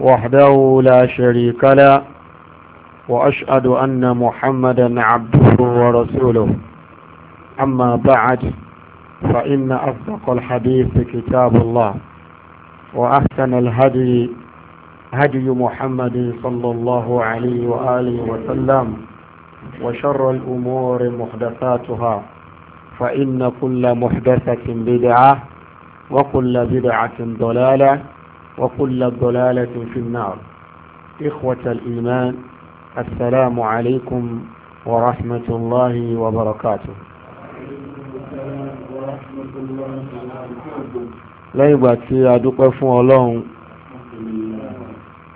وحده لا شريك له وأشهد أن محمدا عبده ورسوله أما بعد فإن أصدق الحديث كتاب الله وأحسن الهدي هدي محمد صلى الله عليه وآله وسلم وشر الأمور محدثاتها فإن كل محدثة بدعة وكل بدعة ضلالة وكل ضلالة في النار إخوة الإيمان السلام عليكم ورحمة الله وبركاته lẹ́yìn ìgbà tí a dúpẹ́ fún ọlọ́run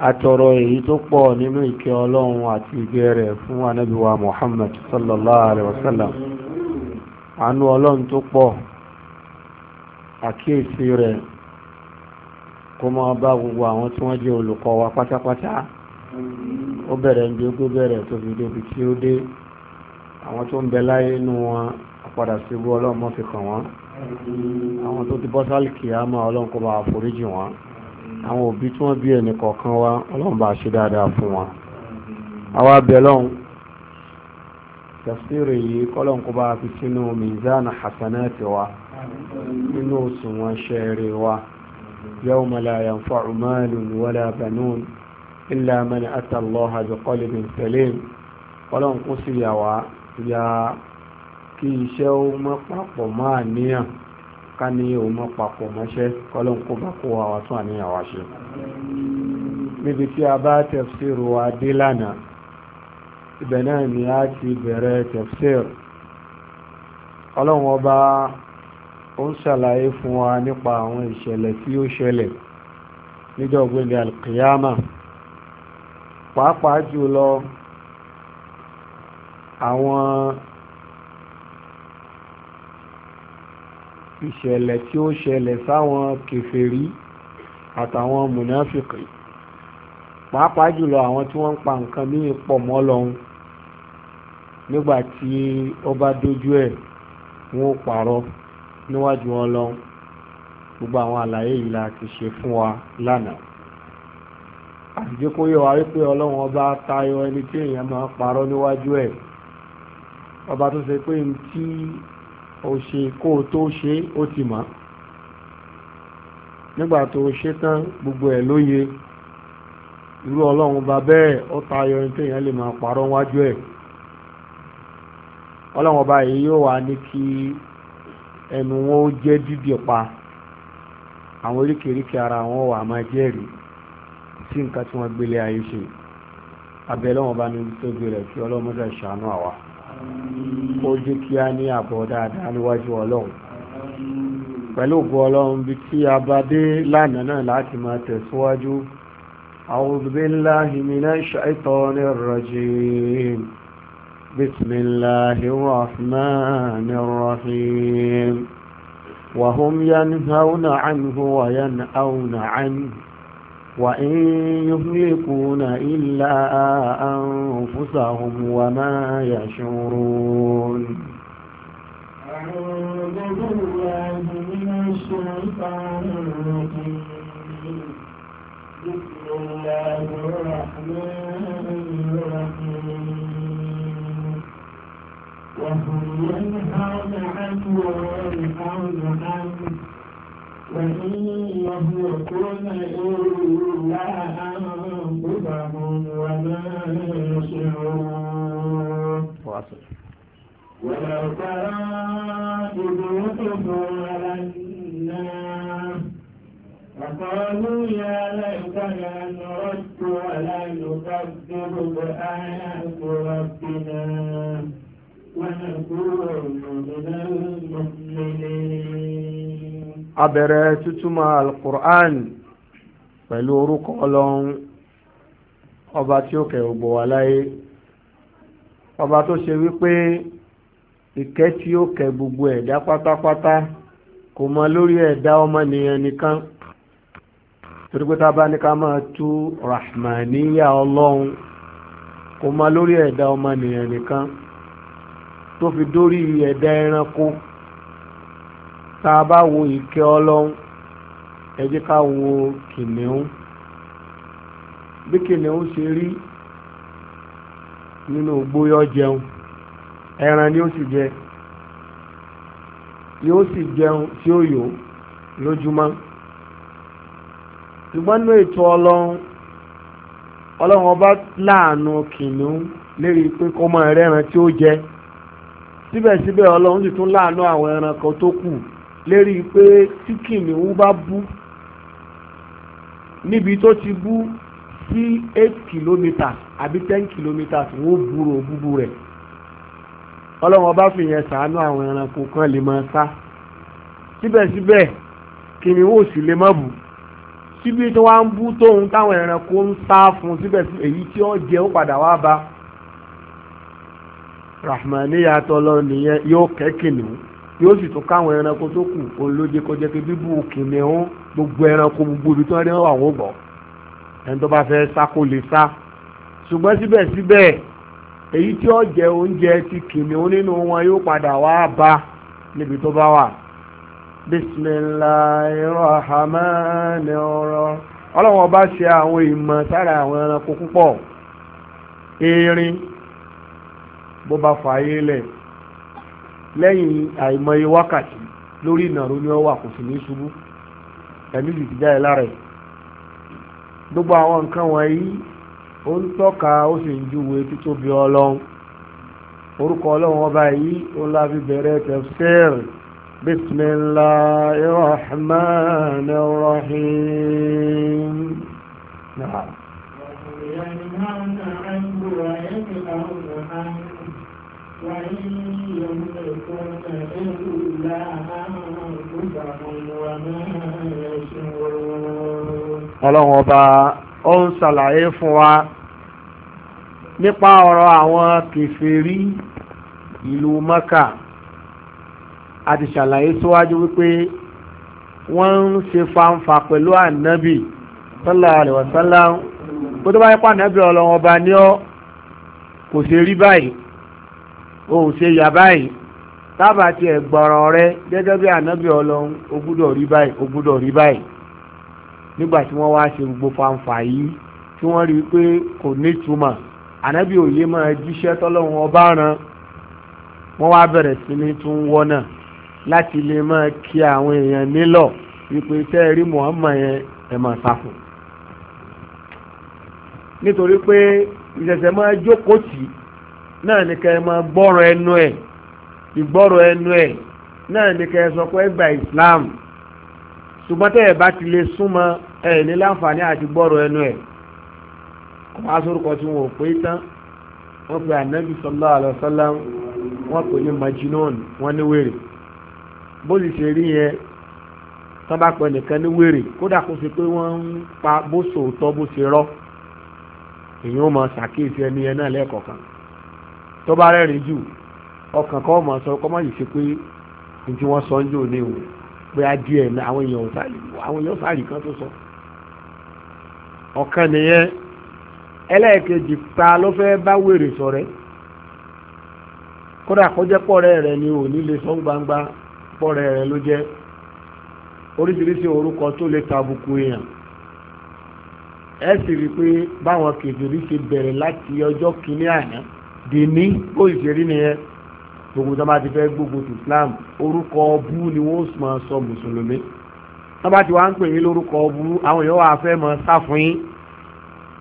àtọrọ èyí tó pọ̀ nínú ìkẹ́ ọlọ́run àti ìgẹ́ rẹ̀ fún anábíwa Muhammad sallallahu alaihi wasallam àánú ọlọ́run tó pọ̀ àkíyèsí rẹ̀ kó máa bá gbogbo àwọn tí wọ́n jẹ́ olùkọ́ wa pátápátá ó bẹ̀rẹ̀ ń bí ó bẹ̀rẹ̀ tó fi débi tí ó dé àwọn tó ń bẹ láyé nínú wọn àpadà sí ibú ọlọ́mọ fi kàn wọ́n àwọn tó ti bọ́ sálìkì á máa kó bá foríjì wọn àwọn òbí tí wọ́n bí ẹnì kọ̀ọ̀kan wa ọlọ́run bá ṣe dáadáa fún wọn àwa bẹ lọ́hùn tafsiri yìí kọ́lọ́n kó bá fi sínú mizan hasanati wa nínú òṣùwọ̀n ṣẹ́ẹ̀rẹ̀ wa. يوم لا ينفع مال ولا بنون إلا من أتى الله بقلب سليم ولن قصي يا يا kí iṣẹ́ ó mọ́ papọ̀ mọ́ àníyàn ká ní ó mọ́ papọ̀ mọ́ṣẹ́ kọ́lọ́n kó bá kó wa tún àníyàn wa ṣe. níbi tí a bá tafsiru wa dé lánàá ibẹ̀ náà ni a ti bẹ̀rẹ̀ tafsir ọlọ́run ọba ó ń ṣàlàyé fún wa nípa àwọn ìṣẹ̀lẹ̀ tí ó ṣẹlẹ̀ níjọ́ gbẹ̀ndẹ̀ alkiyama pàápàá jùlọ àwọn ìṣẹ̀lẹ̀ tí ó ṣẹlẹ̀ sáwọn kèfèrí àtàwọn mùnáfìkì pàápàá jùlọ àwọn tí wọ́n ń pa nǹkan ní ipò mọ́ nígbà tí ó bá ẹ̀ wọ́n ó níwájú Ọlọ́run gbogbo àwọn àlàyé yìí la ti ṣe fún wa lánàá àtijọ́ kó yẹ wá wípé Ọlọ́run ọba tayọ ẹni tí èèyàn máa parọ́ níwájú ẹ̀ ọba tó ṣe pé ní tí o ṣe kó o tó ṣe ó ti mọ̀ nígbà tó o ṣe tán gbogbo ẹ̀ ló yẹ irú Ọlọ́run ba bẹ́ẹ̀ ó tayọ ẹni tí èèyàn lè máa parọ́ níwájú ẹ̀ Ọlọ́run ọba yìí yóò wá ní kí ẹnu wọn ó jẹ́ dídì pa àwọn oríkèéríkèé ara wọn wà máa jẹ́rìí sí nǹkan tí wọ́n gbélé ayé ṣe abẹ́lẹ́ wọn bá ní tóbi rẹ̀ kí ọlọ́mọdé ṣàánú àwa ó jẹ́ kí a ní àbọ̀ dáadáa níwájú ọlọ́run pẹ̀lú ògbó ọlọ́run bí tí a bá dé lánàá náà láti máa tẹ̀síwájú a'udhu billahi minash shaitanir rajim بسم الله الرحمن الرحيم وهم ينهون عنه وينأون عنه وإن يهلكون إلا أنفسهم وما يشعرون أعوذ بالله من الشيطان الرجيم بسم الله الرحمن وهم ينهون عنه وينهون عنه وإن يهلكون إلا أنفسهم وما يشعرون ولو ترى إذ وقفوا على النار فقالوا يا ليتنا نرد ولا نكذب بآيات ربنا a bẹ̀rẹ̀ tútúmọ̀ alukur'an pẹ̀lú orúkọ ọlọ́run ọba tí ó kẹ́ gbogbo wa láyé ọba tó ṣe wípé ìkẹ́ tí ó kẹ́ gbogbo ẹ̀dá pátápátá kò mọ lórí ẹ̀dá ọmọnìyàn nìkan torí pé tá a bá ní ká máa tú rahmaniya ọlọ́run kò mọ lórí ẹ̀dá ọmọnìyàn nìkan. tó fi dórí ẹ̀dá ẹranko tá a bá wo ìkẹ́ ọlọ́run ẹ ká wo kìnìún bí kìnìún ṣe rí nínú gbóyọ́ jẹun ẹran ni ó sì jẹ yóò sì jẹun tí ó yòó lójúmọ́ ṣùgbọ́n nínú ètò ọlọ́run ọlọ́run ọba láàánú kìnìún lérí pé kó máa rẹ́ran tí ó jẹ síbẹ̀síbẹ̀ ọlọ́run sì tún láàánú àwọn ẹranko tó kù lérí pé tí kìnìún bá bú níbi tó ti bú sí eight kilometres àbí ten kilometres wọ́n búrò búbú rẹ̀ ọlọ́run ọba fìyẹn sàánú àwọn ẹranko kan lè máa sá síbẹ̀síbẹ̀ kìnìún ò sì lè má bù síbi tí wọ́n ń bú tóun táwọn ẹranko ń sá fún síbẹ̀síbẹ̀ èyí tí ó jẹ́ ó padà wá bá rahmaniya tọlọ nìyẹn yóò kẹ́kìnì yóò sì tún káwọn ẹranko tó kù òun ló jẹ kọjá pé bíbú kìnìún gbogbo ẹranko gbogbo ibi tí wọ́n rí wọn àwọn gbọ́ ẹni tó bá fẹ́ sá lè sá ṣùgbọ́n síbẹ̀síbẹ̀ èyí tí ó jẹ oúnjẹ ti kìnìún nínú wọn yóò padà wá bá níbi tó bá wà. bisimilayi rahmani ọ̀rọ̀ ọlọ́wọ́n bá ṣe àwọn ìmọ̀ sára àwọn ẹranko púpọ̀ erin bó bá fà ayé lẹ̀ lẹ́yìn àìmọye wákàtí lórí ìnàró ni ó wà kò sì ní ṣubú ẹ̀mí sì ti jáde lára ẹ̀ gbogbo àwọn nǹkan wọ̀nyí ó ń tọ́ka ó sì ń júwe títóbi ọlọ́run orúkọ ọlọ́run ọba yìí ó ń láfi bẹ̀rẹ̀ tafsir bismillahir rahmanir rahim. وإن يملكون إلا أنفسهم وما يشعرون ó ń ṣàlàyé fún wa nípa ọ̀rọ̀ àwọn kèfèrí ìlú Mẹ́kà a ti ṣàlàyé síwájú wípé wọ́n ń ṣe fanfa pẹ̀lú ànábì sallallahu alaihi wasallam tó bá yẹ ànábì ọlọ́run ọba ní ọ kò ṣe rí báyìí o ò ṣe yà báyìí tábà tiẹ̀ gbọ́rọ̀ rẹ gẹ́gẹ́ bí ànábì ọlọ́run o gbúdọ̀ rí báyìí o gbúdọ̀ rí báyìí nígbà tí wọ́n wá ṣe gbogbo fanfà yìí tí wọ́n rí i pé kò nítumọ̀ ànábì òye máa jíṣẹ́ tọ́lọ́run ọba ran wọ́n wá bẹ̀rẹ̀ sí ní tún wọ́nà láti lè máa kí àwọn èèyàn nílọ̀ wípé tẹ́ ẹ rí Muhammad yẹn ẹ máa sáfò nítorí pé ìṣẹ̀ṣẹ̀ máa jókòó tì í náà ní kẹ́ ẹ máa gbọ́rọ̀ ẹnu ẹ̀ ìgbọ́rọ̀ ẹnu ẹ̀ náà ní kẹ́ ẹ sọ pé ẹ Islam ṣùgbọ́n tẹ́ ẹ bá ti lè súnmọ́ ẹ ní láǹfààní àti gbọ́rọ̀ ẹnu ẹ̀ kò máa sórúkọ tí wọn ò pé tán wọ́n pe ànábì sallallahu alaihi wasallam wọ́n pè ní majinon wọ́n ní wèrè bó sì ṣe rí yẹn tán bá pẹ nìkan ní wèrè kódà kó ṣe pé wọ́n ń pa bó sòótọ́ bó ṣe rọ́ èyí ó máa ṣàkíyèsí ẹni yẹn náà lẹ́ẹ̀kọ̀ọ̀kan tó bá rẹ́rìn jù ọkàn kan mọ̀ sọ kọ́mọ̀ yìí ṣe pé ní tí sọ ń jò ní o pé á díẹ̀ ní àwọn èèyàn àwọn èèyàn kan tó sọ. ọ̀kan nìyẹn ẹlẹ́ẹ̀kejì ta ló fẹ́ bá wèrè sọ̀rẹ́ kódà rẹ ni ò nílé sọ gbangba pọ̀rẹ́ rẹ ló jẹ́ oríṣiríṣi orúkọ tó lè èèyàn ẹ sì rí i pé dèní ó sì ṣe rí nìyẹn gbogbo tó bá ti fẹ́ gbógun ti Islam orúkọ ọbú ni wọ́n máa sọ mùsùlùmí tó bá ti wá ń pè yín lórúkọ ọbú àwọn èèyàn wà fẹ́ máa sá fún yín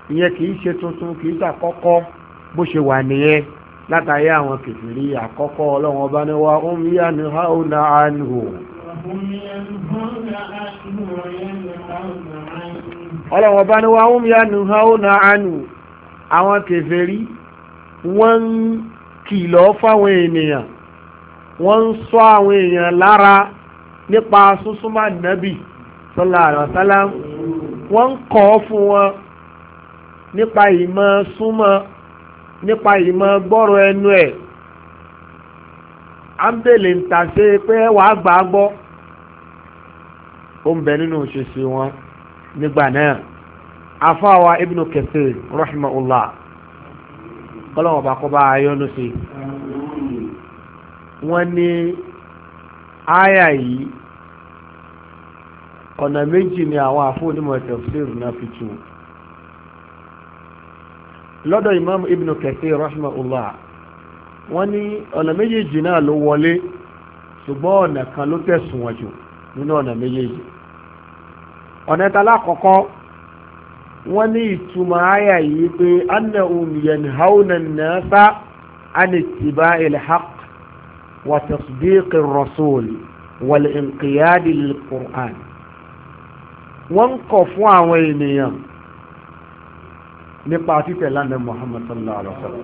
ìyẹn kì í ṣe tuntun kì í ṣàkọ́kọ́ bó ṣe wà nìyẹn látàyé àwọn kìfìrí àkọ́kọ́ ọlọ́run ọba ní wa ó ń yá ni ha ó na àánú. ọlọ́run ọba ní wa ó ń yá ni ha ó na àánú àwọn kìfìrí wọ́n ń kìlọ̀ fáwọn ènìyàn wọ́n ń sọ àwọn èèyàn lára nípa súnsúnmọ́ ànábì sallallahu alaihi wasallam wọ́n ń kọ́ fún wọn nípa ìmọ̀ súnmọ́ nípa ìmọ̀ gbọ́rọ̀ ẹnu ẹ̀ ámbèlè ń tà ṣe pé wàá gbà á gbọ́ ó ń bẹ nínú òṣèṣe wọn nígbà náà afáwa ibnu Kathir rahimahullah kọ́lọ́wọ́ bá kọ́ bá yọ́nú sí wọ́n ní áyà yìí ọ̀nà méjì ni àwọn àfọ́nímọ̀ tafsir náà fi tù lọ́dọ̀ imam ibn Kathir rahimahullah wọ́n ní ọ̀nà méjèèjì náà ló wọlé ṣùgbọ́n ọ̀nà kan ló tẹ̀sùn wọn jù nínú ọ̀nà méjèèjì ọ̀nà ìtàlá kọ̀ọ̀kan wọ́n ní ìtumọ̀ àyà yìí pé annahum yanhauna nasa an ittiba'i al-haq wa tasdiq ar-rasul wal inqiyad lil-Qur'an wọ́n kọ̀ fún àwọn ènìyàn nípa títẹ̀ lánà Muhammad sallallahu alaihi wa sallam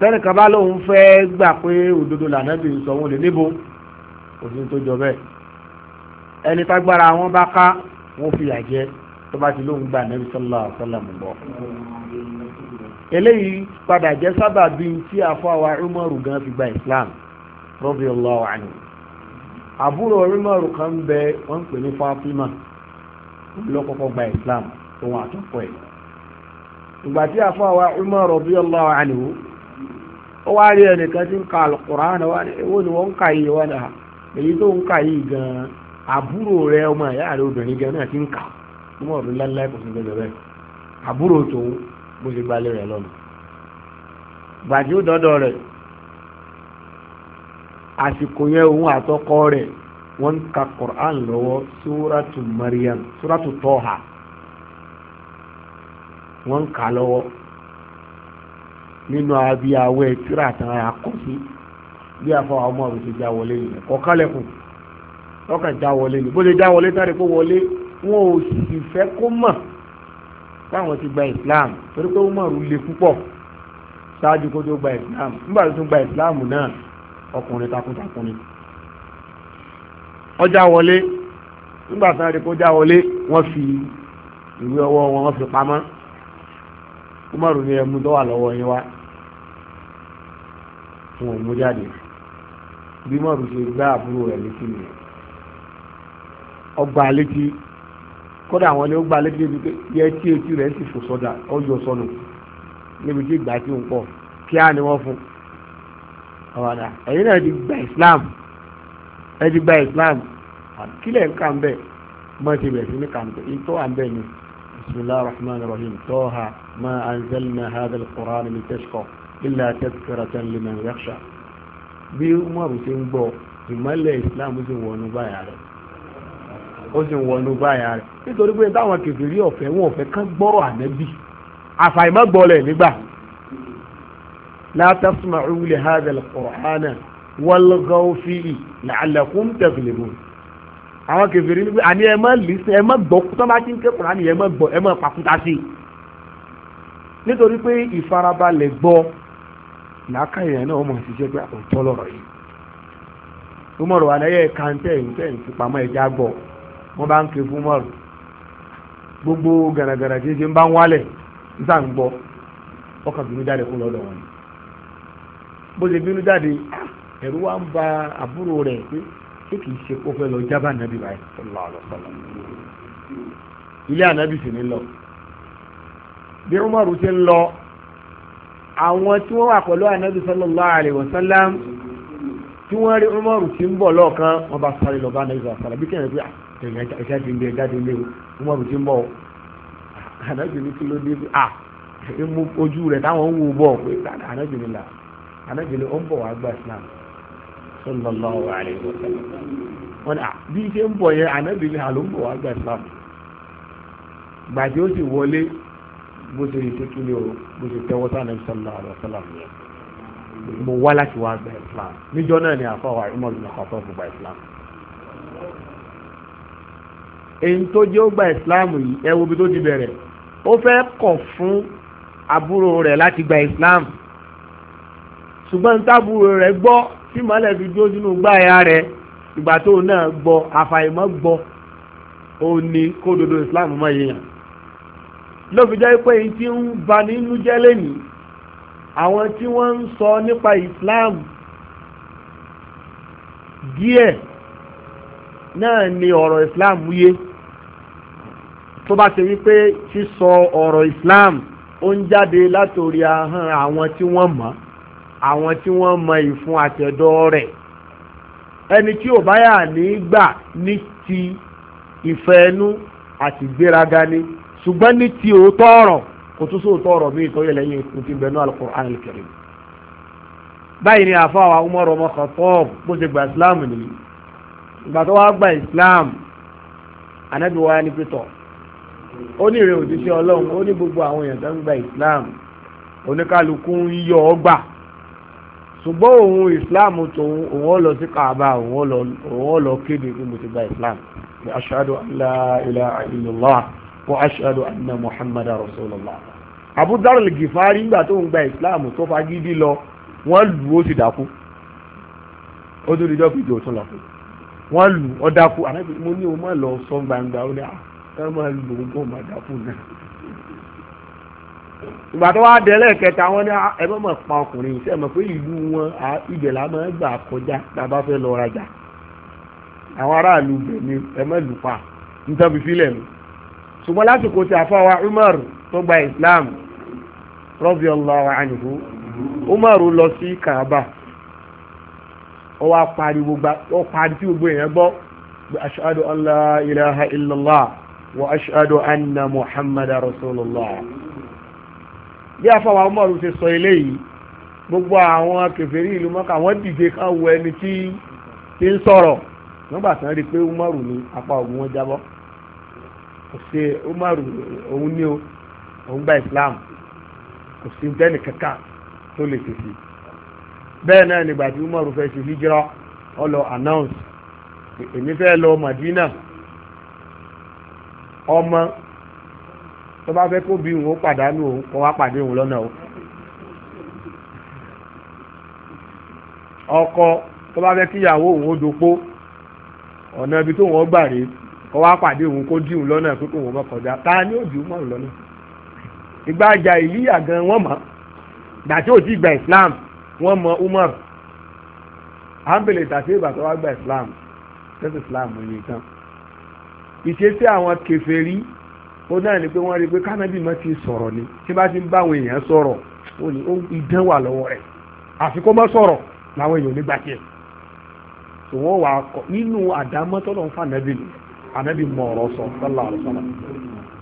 tẹ́lẹ̀ kaba lóun fẹ́ gbà pé òdodo lànàbì ń sọ wọn lè níbo òfin tó jọ bẹ́ẹ̀ ẹni tágbára wọn bá ká wọ́n fi jẹ tó bá ti lóun gbà nẹ́bí sọ́lá padà jẹ́ sábà bí n tí àfọwà gan fi gba Islam radiyallahu anhu àbúrò Umaru kan bẹ wọ́n pè ní Fatima lọ́kọ́kọ́ gba Islam òun àtọ́kọ́ ẹ̀ ìgbà tí ó wá rí ẹnìkan tí ń ka ni wọ́n ń ka yìí ah, àbúrò rẹ ọmọ ìyá rẹ obìnrin gan náà ti ń kà ọmọ ọdún láńláì kò sí gbẹgbẹ bẹ́ẹ̀ àbúrò tòun bó ṣe gbalẹ̀ rẹ lọ́nà gbàdí ó dọdọ rẹ àsìkò yẹn òun àtọkọ wọ́n ka Qur'an lọ́wọ́ suratu Maryam suratu Toha wọ́n kà lọ́wọ́ nínú abiyawẹ tíra àtàwọn akọsí bí afọ àwọn ọmọ rẹ ti já wọlé yìí ọkàn já wọlé ni bó lè já wọlé tá a lè kó wọlé wọn ò sì fẹ́ kó mọ̀ táwọn ti gba islam torí pé Umar le púpọ̀ ṣáájú kó tó gba islam nígbà tó tún gba islam náà ọkùnrin takuntakun ni ọjà wọlé nígbà tó a lè kó já wọlé wọ́n fi ìwé ọwọ́ wọn fi pamọ́ umaru ni ẹmu tó wà lọ́wọ́ yín wá wọn ò mú jáde bí umaru ṣe gbá àbúrò rẹ̀ létí nìyẹn ọgbà létí kódà àwọn ni ó gbà létí níbi pé yẹ tí etí rẹ̀ sì fò sọ́dà ọjọ́ sọnù níbi tí ìgbà tí ń pọ̀ kíá ni wọ́n fún ọ̀wàdà ẹ̀yin náà ti gba Islam ẹ ti gba Islam kílẹ̀ ń kà ń bẹ̀ mọ́ ti bẹ̀ sí ní kà ń bẹ̀ ìtọ́ à ń bẹ̀ ni bisimilahi rahman rahim tọ́ha ma anzalna hadha al-Qur'an litashqa illa tadhkiratan liman yakhsha bí umaru ṣe ń gbọ́ ìmọ̀lẹ̀ Islam ṣe wọnú báyà rẹ̀ ó sì ń wọnú báyà rẹ̀ nítorí pé táwọn kèfèrí ọ̀fẹ́ wọn ọ̀fẹ́ kán gbọ́rọ̀ ànábì àfàìmọ́ gbọ́lẹ̀ nígbà la tasma'u li hadha al-qur'ana walghaw fihi la'allakum taghlibun àwọn kèfèrí nígbà àní ẹ má lìsín ẹ má gbọ́ tó bá ti ń ké Kùránì ẹ má gbọ́ ẹ má pàkúta sí i nítorí pé ìfarabalẹ̀ gbọ́ làákàyè náà ọmọ ìṣiṣẹ́ pé àtọ̀tọ̀ yìí ó mọ̀rọ̀ wà lẹ́yẹ kàńtẹ́ ìrùntẹ́ ìfipamọ́ ẹja gbọ́ wọ́n bá ń ké fún mọ́rù gbogbo gànàgànà tí ṣe ń bá ń wálẹ̀ ń sàn gbọ́ ọkàn bínú jáde kó lọ́dọ̀ wọn bó ṣe bínú jáde ẹ̀rú wa ń ba àbúrò rẹ̀ pé ṣé kìí ṣe kó fẹ́ lọ jábà nàbì báyìí sallallahu alaihi wasallam ilé ànábì sì ní lọ bí Umaru ti ń lọ àwọn tí wọ́n wà pẹ̀lú ànábì sallallahu alaihi wasallam tí wọ́n rí Umaru ti ń bọ̀ lọ́ọ̀kan wọ́n bá sáré lọ bá ànábì sallallahu bí kẹ́hìn pé ah, ẹ̀ṣẹ́ ti ń bẹ jáde lé o ọmọ mi ti ń bọ̀ o ànájú ní kí ló dé bí a mú ojú rẹ̀ táwọn ń wò ó alaihi wa sallam wọn ni bí ṣe ń bọ̀ yẹn ànájú ni àló ń bọ̀ wá gba Islam gbàdé sì wọlé bó ṣe ṣe kí ni o bó ṣe tẹ́wọ́ sáà sallallahu alaihi wa yẹn mo wá láti wá gba Islam níjọ́ náà ni àfọwà Umar bin Islam èyí tó jẹ́ ó gba ìsìláàmù yìí ẹ wo ibi tó ti bẹ̀rẹ̀ ó fẹ́ kọ̀ fún àbúrò rẹ̀ láti gba ìsìláàmù ṣùgbọ́n tábúrò rẹ̀ gbọ́ tí màálẹ̀ fi dúró sínú gbáyà rẹ̀ ìgbà tó náà gbọ́ àfàìmọ̀ gbọ́ ó ní kó dodo ìsìláàmù mọ́ yẹn ló fi jẹ́ pé èyí tí ń ba nínú jẹ́ lẹ́nìí àwọn tí wọ́n ń sọ nípa ìsìláàmù díẹ̀ náà ni ọ̀rọ̀ ìsìláàmù yé tó bá ṣe wípé sísọ ọ̀rọ̀ Islam ó ń jáde látòrí ahọ́n àwọn tí wọ́n mọ̀ àwọn tí wọ́n mọ ìfun àtẹ̀dọ́ rẹ̀ ẹni tí ò báyà ní gbà ní ti ìfẹ́ ẹnu àti ìgbéraga ni ṣùgbọ́n ní ti òótọ́ ọ̀rọ̀ kò tún sóòótọ́ ọ̀rọ̀ mi ìtọ́yẹ̀ lẹ́yìn ikú ti bẹ̀nu al-Qur'an báyìí ni àfáwà Umar ọmọ Khattab bó ṣe gba Islam nìyí ìgbà tó wá gba Islam anábìwá ni pétọ́ ó ní ìrẹ̀ òjíṣẹ́ ọlọ́run ó ní gbogbo àwọn èèyàn tó ń gba islam oníkálukú ń yọ ọ gbà ṣùgbọ́n òun islam tòun òun ó lọ sí kaaba òun ó lọ kéde pé mo ti gba islam bí ashadu alla ilaha illallah wa ashadu anna muhammadan rasulullah gifari nígbà tó ń gba islam tó fagídí lọ wọ́n lù ó sì dákú ó tó di jọ́ fìdí òtún lọ wọ́n lù ó dákú àná mo ní o má lọ sọ gbangba ó ní àwọn. Ah, ká máa lò ó bọ̀ máa dákú náà ìgbà tó wá dé lẹ́ẹ̀kẹta wọn ní ẹgbẹ́ mọ̀ pa ọkùnrin ṣe mọ̀ pé ìlú wọn ibẹ̀ la máa gbà kọjá tá a bá fẹ́ lọ rajà àwọn aráàlú bẹ̀ ni ẹ mọ̀ lù pa nítorí fílẹ̀ mi ṣùgbọ́n lásìkò tí àfọwà Umar tó gba Islam radiyallahu anhu Umar lọ sí Kaaba ó wá pariwo gba ó pariwo tí gbogbo èèyàn gbọ́ ashhadu an ilaha illallah. وأشهد أن محمد رسول الله يا afọwà Umaru ṣe sọ eléyìí gbogbo àwọn kèfèrí ìlú Mọ́kà wọ́n dìde kan wo ẹni tí tí ń sọ̀rọ̀ nígbà tí wọ́n rí i pé Umaru ní apá ogun wọn jábọ́ kò ṣe Umaru òun ní òun gba Islam kò sí bẹ́ẹ̀ni kankan tó lè tètè bẹ́ẹ̀ náà nígbà tí Umaru fẹ́ ṣe hijira ọ lọ announce èmi fẹ́ lọ Madina ọmọ tó bá fẹ́ kó bí òun ó pàdánù òun kọ́ wá pàdé òun lọ́nà o ọkọ tó bá fẹ́ kíyàwó òun ó dopó ọ̀nà ibi tó wọ́n gbà rèé kọ́ wá pàdé òun kó dí òun lọ́nà pé kò wọ́n mọ́ kọjá ta ni ó dì í lọ́nà ìgbà ajá ìlíyà gan wọ́n mọ̀ gbà tí ò ti gba Islam wọ́n mọ Umar ambulance àti ìgbà gba Islam tẹ́sí Islam yìí kan. ìṣesí àwọn kèfèrí ó náà ni pé wọ́n rí i pé kánábì má ti sọ̀rọ̀ ni tí bá ti ń bá èèyàn sọ̀rọ̀ ó ní idán wà lọ́wọ́ rẹ̀ àfi kó sọ̀rọ̀ làwọn èèyàn nígbà tiẹ̀ tó wọ́n wà kọ́ nínú ni ànábì mọ ọ̀rọ̀ sọ sallallahu alaihi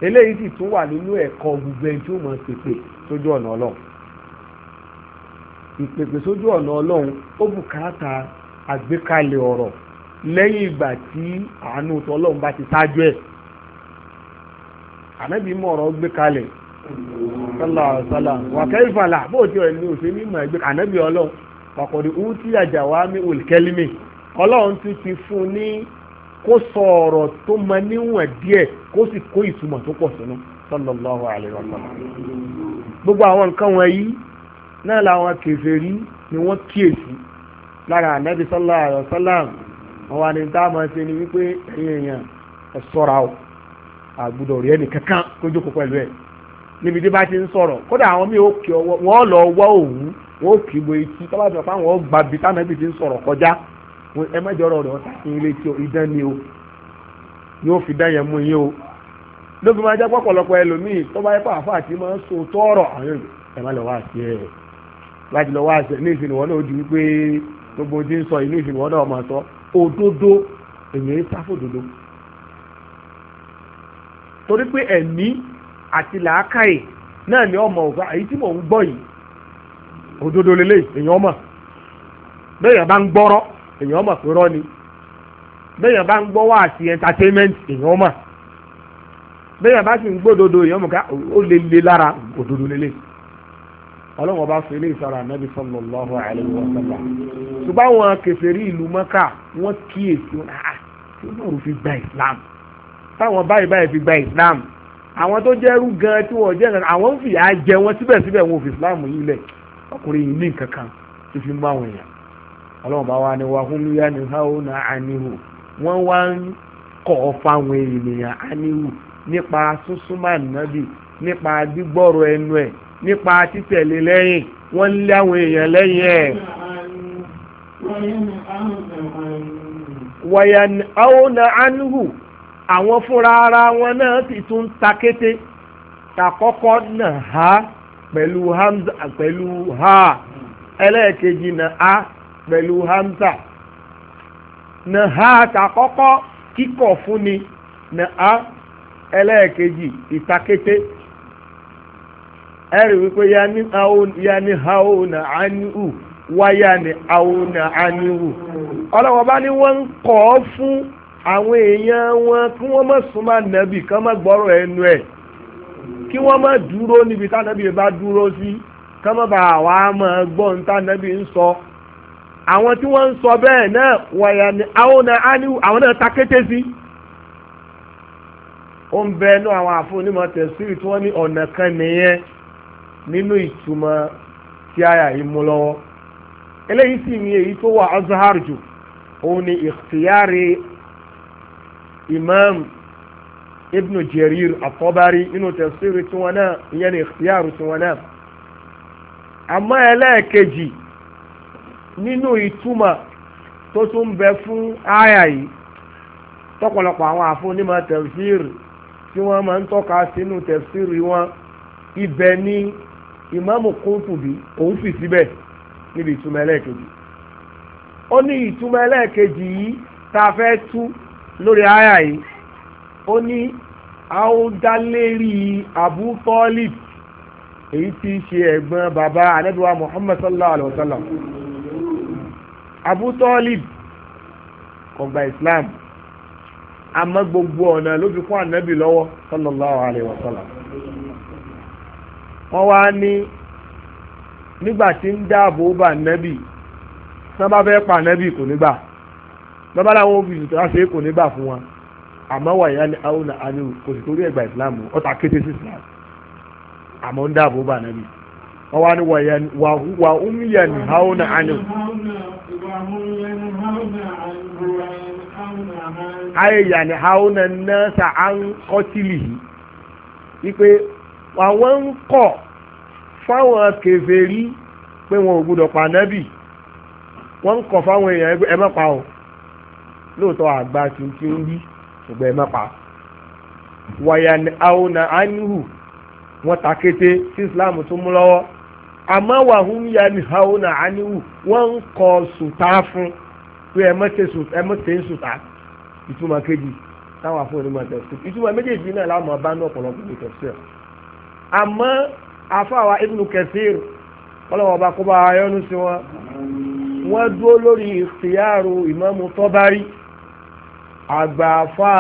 eléyìí sì tún wà nínú ẹ̀kọ́ gbogbo ẹni tí ó mọ̀ pèpè sójú ọ̀nà ọlọ́run ìpèpè sójú ọ̀nà ọlọ́run ó lẹ́yìn ìgbà tí àánú tọ́lọ́run bá ti ṣáájú ẹ̀ ànábì mọ̀ ọ̀rọ̀ gbé kalẹ̀ sọ́làsọ́là wàkẹ́ ìfàlà bó ti rẹ̀ ní òṣèlú ní ìmọ̀ ẹgbẹ́ ànábì ọlọ́run pàkọ̀dé òun tí àjàwá mi ò kẹ́límì ọlọ́run ti ti fún ní kó sọ ọ̀rọ̀ tó mọ níwọ̀n díẹ̀ kó sì kó ìtumọ̀ tó pọ̀ sínú sallallahu alaihi wasallam gbogbo àwọn nǹkan wọ̀nyí náà làwọn kèfèrí ni wọ́n kíyèsí lára ànábì sallallahu alaihi wasallam wọn wá ní tá máa ni wípé ẹ̀yìn èèyàn ẹ ṣọ́ra o àgbùdọ̀ rí ẹnì kankan tó jókòó pẹ̀lú ti ń sọ̀rọ̀ kódà àwọn míì ó kí ọwọ́ wọn lọ wọ́ wọn ó kí etí tó táwọn ẹbí ti ń sọ̀rọ̀ kọjá ẹ mẹ́jọ ọ̀rọ̀ rẹ̀ ni o yóò fi dán yẹn mú o lóbi máa jẹ́ pọ̀pọ̀lọpọ̀ ẹlòmíì tọ́ba yẹn pàfà àti máa ń so òdodo èyàn ń sáfò òdodo torí pé ẹ̀mí àti làákàyè náà ni ọmọ ọ̀gá èyí tí mò ń gbọ́ yìí òdodo lélẹ̀ èyàn mọ̀ bẹ́ẹ̀yàn bá ń gbọ́rọ̀ èyàn mọ̀ pé rọ́ ni bẹ́ẹ̀yàn bá ń àti entertainment èyàn mọ̀ bẹ́ẹ̀yàn bá sì ń mọ̀ ká ó lè le ọlọ́run ọba fi ilé ìsara ànábì sallallahu alaihi wa sallam ṣùgbọ́n àwọn kèfèrí ìlú mọ́kà wọ́n kíyèsí wọn àá tí wọ́n fi gba islam táwọn báyìí báyìí fi gba islam àwọn tó jẹ́rú gan tí wọ́n jẹ́ gan àwọn ń fìyà jẹ wọn síbẹ̀síbẹ̀ wọn ò fi islam yìí lẹ̀ ọkùnrin yìí ní nǹkan tó fi mú àwọn èèyàn ọlọ́run bá wa ni wa nípa títẹ̀lé lẹ́yìn wọ́n lé àwọn èèyàn lẹ́yìn ẹ̀ wọ̀yàn áwọnà ánúhù àwọn fúnra ara wọn náà ti tún takété takọ́kọ́ náà ha pẹ̀lú hamza pẹ̀lú ha ẹlẹ́ẹ̀kejì náà ha pẹ̀lú hamza náà ha takọ́kọ́ kíkọ̀ fúnni náà a ẹlẹ́ẹ̀kejì ìtakété. ẹ̀rí wípé ya ní haúnà áníhù wáyà ni haúnà áníhù ọlọ́wọ́ bá ní wọ́n ń kọ́ fún àwọn èèyàn wọn kí wọ́n má súnmọ́ nàbì kán má gbọ́rọ̀ ẹnu ẹ̀ kí wọ́n n'abi dúró níbi tánàbì bá dúró sí kán má bàa wá máa gbọ́ ní tánàbì ń sọ àwọn tí wọ́n ń sọ bẹ́ẹ̀ náà wáyà ní haúnà áníhù àwọn náà takété sí ó ń bẹ inú àwọn àfúnimọ̀ tẹ̀síì tí wọ́n ní ọ̀nà nínú ìtumọ̀ tí àyà yìí mú lọ́wọ́ eléyìí sì ni èyí tó wà azahar jù òun ni ìkhtiyari imam ibn jerir at-Tabari nínú tafsiri tiwọn náà ìyẹn ni ìkhtiyaru tiwọn náà àmọ́ ẹlẹ́ẹ̀kejì nínú ìtumọ̀ tó tún ń bẹ fún àyà yìí tọ̀pọ̀lọpọ̀ àwọn àfúnímọ̀ tafsir tí wọ́n máa ń tọ́ka sínú tafsiri wọn ibẹ̀ ni ìmáàmù kúntùbí òun fi síbẹ̀ níbi ìtumọ̀ ẹlẹ́ẹ̀kejì ó ní ìtumọ̀ ẹlẹ́ẹ̀kejì yìí tá a fẹ́ tú lórí àyà yìí ó ní àwòdálérí Abu Talib èyí tí í ṣe ẹ̀gbọ́n bàbá anẹ́dùwà Muhammad sallallahu alayhi wa sallam Abu Talib kò Islam àmọ́ gbogbo ọ̀nà ló fi kún ànábì lọ́wọ́ sallallahu alayhi wa sallam. wọ́n wá ní nígbà ń dáàbò bà nẹ́bì wọ́n bá fẹ́ pa nẹ́bì kò nígbà bàbá làwọn òbí tó ṣe kò nígbà fún wọn àmọ́ wàyà ni àwọn àni kò sì torí ọ̀tà kété sí àmọ́ ń dáàbò nẹ́bì wọ́n wà àwọn àni. ayé yà ní àwọn náà sà á kọ́ tìlì yìí wípé àwọn ń kọ̀ fáwọn kèfèrí pé wọn ò gbúdọ̀ pa nábì wọ́n ń kọ̀ fáwọn èèyàn ẹgbẹ́ ẹ má pa o lóòótọ́ àgbà tí ń tí ń wí ṣùgbọ́n ẹ má pa wàyàn àwọn àníhù wọ́n ta kété sí Islam tún mú lọ́wọ́ àmọ́ wàhún yan àwọn àníhù wọ́n ń kọ̀ sùtá fún pé ẹ mọ̀tẹ́ ń sùtá ìtumọ̀ kejì táwọn afọ onímọ̀ tẹ̀sí ìtumọ̀ méjèèjì náà láwọn ọba náà ọ̀pọ̀lọpọ̀ ní tẹ̀sí ẹ̀ àmọ́ afáwa ibnu Kathir ọlọ́wọ́ bá kó bá ayọ́nu sí wọn wọ́n dúró lórí ìfìyàrò ìmáàmù tọ́bárí àgbààfà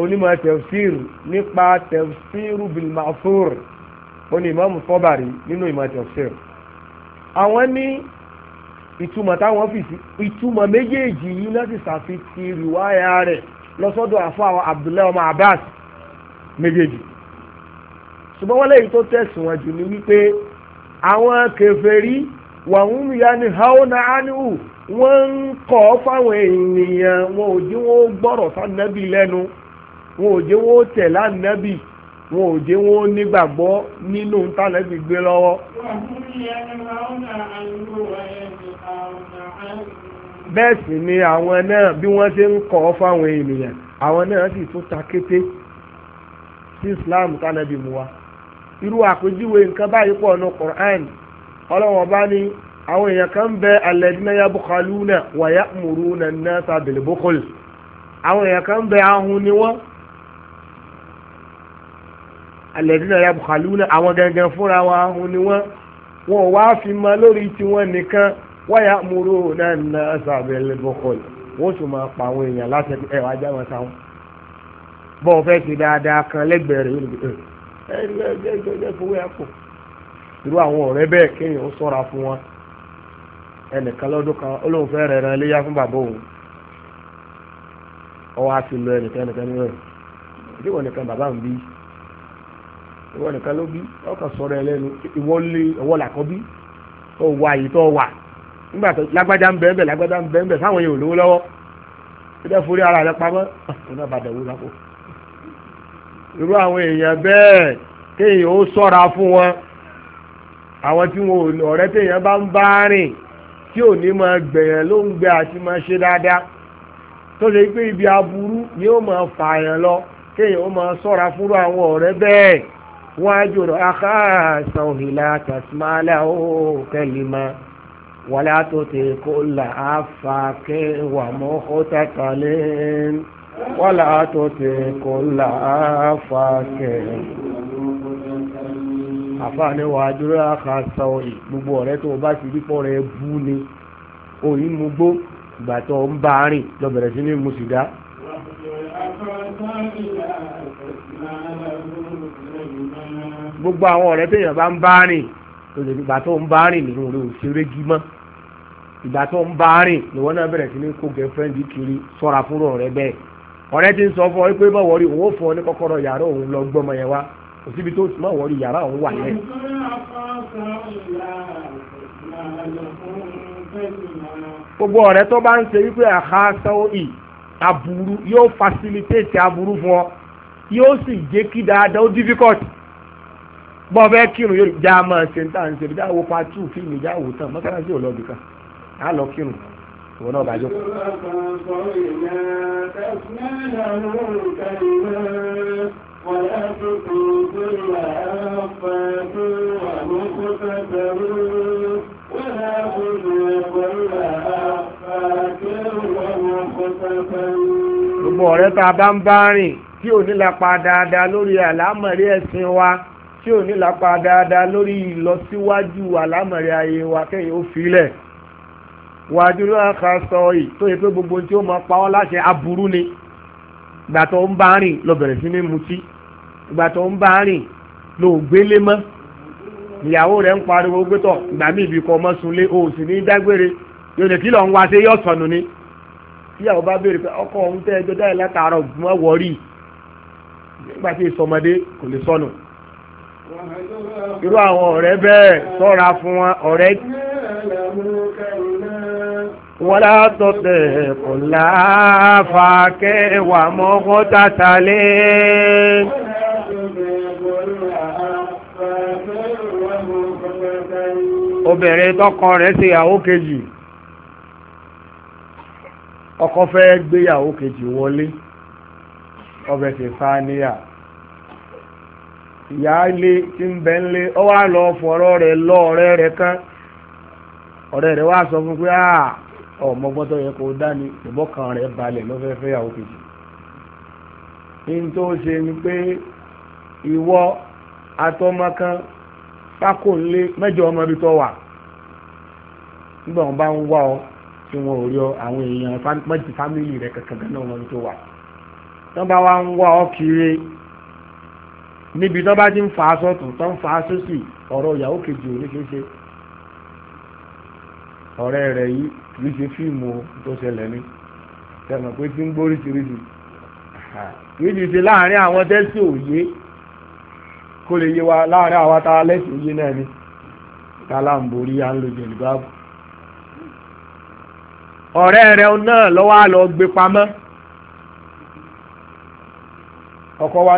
onímọ̀ tẹ̀fsír nípa tẹ̀fsír bilmafur oní ìmáàmù tọ́bárí nínú ìmọ̀ tẹ̀fsír àwọn ní ìtumọ̀ táwọn fi sí ìtumọ̀ méjèèjì yìí láti ṣàfihàn ìrìwáyà rẹ̀ lọ́sọ́dọ̀ àfáwa Abdullahi ọmọ Abbas méjèèjì ṣùgbọ́n wọ́n lẹ́yìn tó tẹ̀sùn jù ní wípé àwọn kèfèrí wàhùn yanni haona anihu wọ́n ń kọ́ fáwọn ènìyàn wọn ò jẹ́ wọn ó gbọ́rọ̀ sánẹ́bì lẹ́nu wọn ò jẹ́ wọn ó tẹ̀ lánẹ́bì wọn ò jẹ́ wọn ó nígbàgbọ́ nínú tánẹ́bì gbé lọ́wọ́. bẹ́ẹ̀ sì ni àwọn náà bí wọ́n ṣe ń kọ́ fáwọn ènìyàn àwọn náà sì tún ta kété sí Islam tánẹ́bì mu wa irú àpèjúwe nǹkan báyìí pọ̀ ní Qur'an ọlọ́wọ́ bá ní àwọn èèyàn kan bẹ alladhina yabkhaluna wa ya'muruna an-nasa bil-bukhl àwọn èèyàn kan bẹ ahun ni wọ́n alladhina yabkhaluna àwọn gangan fúnra wọn ahun ni wọ́n wọn ò wá fi mọ lórí tiwọn nìkan wa ya'muruna an-nasa bil wọ́n sì máa pa àwọn èèyàn láti ẹ̀wà jáwọn sáwọn bọ́ọ̀ fẹ́ ti dáadáa kan lẹ́gbẹ̀ẹ́ rẹ̀ yóò ẹgbẹ́ fowó ẹ̀pò irú àwọn ọ̀rẹ́ bẹ́ẹ̀ kéèyàn ó sọ́ra fún wọn ẹnìkan lọ́dún kan ó lóun fẹ́ rẹ̀ ran iléyà fún bàbá òun ọwọ́ á ti lọ ẹnìkan ẹnìkan ní rẹ̀ ìdíwọ̀n nìkan bàbá ń bí ìwọ nìkan ló bí ọkàn sọ̀rọ̀ ẹ lẹ́nu ìwọ lé ọwọ́ làkọ́ bí ó wà yìí tó wà nígbà tó lágbájá ń bẹ ńbẹ lágbájá ń bẹ ńbẹ fáwọn yòó lówó lọ́wọ́ ó dẹ́ forí ara rẹ pamọ́ ó náà bàdàwó lápò irú àwọn èèyàn bẹ́ẹ̀ kéèyàn ó sọ́ra fún wọn àwọn tí wọn ọ̀rẹ́ téèyàn bá ń bá rìn tí ò ní máa gbẹ̀yàn ló ń gbẹ àti máa ṣe dáadáa tó ṣe pé ibi aburú ni ó máa fààyàn lọ kéèyàn ó máa sọ́ra fúnrú àwọn ọ̀rẹ́ bẹ́ẹ̀ wọ́n á jòrò akáàsán òhìlà kàṣímálà ó kẹ́lìmá wàlá tó ti kó là á fà kí wàmọ́ ó tẹ̀kọ́lé. ولا تطع كل آفاك àfáàní wà dúró àkàṣà òyì gbogbo ọ̀rẹ́ tó o bá ti rí pọ́ọ̀rẹ́ bú ni òyìn mú gbó ìgbà tó ń bá rìn lọ bẹ̀rẹ̀ sí ní mu sìgá. gbogbo àwọn ọ̀rẹ́ téèyàn bá ń bá rìn lóde ìgbà tó ń bá rìn nínú rẹ̀ ò gímọ́ ìgbà tó ń bá rìn lọ́wọ́ náà bẹ̀rẹ̀ sí ní kó gẹ́fẹ́ǹdì kiri sọ́ra fúnrọ̀ rẹ bẹ́ẹ̀ ọ̀rẹ́ ti ń sọ fún ọ pé bá wọrí òun ó fún ọ ní kọ́kọ́rọ́ yàrá òun lọ gbọ́mọ yẹn wá kò síbi tó má wọrí yàrá òun wà lẹ́ gbogbo ọ̀rẹ́ tó bá ń ṣe wípé àhá sanwó ì aburú yóò facilitate aburú fún ọ yóò sì jẹ́ kí dáadáa ó difficult bọ́ ọ fẹ́ kírun yóò já máa ṣe ń tà ń ṣe bí dáwọ́ pa two fíìmù ìjà àwòtán mọ́sálásí ò lọ́ọ́ bìkan á lọ kírun ìwọ náà bàjọ́. gbogbo ọ̀rẹ́ tá a bá ń bá rìn tí ò nílapa dáadáa lórí àlámọ̀rí ẹ̀sìn wa tí ò nílapa dáadáa lórí ìlọsíwájú àlámọ̀rí ayé wa kẹ́yìn ó filẹ̀ wàdúrú àkà sọ yìí tó yẹ pé gbogbo tí ó máa pa ọ́ láṣẹ aburú ni ìgbà tó ń bá rìn ló bẹ̀rẹ̀ sí ní mutí ìgbà tó ń bá rìn ló gbélé mọ́ ìyàwó rẹ̀ ń pariwo gbẹ́tọ̀ ìgbà míì ibi kan mọ́sunlé o sì ní dágbére yóò lè kí lọ́n wá sí yóò sọnù ni tíyàwó bá béèrè pé ọkọ òun tẹ́ ẹjọ́ dáì látàárọ̀ mọ́ wọ́rí nígbà tí ìsọmọdé kò lè sọnù irú àwọn ọ̀rẹ́ bẹ́ẹ̀ ṣọ́ra fún wọn ọ̀rẹ́. ولا تطع كل فاك ومغتتل obìnrin tọkọ rẹ̀ ìyàwó kejì ọkọ fẹ́ gbéyàwó kejì wọlé ọbẹ̀ sì sáníyà ìyáálé tí ń ọ lọ fọrọ rẹ̀ lọ rẹ̀ ọ̀rẹ́ rẹ̀ wá sọ fún pé ọmọgbọ́tọ̀ yẹ kó dání ìbọ́kàn rẹ̀ balẹ̀ lọ́fẹ́fẹ́ yàwó kejì ní tó ṣe ni pé ìwọ atọ́mọkan pákó ńlé mẹ́jọ ọmọ ibi tó wà nígbà wọn bá ń wá ọ tí wọn ò rí ọ àwọn èèyàn mọ́tì fámìlì rẹ kankan gan náà wọn ibi tó wà tí wọn bá wá ń wá ọ kiri níbi tí wọn bá ti ń fa aṣọ tó ń fa aṣọ sí ọ̀rọ̀ ìyàwó kejì ò ní ṣeé ọ̀rẹ́ rẹ̀ yìí kìí ṣe fíìmù tó ṣẹlẹ̀ ní tẹ̀mọ̀ pé tí ń gbóríṣiríṣi kìí ti ṣe láàrin àwọn tẹ́sí òye kó lè yé wa láàrin àwọn tá a òye náà ni tá ń borí à ń lo ọ̀rẹ́ rẹ̀ náà lọ́wọ́ á gbé pamọ́ wa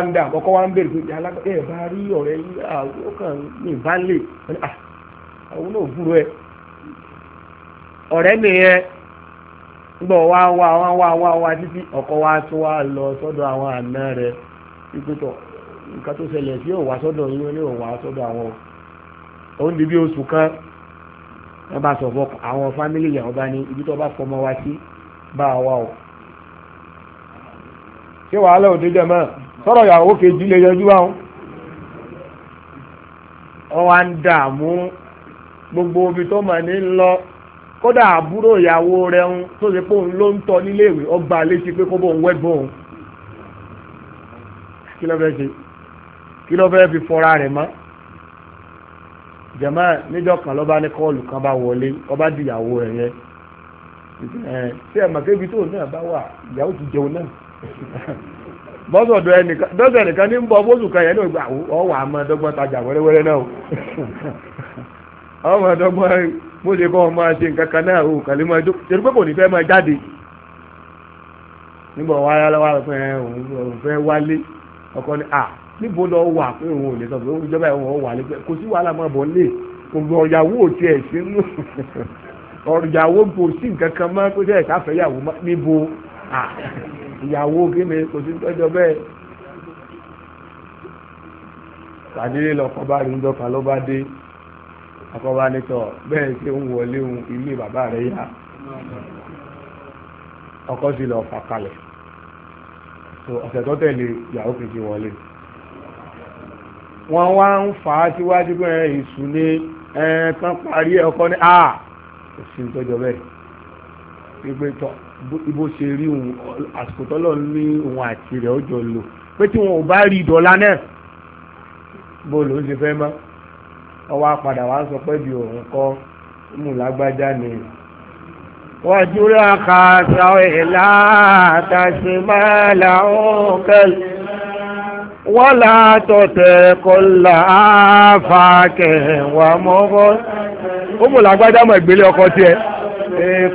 ń dà ọ̀rẹ́ nìyẹn gbọ́ wá wá wá wá wá wá títí ọkọ wa tó wá lọ sọ́dọ̀ àwọn àna rẹ̀ ìpẹ́tọ̀ nǹkan tó ṣẹlẹ̀ sí òwà sọ́dọ̀ yín ní òwà sọ́dọ̀ àwọn òun di bí oṣù kan wọ́n bá àwọn yàwó bá ní ibi wa sí bá o ṣé wàhálà òde jẹ mọ́ ọ ń dààmú gbogbo omi tó mà ní lọ kódà àbúrò ìyàwó rẹ̀ ń tó ṣe pé òun ló ń tọ́ níléèwé ọgbà létí pé kó bóun wẹ́gbọ́n òun kí ló fẹ́ ṣe kí ló fẹ́ fi fọra rẹ̀ mọ́ jẹ̀mọ́ níjọ́ kan ló bá ní kọ́ọ̀lù kan bá wọlé ó bá di ìyàwó rẹ̀ yẹn tí ẹ mọ̀ kébi tó náà bá wà ìyàwó ti jẹun náà bọ́sọ̀dọ̀ ẹnìkan ní ń bọ bóṣù kan yẹn ní ògbà ọwọ́ àmọ́ dọ́gbọ́n tajà wẹ́rẹ́wẹ́rẹ́ náà àwọn ọmọ ọ̀dọ́ mọ́ mo lè bọ́ ọmọ ṣe nǹkan kan náà o kàlẹ́ máa jó torí pé kò ní fẹ́ máa jáde nígbà wà á lọ́wọ́ àlọ́ fún ẹ òun fẹ́ wálé ọkọ ni à níbo lọ wà pé òun ò lè sọ pé òun ìjọba ìwọ̀n wà lé kò sí wàhálà máa bọ̀ lé òun ọ̀yàwó ò tiẹ̀ sínú ọ̀yàwó kò sí nǹkan máa pé sẹ́yìn káfẹ́yàwó níbo à ìyàwó kí kò sí tọ́jọ́ bẹ́ẹ̀ tàdílé lọ́kọ́ bá rí ń dọ́ka ló dé àkọ́bá nítọ̀ bẹ́ẹ̀ tí ó ń wọlé ohun ilé bàbá rẹ̀ yá ọkọ sí lọ fà kalẹ̀ so ọ̀sẹ̀ tó tẹ̀lé ìyàwó kejì wọlé wọ́n wá ń fà á síwájú pé èṣù ni ẹ̀ẹ́kan parí ọkọ ní a kò sí tọ́jọ́ bẹ́ẹ̀ wípé tọ́ ibo ṣe rí òun àsìkò tọ́lọ̀ ní òun àti rẹ̀ ó lò pé tí wọn ò bá rí dọ́là náà bó ló ń ṣe fẹ́ mọ́ wọ́n wá padà wá sọ pé bí òun kọ́ mú lágbájá ni wàjúrà kàtà ìlà àtàṣe máa làwọn kẹlẹ wọ́n látọ̀ tẹ̀ kọlà àfàkẹ̀ wà mọ́kọ́ ó mú lágbájá mọ̀ ìgbélé ọkọ̀ tiẹ̀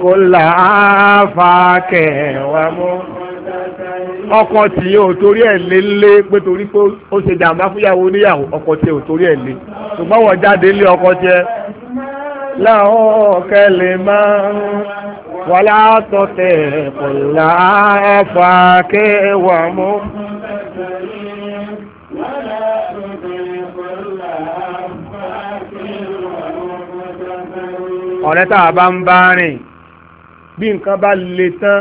kọlà àfàkẹ̀ wà mọ́kọ́. ọkọ tí torí ẹ̀ lé lé pé torí pé ó ṣe jàǹbá fúyàwó níyàwó o torí ẹ̀ lé ṣùgbọ́n wọ́n jáde lé ọkọ tí ẹ. láwọn kẹlẹ̀ máa ń wà látọ̀tẹ̀ pẹ̀lá a bá ń bá rìn le tán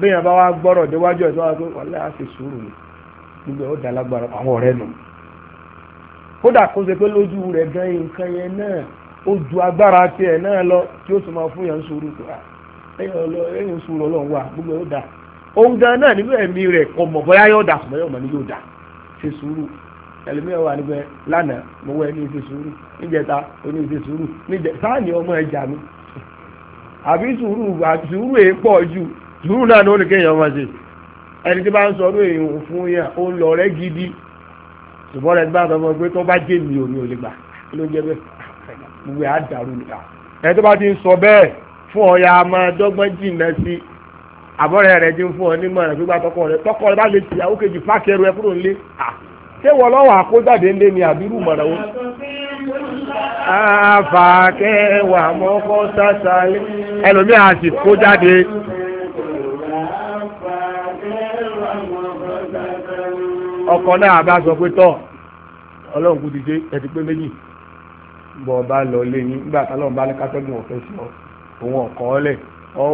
bẹ́yàn bá wá gbọ́rọ̀ déwájú ẹ̀ tó wá pé wàlẹ́ sùúrù ni gbogbo ó dà lágbára àwọn ọ̀rẹ́ nù kódà kó ṣe pé lójú rẹ̀ gan nǹkan yẹn náà ó ju agbára tiẹ̀ náà lọ tí ó tún máa fún yàn sùúrù tó ẹ̀yìn sùúrù ọlọ́run wà gbogbo ó dà ohun gan náà ẹ̀mí rẹ̀ mọ̀ yóò dà yóò dà sùúrù wà níbẹ̀ lánàá àbí sùúrù èé pọ̀ sùúrù náà ló ní kéèyàn máa ṣe ẹni tí bá ń sọ̀rọ̀ èèyàn fún yẹn ó lọ rẹ gidi ṣùgbọ́n rẹ bá sọ pé tó bá jẹ́ mi ò ní olè gbà ló jẹ́ bẹ́ẹ̀ gbogbo ẹ̀ á dàrú nìkan ẹni tó bá ti ń sọ bẹ́ẹ̀ fún ọ̀yà máa dọ́gbọ́n jìnnà sí àbọ̀rẹ́ rẹ̀ ti ń fún ọ nímọ̀ rẹ̀ gbígbà tọkọ rẹ̀ tọkọ rẹ̀ bá lè ti àwọn kejì fákẹ́ ẹrù ẹ kúrò nílé ṣé wọ́n lọ́wọ́ àkójáde ńlé ni àbírù mọ̀ràn o. àfàkẹ́ sásálẹ̀ ẹlòmíràn sì kó jáde ọkọ náà bá sọ pé tọ́ ọlọ́run kú ti ṣe ẹ̀tí ọba lọ lé yín nígbà bá ọ̀fẹ́ sí ọ òun ọlẹ̀ ọ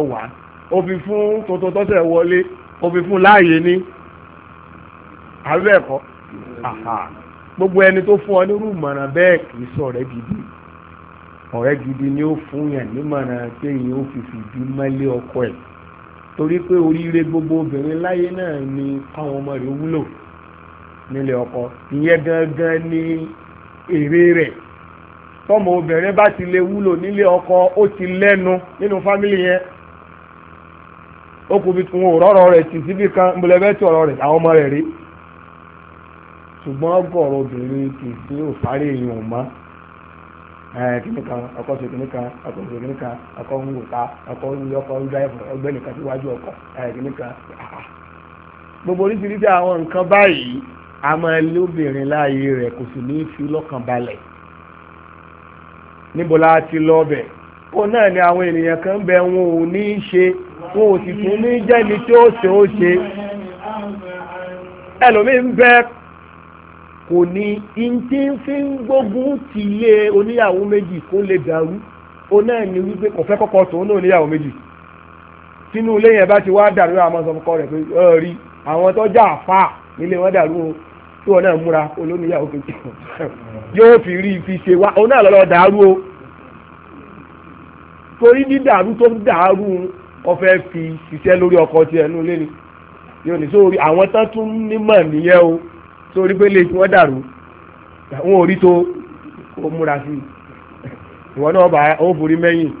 wà gbogbo ẹni tó fún ọ ìmọ̀ràn gidi ọ̀rẹ́ gidi ni ó fún yàn ó fi fìdí ọkọ ẹ̀ torí pé gbogbo obìnrin láyé náà ni káwọn ọmọ rẹ̀ nílé ọkọ ìyẹn gangan ni èrè rẹ̀ tọ́mọ obìnrin bá ti lè wúlò nílé ọkọ ó ti nínú fámìlì yẹn ó kò fi tún tì síbi kan tí ọ̀rọ̀ rẹ̀ àwọn ọmọ rẹ̀ rí ṣùgbọ́n ọgọ́rọ̀ obìnrin kì í sí òfárí èèyàn mọ́ kìnìkan ọkọ ṣe kìnìkan ọkọ ṣe ń wòta ń ń dáìbò kan síwájú gbogbo oríṣiríṣi àwọn nǹkan báyìí a máa lé obìnrin láàyè rẹ̀ kò sì ní í fi lọ́kàn balẹ̀ níbo la ti lọ bẹ̀ kó náà ni àwọn ènìyàn kan bẹ wọn ò ní í ṣe wọn ò sì tún ní jẹ́ni tí ó ṣe ó ṣe ẹlòmíín bẹ kò ní ìntí fi ń gbógun ti ilé oníyàwó méjì kó lè dàrú ó náà ni wípé kò fẹ́ kọ́kọ́ tòun náà oníyàwó méjì sínú ilé yẹn bá ti wá dàrú àwọn sọ fún kọ rẹ̀ pé ẹ rí àwọn tó jà fà nílé wọn dàrú o tí wọn náà múra olóníyàwó kejì yóò fi rí fi ṣe wá òun náà lọ́lọ́ dàrú o torí dídàrú tó dàrú ọfẹ́ fi ṣiṣẹ́ lórí ọkọ ẹnu nù ni yóò ní sórí àwọn tán tún nímọ̀ nìyẹn o sórí pé lè tí wọ́n dàrú àwọn orí tó kó múra sí ìwọ náà bá ó forí mẹ́yìn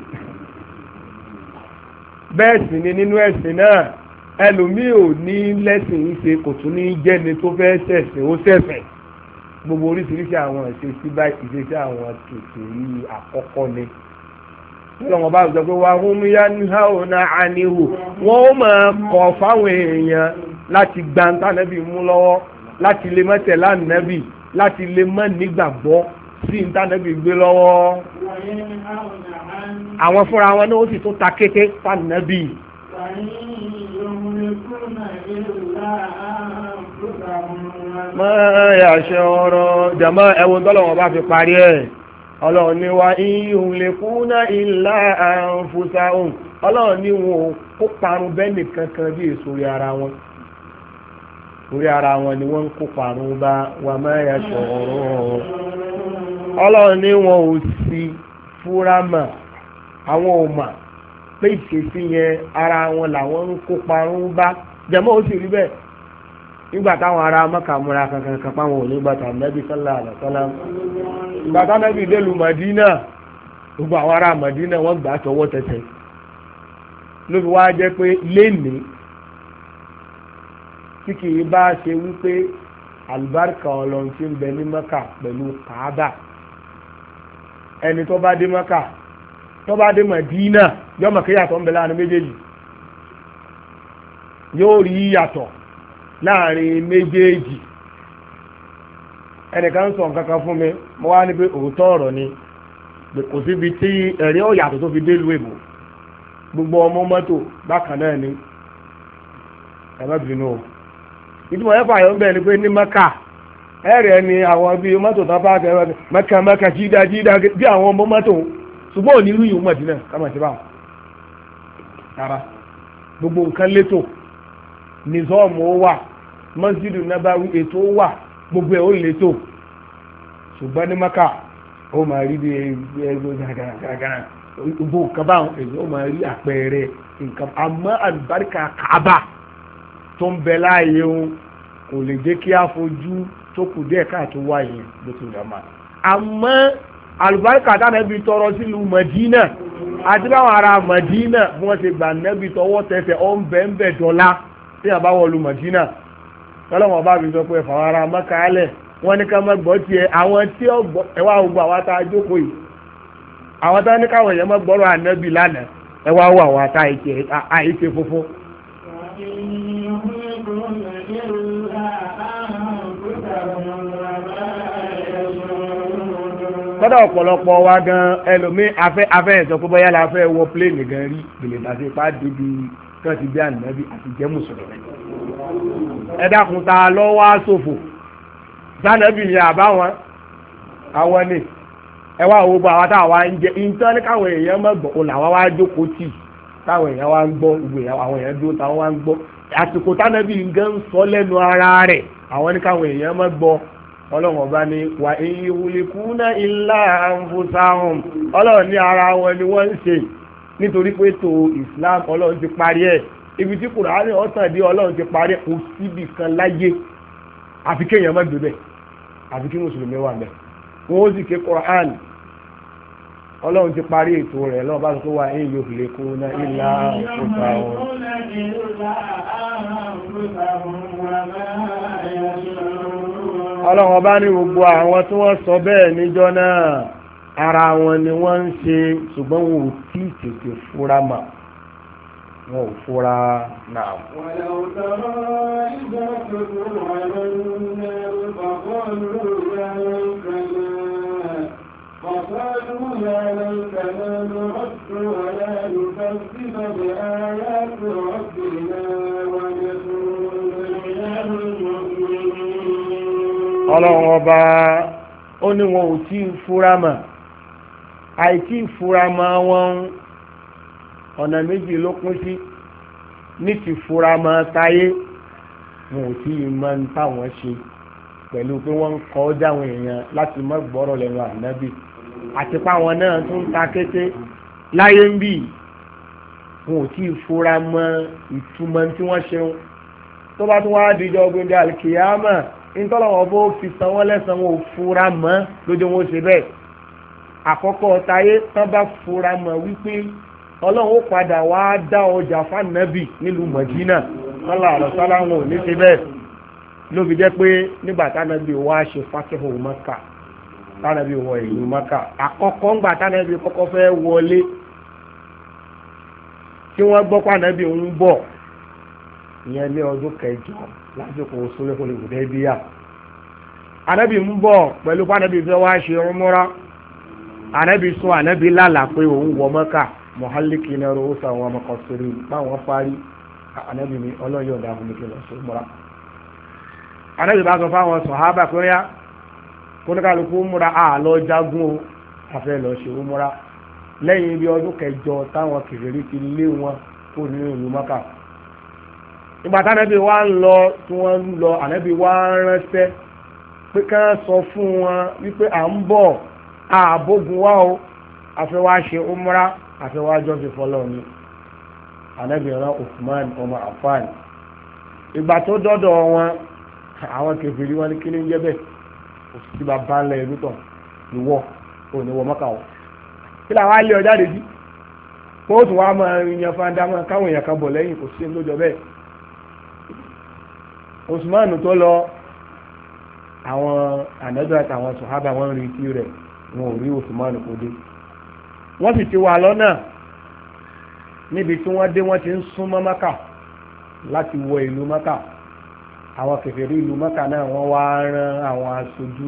bẹ́ẹ̀ sì ni nínú ẹ̀sìn náà. ẹlòmíì ò ní lẹ́sìn ń ṣe kò tún ní jẹ́ni tó fẹ́ ṣẹ̀sìn ó ṣẹ̀sìn gbogbo oríṣiríṣi àwọn ìṣesí báyìí ìṣesí àwọn kèfèrí àkọ́kọ́ ni lọ́wọ́ bá sọ pé wà húnmú yá ní haúnà àníhù wọ́n ó máa kọ̀ fáwọn èèyàn láti gba ntánẹ́bì mú lọ́wọ́ láti lè mọ́tẹ̀ lánàbì láti lè mọ́ nígbàgbọ́ sí ntánẹ́bì gbé lọ́wọ́ àwọn fúnra wọn náà ó sì tún ta kété fánàbì máa yàṣẹ ọ̀rọ̀ jàmá ẹwọ tọ́lọ̀wọ̀ bá fi parí ẹ̀ ọlọ́run ni wa ihun lè kúnná ìlà àǹfùsáhùn ọlọ́run ni wọn kó parun bẹ́ẹ̀nì kankan bí èso orí ara wọn orí ara wọn ni wọ́n kó parun bá wa máa yàṣẹ ọ̀rọ̀ ọlọ́run ni wọn ò sí fúramà àwọn ò pé ìṣesí yẹn ara wọn làwọn ń kópa ń bá jẹmọ́ ó sì rí bẹ́ẹ̀ nígbà táwọn ará mọ́kà múra kankan kan páwọn ò ní gbàtà nẹ́bí sọ́lá àlọ́sọ́lá ìgbà táwọn ìdẹ́lu Madina gbogbo àwọn ará Madina wọ́n gbà tọwọ́ tẹsẹ̀ ló fi wá jẹ́ pé lénìí tí kì í bá ṣe wípé àlùbáríkà ọlọ́run ti ń bẹ ní mọ́kà pẹ̀lú kàábà ẹni tó bá dé mọ́kà tó bá dé Mẹdínà yóò mọ̀ kí yàtọ̀ ń bẹ láàrin méjèèjì yóò rí yàtọ̀ láàrin méjèèjì ẹnìkan sọ nǹkan kan fún mi mo wá ní pé òótọ́ ọ̀rọ̀ ni kò síbi tí ẹ̀rí ọ̀yàtọ̀ tó fi dé èbò gbogbo ọmọ mọ́tò bákan náà ni ẹ̀mẹ́bìnú o ìtumọ̀ ẹ̀fà yọ̀ ń bẹ̀ ni pé ní mẹ́kà ẹ̀rẹ̀ ni àwọn bíi mọ́tò tó bá kẹ́ mẹ́kà mẹ́kà jídá jídá bí àwọn ọmọ mọ́tò ṣùgbọ́n òní irú yìí mọ̀dínà kámọ̀ sí báwọn rárá gbogbo nǹkan létò nìzọ́ọ̀mù ó wà mọ́sídù nábàáwí ètò ó wà gbogbo ẹ̀ ó létò ṣùgbọ́n ní maka ó máa rí bí ẹgbẹ́ gàràgàrà gbogbo nǹkan báwọn èyí ó máa rí àpẹẹrẹ nǹkan àmọ́ àlùbáríkà kàábà tó ń bẹ láàyè òun kò lè jẹ́ kí a fojú tó kù díẹ̀ káàtó wáyé bó ti rà máa àmọ́ àlùbáríkà táwọn ẹbí tọrọ sílùú Mẹdínà àti báwọn ará Mẹdínà bí wọ́n ṣe gbà nẹ́bí tọwọ́ tẹsẹ̀ ọ̀ ń bẹ̀ ń bẹ̀ dọ́là tí a bá wọlú Mẹdínà tọ́lọ́mọ bá mi sọ pé ẹ̀fà ara mọ́kàálẹ̀ wọ́n ní ká má gbọ́ tiẹ̀ àwọn tí ẹwà ogun àwọn ata jókòó yìí àwọn tá ní káwọn èèyàn má gbọ́rọ̀ ànẹ́bí lánàá ẹwà kọ́dọ̀ ọ̀pọ̀lọpọ̀ wa gan ẹlòmíín afẹ́ afẹ́ ẹ̀sọ́ pé bóyá la fẹ́ wọ pléènì gan rí gbèlè tàbí ipá débi kí wọ́n ti bí ànábì àti jẹ́ mùsùlùmí. ẹ dákun ta lọ wá ṣòfò sànàbì ni àbáwọn àwọn ni ẹ wá owó bá wa táwa ń jẹ ìtàn ní káwọn èèyàn mọ̀ gbọ́ òun làwọn wá jókòó tì táwọn èèyàn wá ń gbọ́ gbogbo àwọn èèyàn dúró táwọn wá ń gbọ́ àsìkò tánàbì gan sọ lẹ́nu ara rẹ̀ àwọn ní káwọn èèyàn mọ̀ gbọ́ ọlọ́run ọba ni wà èyí wùlìkú náà ilá ọlọ́run ní ara wọn ni wọ́n ń ṣe nítorí pé Islam ọlọ́run ti parí ẹ̀ ibi tí kùránì ọ̀sán ọlọ́run ti parí kò kan láyé àfi kéèyàn má gbé bẹ́ẹ̀ àfi kí mùsùlùmí wà ọlọ́run ti parí ètò rẹ̀ lọ́wọ́ bá wà ọlọ́run ọba ní gbogbo àwọn tí wọ́n sọ bẹ́ẹ̀ níjọ́ náà ara wọn ni wọ́n ń ṣe ṣùgbọ́n wọn ò tí tètè fura mà wọn ò fura náà. وقالوا يا ليتنا نرد ولا نكذب بآيات ربنا ونكون من ọlọ́run ọba ó ní wọn ò tí ì fura mọ́ àìtí ìfura mọ́ wọn ọ̀nà méjì ló kún sí ní ti fura mọ́ táyé wọn ò tí ì mọ̀ ní táwọn ṣe pẹ̀lú pé wọ́n ń kọ́ dáwọn èèyàn láti má gbọ́rọ̀ lẹ́nu ànábì àti páwọn náà tún ta kété láyé ń bì wọn ò tí ì fura mọ́ ìtumọ̀ tí wọ́n ṣeun tó bá tún wá dijọ́ gbẹ̀dẹ̀ àlùkìyàmọ̀ ntọ́lọ́wọ́ bó fi sanwó lẹ́sàn wọn ò fura mọ́ lójú wọn ó ṣe bẹ́ẹ̀ àkọ́kọ́ táyé tán bá fura mọ́ wípé ọlọ́run ó padà wá dá ọjà fáànàbì nílùú mọ̀dínà sálà àlọ́sálà wọn ò ní ṣe bẹ́ẹ̀ ló fi jẹ́ pé nígbà tánàbì wá ṣe fákẹ́hó mọ́kà tánàbì wọ ìlú mọ́kà àkọ́kọ́ ńgbà tánàbì kọ́kọ́ fẹ́ wọlé tí wọ́n gbọ́ pànàbì ń bọ̀ ìyẹn lé ọdún kẹjọ lásìkò sólẹ́kọ̀ọ́ lè gùdẹ́ bíyà anabi ń bọ̀ pẹ̀lú anabi fẹ́ wá ṣe anabi sọ anabi lálà pé òun wọ mọ́kà mọ̀hálíkì náà ó sọ àwọn ọmọkọ̀sọ̀rì báwọn parí anabi ní ọlọ́yọ̀ ọ̀dà fún mi kí lọ sí ọmọra bá sọ fáwọn pé kóníkàlùkù múra jagun o lọ ṣe lẹ́yìn ọdún kẹjọ táwọn ti lé wọn kó nínú ìlú ìgbà tánẹ́bí wá ń lọ tí wọ́n ń lọ ànẹ́bí wá ń ránṣẹ́ pé ká sọ fún wọn wípé à ń bọ̀ àbógun wá o àfẹ́wá ṣe umra àfẹ́wá jọ́sìn fọlọ́ ni ànẹ́bí ran Uthman ọmọ Affan ìgbà tó dọ́dọ̀ wọn àwọn kẹfìrí wọn ní kí ni ń jẹ́ bẹ́ẹ̀ òsì bàbá ńlẹ̀ ìlú tán ìwọ òníwọ mọ́kà wọn kí làwọn á lé ọjà lè dí kóòtù wa máa yan fanda máa káwọn èèyàn kan bọ̀ lẹ́yìn kò sí ní lójọ bẹ́ẹ̀ Usman tó lọ àwọn ànájọ́ àtàwọn sọ̀hábà wọ́n rí tí rẹ̀ wọn ò rí Usman kó dé wọ́n sì ti wà lọ́nà níbi tí wọ́n dé wọ́n ti ń súnmọ́ Maka láti wọ ìlú Maka àwọn kèfèrí ìlú Maka náà wọ́n wá rán àwọn aṣojú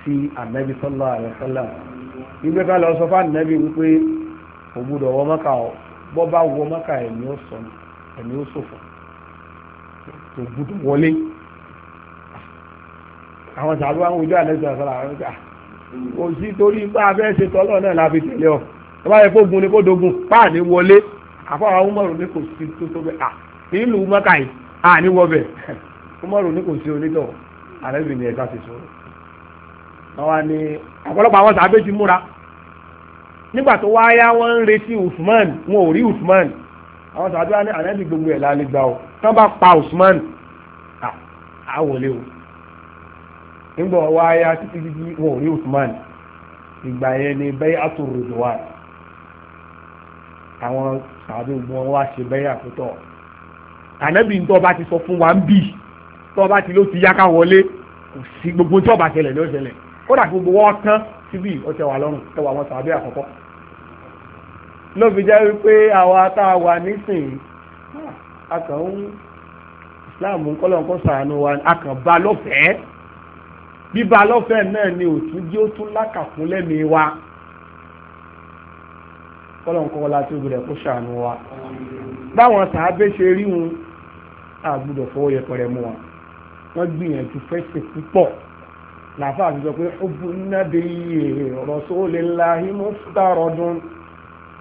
sí ànábi sallallahu alaihi wasallam ìgbé ká lọ sọ fún ànábi wípé ògbúdọ̀ wọ Maka ọ bọ́ bá wọ Maka ẹ̀mí ó sọ ẹ̀mí ó ṣòfò kò gbúdú wọlé àwọn sàbí wọn ojú àlẹ́sẹ̀ àṣàrà àwọn ọjà kò sí torí pé abẹ́ ṣe tọ́lọ̀ náà la fi tẹ̀lé ọ ẹ bá yẹ kó gun ni kó dogun páà ní wọlé àfọwọ́ ọmọrò ní kò sí tó tó bẹ́ẹ̀ à nílùú mọ́kà yìí à ní wọbẹ̀ ọmọrò ní kò sí onítọ̀ àlẹ́sẹ̀ ni ẹ̀ka ti sọ̀rọ̀ àwọn ni ọ̀pọ̀lọpọ̀ àwọn sàbẹ́ ti múra nígbà tó wáyá wọ́n ń retí Usman wọn ò rí Usman àwọn sàdúrà ní ànábì gbogbo ẹ̀ lálẹ́ gbà ó tán bá pa Usman àwòlé o nígbà wá yá títí títí wọn ò rí Usman ìgbà yẹn ni bẹ́ẹ̀ àtòròdùwà àwọn sàdúrà wọn wá ṣe bẹ́ẹ̀ àkótọ́ ànábì ń tọ́ bá ti sọ fún wa ń bì tọ́ bá ti ló ti yá ká wọlé kò sí gbogbo tí ọba ṣẹlẹ̀ ló ṣẹlẹ̀ kódà gbogbo wọn tán síbí ọtẹ wà lọ́rùn ẹwà wọn sàdúrà àkọ́kọ́ ló fi jẹ́ wípé àwa tá a wà nísìnyí akàn ń islam ń kọ́lọ̀ nǹkan sàánú wa akàn ba lọ́fẹ̀ẹ́ bíba lọ́fẹ̀ẹ́ náà ni òtún jí ó tún lákàkún lẹ́mìí wa kọ́lọ̀ nǹkan wọn láti obìnrin kó sàánú wa báwọn sàábé ṣe rí wọn àgbùdọ̀ fọwọ́ yẹpẹrẹ mú wa wọ́n gbìyànjú fẹ́sẹ̀ púpọ̀ làfáà fi sọ pé ó bu nábì rasulillahi muftaradun.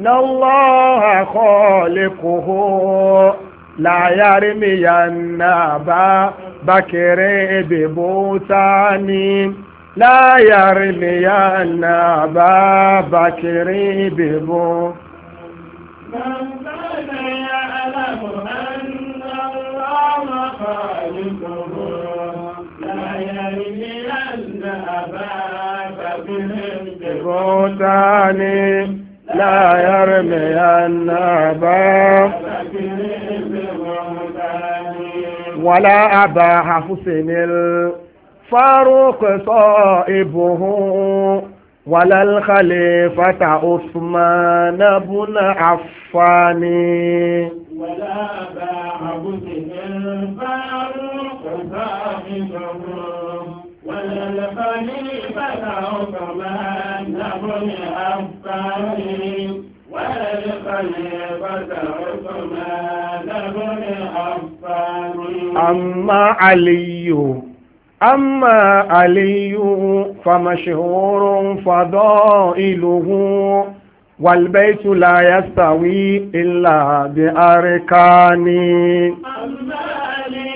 إن الله خالقه لا يرمين أبا بكر ببوتان لا يرمي أبا بكر ببوتان أن الله بكر ببوتان لا يرمي أبا ولا أبا حسن الفاروق صائبه ولا الخليفة عثمان بن عفان ولا أبا حسن الفاروق صائبه وللخليفة عثمان بن عفان وللخليفة عثمان بن عفان أما علي أما علي فمشهور فضائله والبيت لا يستوي إلا بأركان أما علي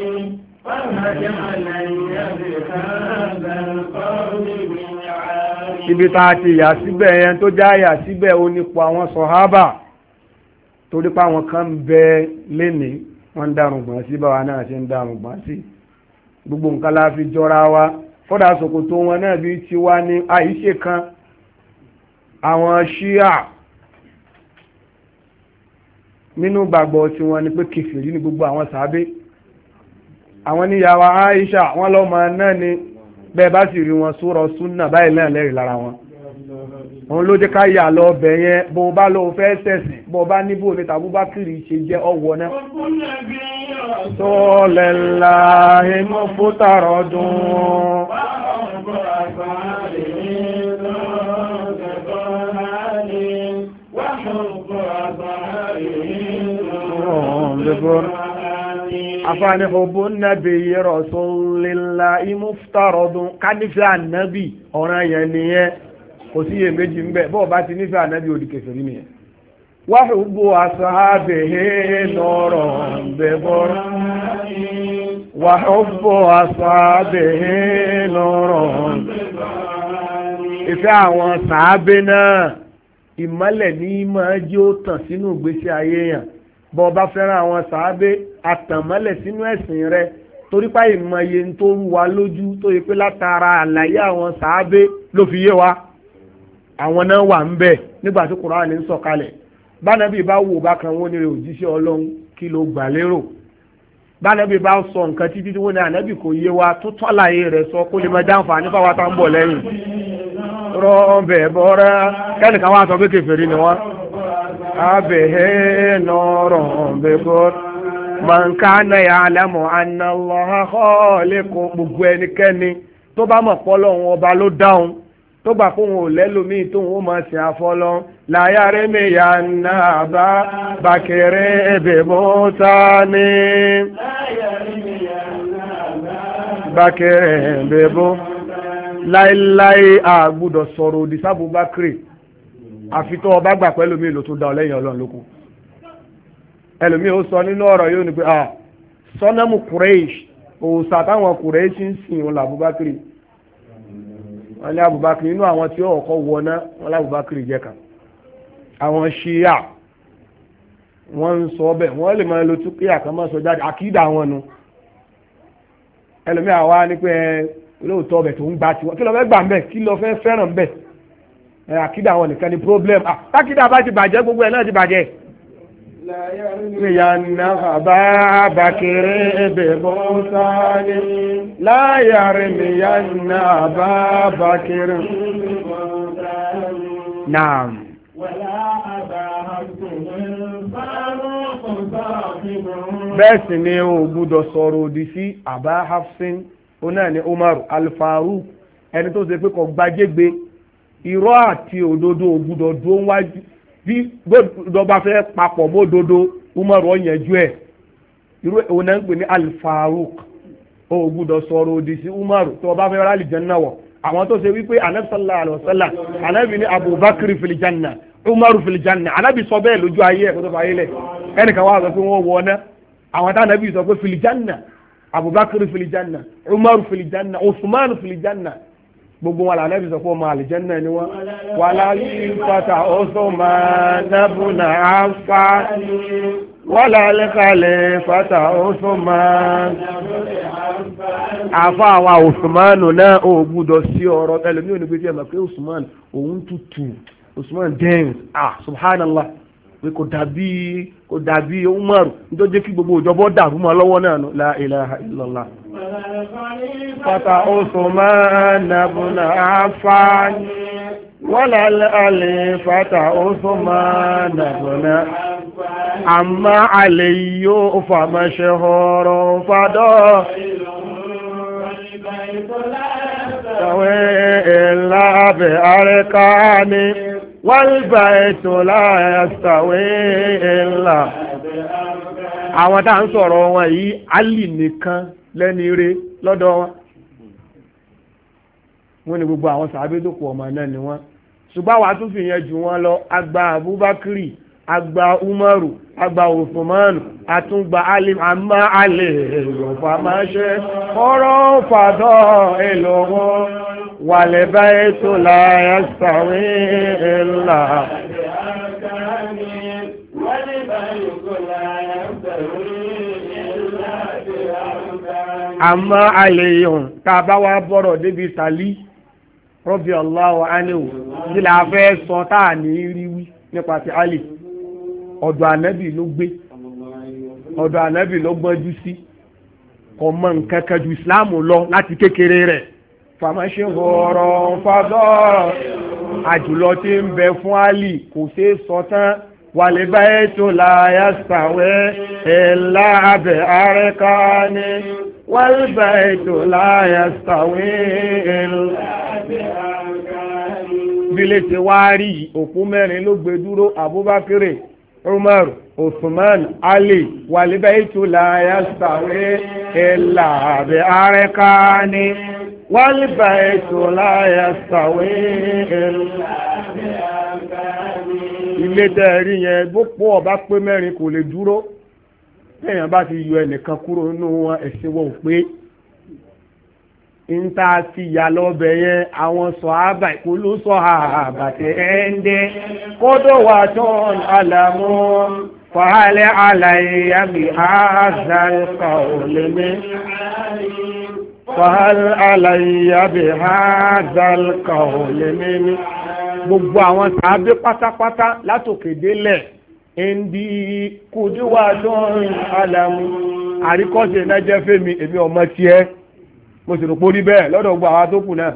Ibi ta ti yà síbẹ̀ yẹn tó já yà síbẹ̀ ó nípo àwọn sọ̀hábà torí pa àwọn kan bẹ lénìí wọ́n ń dárùn gbọ̀n sí báwa náà ṣe ń dárùn sí. Gbogbo nǹkan la fi jọra wa kódà ṣòkòtò wọn náà bí ti wá ní àìṣe kan àwọn ṣíà nínú gbàgbọ́ tiwọn ni pé kìfìrí ni gbogbo àwọn sàábé. àwọn níyàwó Aisha wọ́n lọ́mọ náà ni bẹ́ẹ̀ bá sì rí wọn sọ̀rọ̀ súnà báyìí náà lẹ́rìí lára wọn òun ló yà lọ ọbẹ̀ yẹn bó bá lọ fẹ́ sẹ̀sìn bó bá níbò ní tàbí bá kiri ṣe jẹ ọwọ́ náà. àfààní ọ̀bọ nàbì rasulillahi muftaradun ká nífẹ̀ẹ́ ànábì yẹn nìyẹn kò sí iyèméjì ń bọ́ọ̀ bá ti nífẹ̀ẹ́ ànábì òdì kèfèrí nìyẹn wàhùbù àṣàbẹ̀hẹ́ lọ́rọ̀ bẹ̀bọ̀rọ̀ wàhùbù àṣàbẹ̀hẹ́ lọ́rọ̀ ìfẹ́ àwọn sàábẹ́ náà ìmọ́lẹ̀ ní máa jẹ́ tàn sínú ìgbésí ayé bá fẹ́ràn àwọn sàábẹ́ àtànmọ́lẹ̀ sínú ẹ̀sìn rẹ torí páyì mọ iye tó rú wa lójú tó yẹ pé látara àlàyé àwọn sàábé ló fi yé wa àwọn náà wà ń bẹ nígbà tí Kùránì ń sọ̀kalẹ̀ bánabi bá wò bákan wọn ni rẹ òjíṣẹ́ Ọlọ́run kí ló gbà lérò bánabi bá sọ nǹkan títí tí wọn ní ànábì kò yé wa tó tọ́láyé rẹ sọ kó lè máa dáǹfà nípa wa tá ń bọ̀ lẹ́yìn rọ́ọ̀bẹ̀ bọ́ra kẹ́nìkan wá sọ pé kèfèrí ni wọ́n abẹ̀hẹ́ nọ̀rọ̀ bẹ̀ bọ́ra mọ̀nkánà yà alámọ̀ anáwọ̀n akọ́ọ̀lẹ́kùn gbogbo ẹnikẹ́ni tó bá mọ̀ pọ́ lọ́hùn ọba ló dáhùn tó gbà fóun ò lẹ́lòmíì tóun ó mọ̀ sí afọ́lọ́ láyà rẹ́mi yà nà bá bàkẹ́rẹ́ ẹ̀bẹ̀ mọ́ta ni. bàkẹ́rẹ́ ẹ̀bẹ̀ bọ́ láéláé àgbùdọ̀ sọ̀rọ̀ òdì sábùbákiri àfi ọba gbà pẹ́lú mi lò tó dá ọ lẹ́yìn ọlọ́run lókun ẹlòmí ó sọ nínú ọ̀rọ̀ yóò ní pé ah sọ́nàmù kùrẹ́ṣ òòsà táwọn kùrẹ́ṣ ń sìn òun làbúbákiri wọn ní abubakiri inú àwọn tí ó kọ́ wọná wọn lábúbákiri jẹ́ kan àwọn ṣíyà wọ́n ń sọ bẹ́ẹ̀ wọ́n lè máa lo túkìyà kan máa sọ jáde àkídà wọn nu ẹlòmí àwa ni pé olóòótọ́ ọbẹ̀ tó ń gba tiwọn kí ló fẹ́ gbà ń bẹ̀ kí ló fẹ́ fẹ́ràn ń bẹ̀ àkídà wọn nìkan ni problem àkídà ah, bá ti bàjẹ́ gbogbo ẹ̀ náà ti bàjẹ́ يرمينها بابكر ببوصال لا يرمينها بابكر نعم ولا bẹ́ẹ̀ sì ni o gbúdọ̀ sọ̀rọ̀ òdì sí àbá hafsin onáà ni Umar alfaru ẹni tó ṣe pé kò gbajégbe irọ́ àti òdodo ògbúdọ̀ dúó wájú bí dọba fẹ́ papọ̀ Dodo umaru ọ̀yẹ́jú ẹ̀ irú òun náà ń pè ní alfaruk ó gbúdọ̀ sọ̀rọ̀ òdì sí umaru tó bá fẹ́ rálì jẹ́nà wọ̀ àwọn tó ṣe wípé anabi sallallahu alayhi wa sallam anabi ní abubakar filijanna umaru filijanna anabi sọ bẹ́ẹ̀ lójú ayé ẹ̀ kó tó fà ayé lẹ̀ ẹnìkan wà sọ pé wọ́n wọ ọ́nà àwọn táwọn anabi sọ pé filijanna abubakar filijanna umaru filijanna usman filijanna gbogbo wa lànà ìbísọ̀ fún ọmọ àlìjẹ́nà ni wọ́n wà láàrín pátá ọ̀sọ̀ máa nábùnà áfà wà láàrín kalẹ̀ pátá ọ̀sọ̀ máa àfà àwa Usmanu náà ò gbúdọ̀ sí ọ̀rọ̀ ẹlòmíì ò ní gbé pé Usman òun tutù Usman dẹ́n ah subhanallah pé kò dàbí kò dàbí Umar nítorí jẹ́ kí gbogbo ìjọba dàrú mọ́ lọ́wọ́ náà nù la ilaha illallah. fata Usman ibn Affan wala ali fata Usman ibn amma aliyu famashhuru fadọ́ ìlà bẹ̀ àrẹ́ká ni. والبيت لا يستوي إلا àwọn tá à ń sọ̀rọ̀ wọn yìí alì nìkan lẹ́ni eré lọ́dọ̀ wọn wọ́n ní gbogbo àwọn sàábé tó kù ọmọ náà ni wọ́n ṣùgbọ́n àwa tún fi yẹn jù wọ́n lọ àgbà Abubakar agba umaru agba usmanu atúngba alim àmà alè ìrọ̀fà máa ṣe ọ̀rọ̀ fàdọ́ ìlọ́wọ́ wàlẹ̀ báyìí tó láyà sàwé ńlá. àmọ́ alè yàn tá a bá wá bọ̀rọ̀ débi sàlí rọ́bì ọ̀lá wa ánìwò kí la fẹ́ sọ tá ni ní rí wí nípa ti ali ọ̀dọ̀ ànábì ló gbé ọ̀dọ̀ ànábì ló gbọ́njú sí kò mọ nǹkan kan ju ìsìláàmù lọ láti kékeré rẹ̀ fàmáṣe ọ̀rọ̀ fàdọ́rọ̀ àjùlọ tí ń bẹ fún Àlì kò ṣeé sọ tán wàlébáyé tó láyà sàwẹ́ ẹ̀ láàbẹ̀ àrẹ́ká ni wàlébáyé tó láyà sàwẹ́ ẹ̀ láàbẹ̀ àrẹ́ká ni. bí lè wá rí òpó mẹ́rin ló gbé dúró Abubakar umar usman ali walibaitu la yasawe illa bi arekani walibaitu la yasawe illa bi arekani. ilé tẹ́ ẹ rí yẹn bó pọ̀ ọba pé mẹ́rin kò lè dúró téèyàn bá ti yọ ẹnìkan kúrò nínú ẹ̀sìn wọn ò pé ń tá a fi yà lọ́bẹ̀ yẹn àwọn sọ àbà kò ló sọ àbà tẹ ẹ ń dẹ kọ́dọ̀ wà tán àlàmọ́ fàálẹ̀ àlàyé àmì àhàzà kàwọ́ lẹ́mẹ́. فهل علي بهذا القول gbogbo àwọn sàábé pátápátá látòkè délẹ̀ ẹ̀ndí kùdíwà tó ń alamu àríkọ́sẹ̀ náà jẹ́ fẹ́mi èmi ọmọ tiẹ́ mo sì rò pé ó rí bẹ́ẹ̀ lọ́dọ̀ gbogbo àwa tó kù náà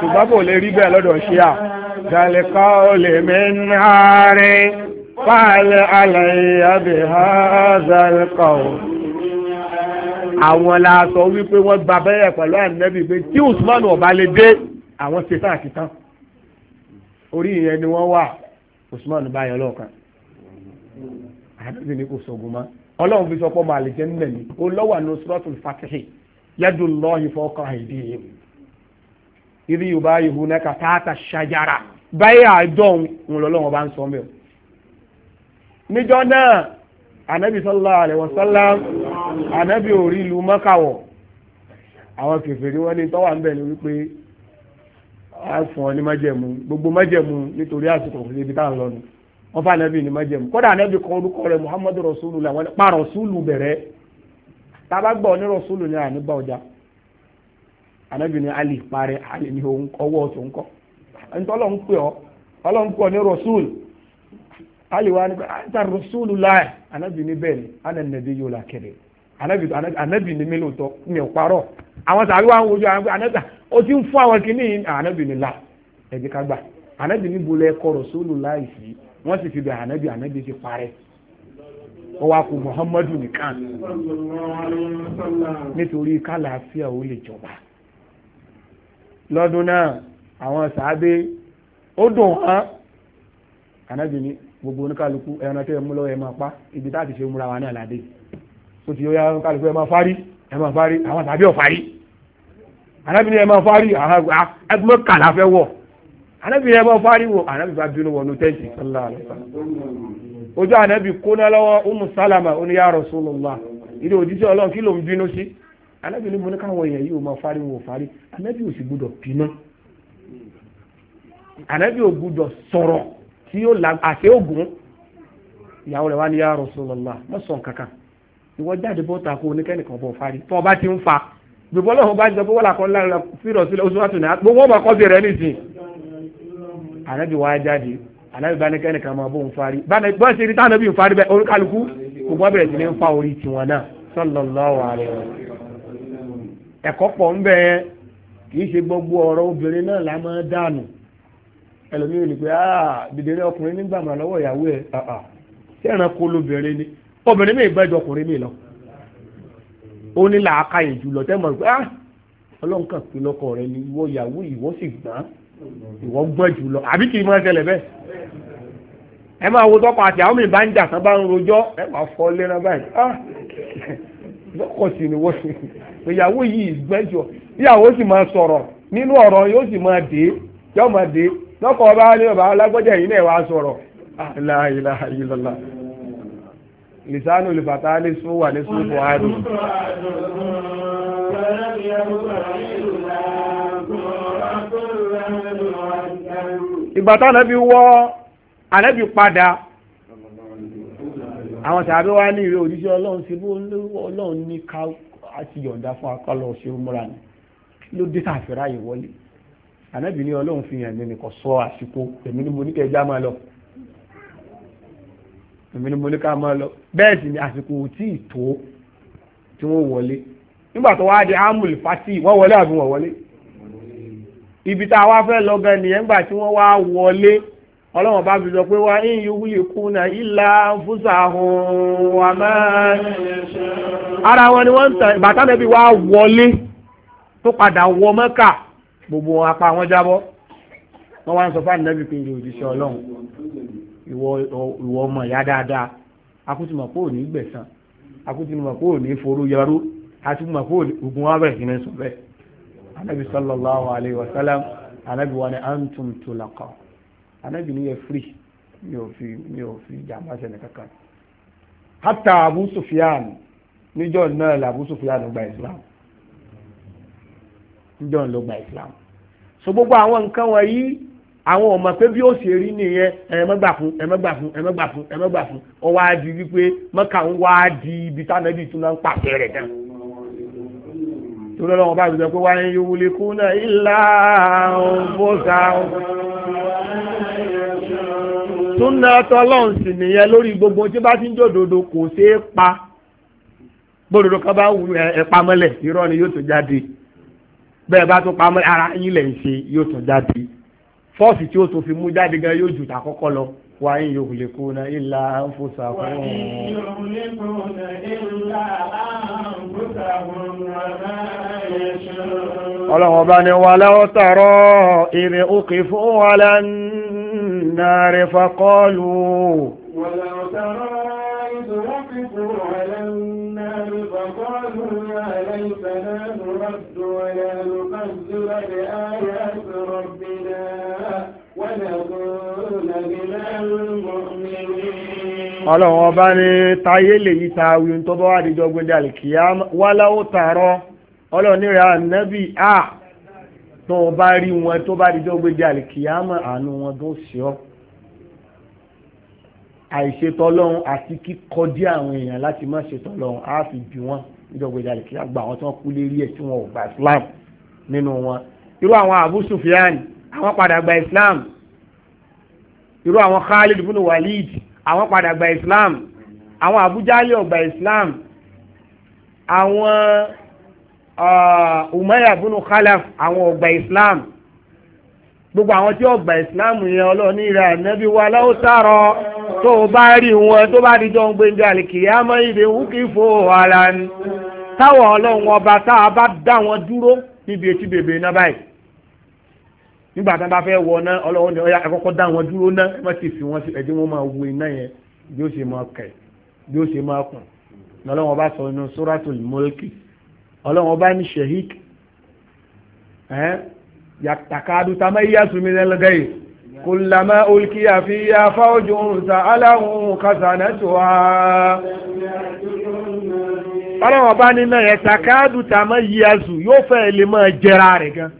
ṣùgbọ́n kò lè rí bẹ́ẹ̀ lọ́dọ̀ ṣe à dàlẹ́kọ́ lè mí ń harí fáàlẹ́ alẹ́ yàbẹ̀ ha dàlẹ́kọ́ àwọn la sọ wípé wọ́n gba bẹ́ẹ̀ pẹ̀lú ànẹ́bí pé tí Usman ọba lè dé àwọn ṣe tán àti tán orí ìyẹn ni wọ́n wà Usman báyọ̀ lọ́ọ̀kan àdúgbò ni kò sọ̀gùn mọ́ ọlọ́run fi sọ pé ọmọ àlejò ń nẹ̀ ní ó lọ́wọ́ àná suratul Fatihi yadu lọ́ọ̀hì fọ́kàn àìdí yìí irú yorùbá yìí náà kà táàtà ṣàjára báyìí àjọ òun lọ́lọ́wọ́ bá ń sọ mẹ́ọ̀ níjọ́ náà anabi sallallahu alaihi wasallam anabi orí ìlú mọ́kàwọ̀ àwọn kèfèrí wọn ní tọ́wà ń bẹ̀ ní wípé a fún ọ ní májẹ̀mú gbogbo májẹ̀mú nítorí àsìkò kò síbi táà lọ́nu wọ́n fà anabi ní májẹ̀mú kódà anabi kọ orúkọ rẹ̀ muhammadu rasulullah wọn pa rasulu bẹ̀rẹ̀ tàbá gbọ́ ní rọ̀súlù ní àníbà ọjà anábì ní alì parẹ́ alì ní ọwọ́ tó ń kọ́ ẹni pè ọ́ ọlọ́run pè ọ́ ní rọ̀súlù alì wa ní láì anábì ní bẹ́ẹ̀ ni anànàbí yóò là kẹrẹ anábì ní mílò tọ́ mi ò àwọn tàbí wa ń wojú àwọn anábì ó ti ń fún àwọn kìíní anábì ní là ẹ̀jẹ̀ ká gbà anábì ní bolẹ̀ fi bẹ̀ anábì anábì ọwá kò Muhammadu nìkan nítorí kálàáfíà ó lè jọba lọ́dún náà àwọn sàábé ó dùn án ànábì ní gbogbo oníkálukú ẹran tó yẹ mú lọ́wọ́ ẹ máa pa ibi táàtì ṣe múra wa náà ládé ó ti yọ oníkálukú ẹ máa fárí ẹ máa fárí àwọn sàábé ò fárí ànábì ní ẹ máa fárí àwọn ẹgbẹ́ kàlà fẹ́ wọ̀ ànábì ní ẹ máa fárí wọ̀ ànábì bá bínú wọnú tẹ́ǹtì sallallahu alaihi wasallam ojú ànábì kóná lọ́wọ́ umu salama ó ya rasulullah ilé òjíṣẹ́ ọlọ́run kí ló ń bínú sí ànábì ní mo ní káwọn èèyàn yìí ò máa fárí wọn ò fárí ànábì ò sì gbúdọ̀ bínú ànábì ò gbúdọ̀ sọ̀rọ̀ tí ó la àṣẹ ògùn ìyàwó rẹ̀ wá ní ya rasulullah mọ́ sọ̀n kankan ìwọ jáde bọ́ ta kó oníkẹ́nìkan bọ̀ fárí tó bá ti ń fa gbogbo ọlọ́run bá ń sọ pé wọ́n làkọ́ lára fírọ̀ sílẹ̀ oṣù wàtò gbogbo ọmọ ànábì bá ní kẹ́nìkan máa bóun fárí bọ́n ṣe rí tánàbí ń bẹ́ẹ̀ oríkálukú gbogbo abẹ́rẹ́ sí ní ń fa orí tiwọn náà sallallahu alaihi wasallam ẹ̀kọ́ pọ̀ ń bẹ kì í ṣe gbogbo ọ̀rọ̀ obìnrin náà la máa dànù pé ọkùnrin nígbà máa lọ́wọ́ ìyàwó ẹ̀ ṣé lóbìnrin ni obìnrin mi bẹ́ẹ̀ ọkùnrin mi lọ ó ní làákàyè jùlọ tẹ́ mọ̀ pé rẹ ìwọ gbọ́n jù lọ àbí kì í máa ṣẹlẹ̀ bẹ́ẹ̀ ẹ máa wo tọ́pọ̀ àti àwọn mìíràn bá ń jà tán bá ń rojọ́ ẹ máa fọ́ lẹ́nà báyìí ah lọ́kọ̀ sí ni wọ́n ṣe ìyàwó yìí gbẹ́jọ ìyàwó sì máa sọ̀rọ̀ nínú ọ̀rọ̀ yóò sì máa dé yóò máa dé lọ́kọ̀ ọba ní ọba alágbọ́jà yìí náà wàá sọ̀rọ̀ ah, aláìlá ìlọ́lá lisanu lifata ní sún wà buhari. ìgbà tó ànábì wọ́ ànábì padà àwọn tàbí wá ní ìrẹ́ òjíṣẹ́ ọlọ́run sí bó ọlọ́run ní ká àti yọ̀ǹda fún akọ́lọ̀ ṣe múra ní ló dé tàfẹ́rá yìí wọlé ànábì ní ọlọ́run fi hàn mí kò sọ àsìkò èmi ni mo ní kẹjá máa lọ èmi ni mo ní ká máa lọ bẹ́ẹ̀ sì ni àsìkò tí ì tó tí wọ́n wọlé nígbà tó wá di amúlì fásitì wọ́n wọlé àbí wọ́n wọlé ibi tá a wá fẹ́ lọ gan nìyẹn gbà tí wọ́n wá wọlé ọlọ́wọ́n bá fi sọ pé wá ń yí wúlì na ìlà fúsà hùn máa ara wọn ni wọ́n ń tàn bàtà nẹ́bí wá wọlé tó padà wọ mọ́kà gbogbo apá wọn jábọ́ wọ́n wá ń sọ fáwọn nẹ́bí pé òjíṣẹ́ ọlọ́run ìwọ ọmọ ìyá dáadáa akútùmọ̀ pé ò ní gbẹ̀san akútùmọ̀ pé ò ní forú yẹrú akútùmọ̀ pé ògùn wa bẹ̀rẹ̀ sí ní sùn bẹ́ẹ̀ anabi sallallahu alayhi wa sallam anabi wa ni antum tulaqa anabi ni yẹ free mi ò fi mi ò fi jàmbá sẹ́ni kankan hata abu sufiyan níjọ́ náà la abu sufiyan gba islam níjọ́ ló gba islam so gbogbo àwọn nǹkan wọ̀nyí àwọn ọmọ pé bí ó ṣe rí nìyẹn ẹ̀mẹ́gbà fún ẹ̀mẹ́gbà fún ẹ̀mẹ́gbà fún ẹ̀mẹ́gbà fún ọwọ́ adi wípé mọ́kà ń wá di ibi tánàbí tún náà ń pàṣẹ rẹ̀ gan tó lọ́wọ́ bá ìbùsọ̀ pé wáyé yóò wulẹ̀ kú náà ìlà òǹbọ̀sà súnà tọ́lọ́hún sì nìyẹn lórí gbogbo tí bá ti ń jòdòdò kò ṣeé pa gbòdòdò kan bá wù ẹ pamọ́lẹ̀ irọ́ ni yóò tó jáde bẹ́ẹ̀ bá tó pamọ́lẹ̀ ara yín lẹ̀ ń ṣe yóò tó jáde fọ́ọ̀sì tí ó tó fi mú jáde gan yóò jù tàkọ́kọ́ lọ وإن يهلكون إلا أنفسهم وإن يهلكون إلا أنفسهم وما يشعرون ولو بني ولو ترى إذ أقفوا على النار فقالوا ولو ترى إذ أقفوا على النار فقالوا يا ليتنا نرد ولا نكذب بآيات ربنا ọlọ́run ọba ní táyé lè yí ta awi tó bá wà díjọ́ gbé wá láwọ́ tààrọ́ ọlọ́run ní rẹ̀ ànábì à tó o bá rí wọn tó bá díjọ́ gbé dàlì kì àánú wọn tó ṣe ọ́ àìṣetọ́lọ́run àti kíkọ́ dí àwọn èèyàn láti má ṣetọ́lọ́run á fi bí wọn díjọ́ gbé dàlì gbà wọn tí wọ́n kú lérí ẹ̀ tí wọn ò gbà Islam nínú wọn irú àwọn Abu àwọn padà gba islam irú àwọn khalid bin walid àwọn padà gba islam àwọn abujali ò gba islam àwọn uh, umayya bin khalaf àwọn ò islam gbogbo àwọn tí ó gba ìsìláàmù yẹn ọlọ́ọ̀ni rẹ̀ ànábì wa láwọ́ sárọ̀ tó o bá rí wọn tó bá di jọ ń gbéńdé àlìkìyà mọ́ ìdè wúkì fò ara ni táwọn ọlọ́run ọba tá a bá dá wọn dúró níbi etí bèbè náà báyìí nígbà tí wọ́n bá fẹ́ wọ ná ọlọ́wọ́ ni ọyá ẹ̀kọ́kọ́ dá wọn dúró ná ẹ má ti fi wọn sí ẹ̀dí wọn máa wo iná yẹn bí ó ṣe máa kẹ̀ bí ó ṣe máa kùn ọlọ́wọ́ bá sọ inú suratul mulki ọlọ́wọ́ bá ní shahik yàtàkàdù tamayyasu minal ghayr kullama ulkiya fiya fawjun sa'alahum khasanatuha ọlọ́wọ́ bá ní náà yàtàkàdù tamayyasu yóò fẹ́ lè máa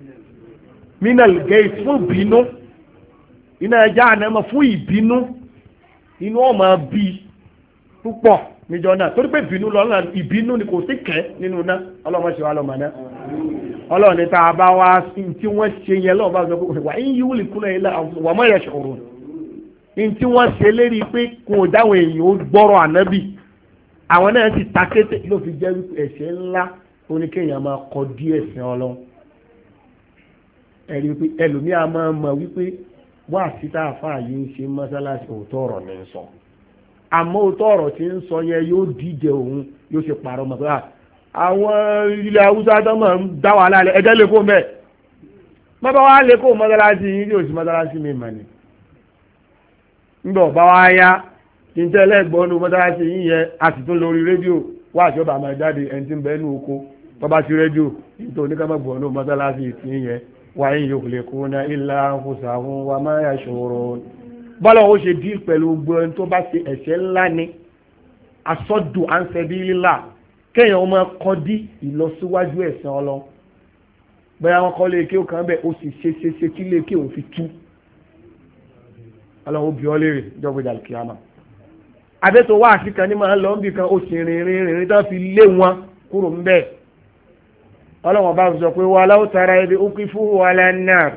minal gate fún ìbínú iná ẹja ànámọ fún ìbínú inú ọmọ bí púpọ̀ níjọ náà torí pé ìbínú lọ́nà ìbínú ni kò sí kẹ́ nínú náà ọlọ́mọ ṣe wà lọ́mọ náà ọlọ́run ní tá a bá wá tí wọ́n ṣe yẹn lọ́wọ́ bá sọ pé wà ń yíwò lè kúrò yẹn lọ́wọ́ wà mọ́ ẹ̀rẹ̀ ṣòro ní tí wọ́n ṣe lérí pé kò dáwọn èèyàn ó gbọ́rọ̀ ànábì àwọn náà ti ta kété ló fi jẹ́ ẹ̀ṣẹ̀ ńlá oníkéèyàn máa kọ díẹ̀ sìn ọlọ́run ẹ̀rí pé ẹlòmí a máa mọ̀ wípé wá síta àfáà yìí ń ṣe mọ́sálásí òótọ́ ọ̀rọ̀ ní sọ àmọ́ òótọ́ ọ̀rọ̀ tí ń sọ yẹn yóò díje òun yóò ṣe pààrọ̀ mọ̀ pé ah, àwọn ilẹ̀ haúsá tó máa ń dá wàhálà lẹ ẹ̀jẹ̀ lè kó mẹ́ẹ̀ má bá wá lè kó mọ́sálásí yìí yóò ṣe mọ́sálásí mi mọ̀ ni ńgbọ̀ bá wá yá ìtẹ́lẹ́gbọ́nú mọ́sálásí yìí yẹn a sì tún lórí rédíò wá àṣọ́bà máa jáde ẹni tí ń bẹ́ẹ̀ nú oko tọ́ bá ti rédíò nítorí oníkàmọ́gbọ̀nú mọ́sálásí ìsìn yẹn wàyí yòókùlẹ̀kùnà ilà hùsàhùn wà máa yà ṣòro bọ́lá ó ṣe díl pẹ̀lú gbogbo ẹni tó bá ṣe ẹ̀ṣẹ̀ ńlá ni asọ́dù ansẹ́bílá kéèyàn máa kọ́ dí ìlọsíwájú ẹ̀sìn ọlọ́run bẹ́ẹ̀ wọn kọ́ lé kí ó kàn bẹ́ẹ̀ ó sì ṣe ṣe ṣe kí lé kí òun fi tú ọlọ́run bí ọ léèrè jọ́gbé dàlùkìyàmà àbẹ́tò wá àṣìkan ní máa ń kan ó sì rìn rìn rìn tán fi lé wọn kúrò ń bẹ́ẹ̀ ọlọ́wọ́n bá sọ pé wà láwọ́ tara ibi ókè fún wa lánàá.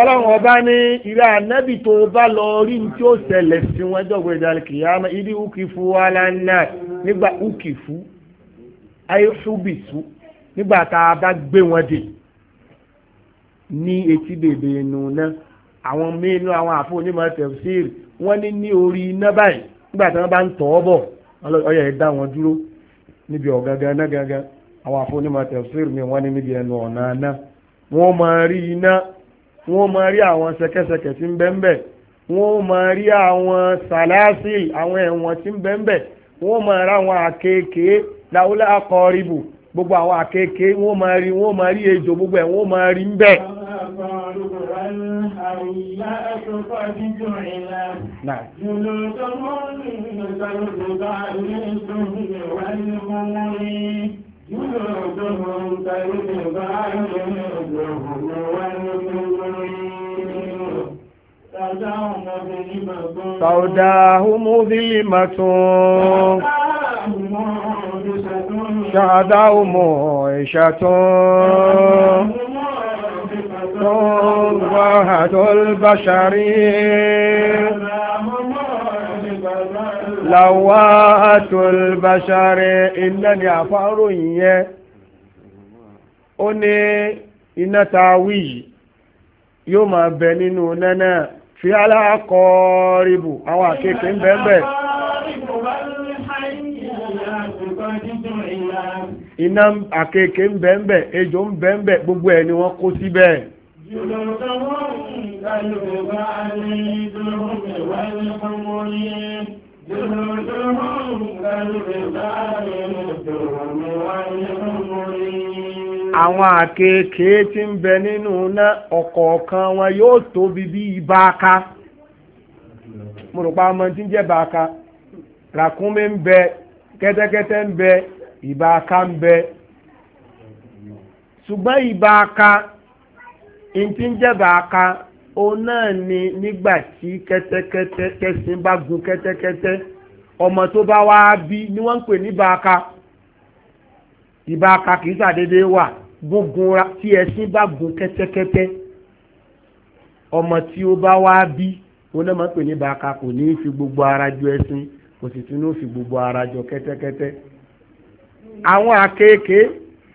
ọlọ́wọ́n bá ní ìrẹ́ ànábì tó bá lọ rí ní tí ó ṣẹlẹ̀ sí wọn jọ̀gbọ́ ìdàlẹ̀ kìyàmá ibi ókè fún wa lánàá nígbà ókè fún ayéṣubìṣu nígbà tá a bá gbé wọn dè ní etí bèbè inú náà àwọn mélòó àwọn àfọ onímọ̀ tẹ̀síìrì wọ́n ní ní orí iná báyìí nígbà tí wọ́n bá ń tọ́ bọ̀ ọyọ̀ ẹ̀ wọn dúró. níbi ọ̀gágá nágágá àwọn àfọ́nímọ̀ tafsir mi wọ́n ní níbi ẹnu ọ̀nà aná wọ́n máa rí iná wọ́n máa rí àwọn ṣẹkẹṣẹkẹ tí ń wọ́n máa rí àwọn sàlásìl àwọn ẹ̀wọ̀n tí ń bẹ́ńbẹ́ wọ́n máa rí àwọn àkekèé láwùlá akọrìbù gbogbo àwọn àkekèé wọ́n máa rí wọ́n máa الأبصار والحي أشقد جعلت جلودهم كالغبار والخمر جلودهم كالغبار والخمر سوداهم ظلمة شهداهم عيشة ضاهة البشر لواهة البشر إنني àfáró yẹn ó ní iná tàwí yóò máa bẹ nínú nẹ́nà fi aláàkọ́ọ̀rìbù àwọn àkékè ń bẹ́ẹ̀bẹ̀ iná àkékè ń bẹ́ẹ̀bẹ̀ ejò ń bẹ́ẹ̀bẹ̀ gbogbo ẹ̀ ni wọ́n kó síbẹ̀ جلودهم àwọn àkèké tí ń bẹ nínú iná ọ̀kọ̀ọ̀kan wọn yóò tóbi bí ìbáaka mo ọmọ tí ń jẹ́ ràkúnmí ń bẹ kẹ́tẹ́kẹ́tẹ́ ń bẹ ń bẹ ṣùgbọ́n ntí ń jẹba aka òun náà ni nígbà tí kẹ́tẹ́kẹ́tẹ́ kẹ́sìn bá gun kẹ́tẹ́kẹ́tẹ́ ọmọ tó bá wá bí ni wọ́n ń pè ní bàáka ìbáka kì í sàdédé wà gungun tí ẹṣin bá gun kẹ́tẹ́kẹ́tẹ́ ọmọ tí ó bá wá bí òun náà máa ń pè ní bàáka kò ní í fi gbogbo ara jọ ẹṣin kò sì tún ní fi gbogbo ara jọ kẹ́tẹ́kẹ́tẹ́ àwọn àkekèé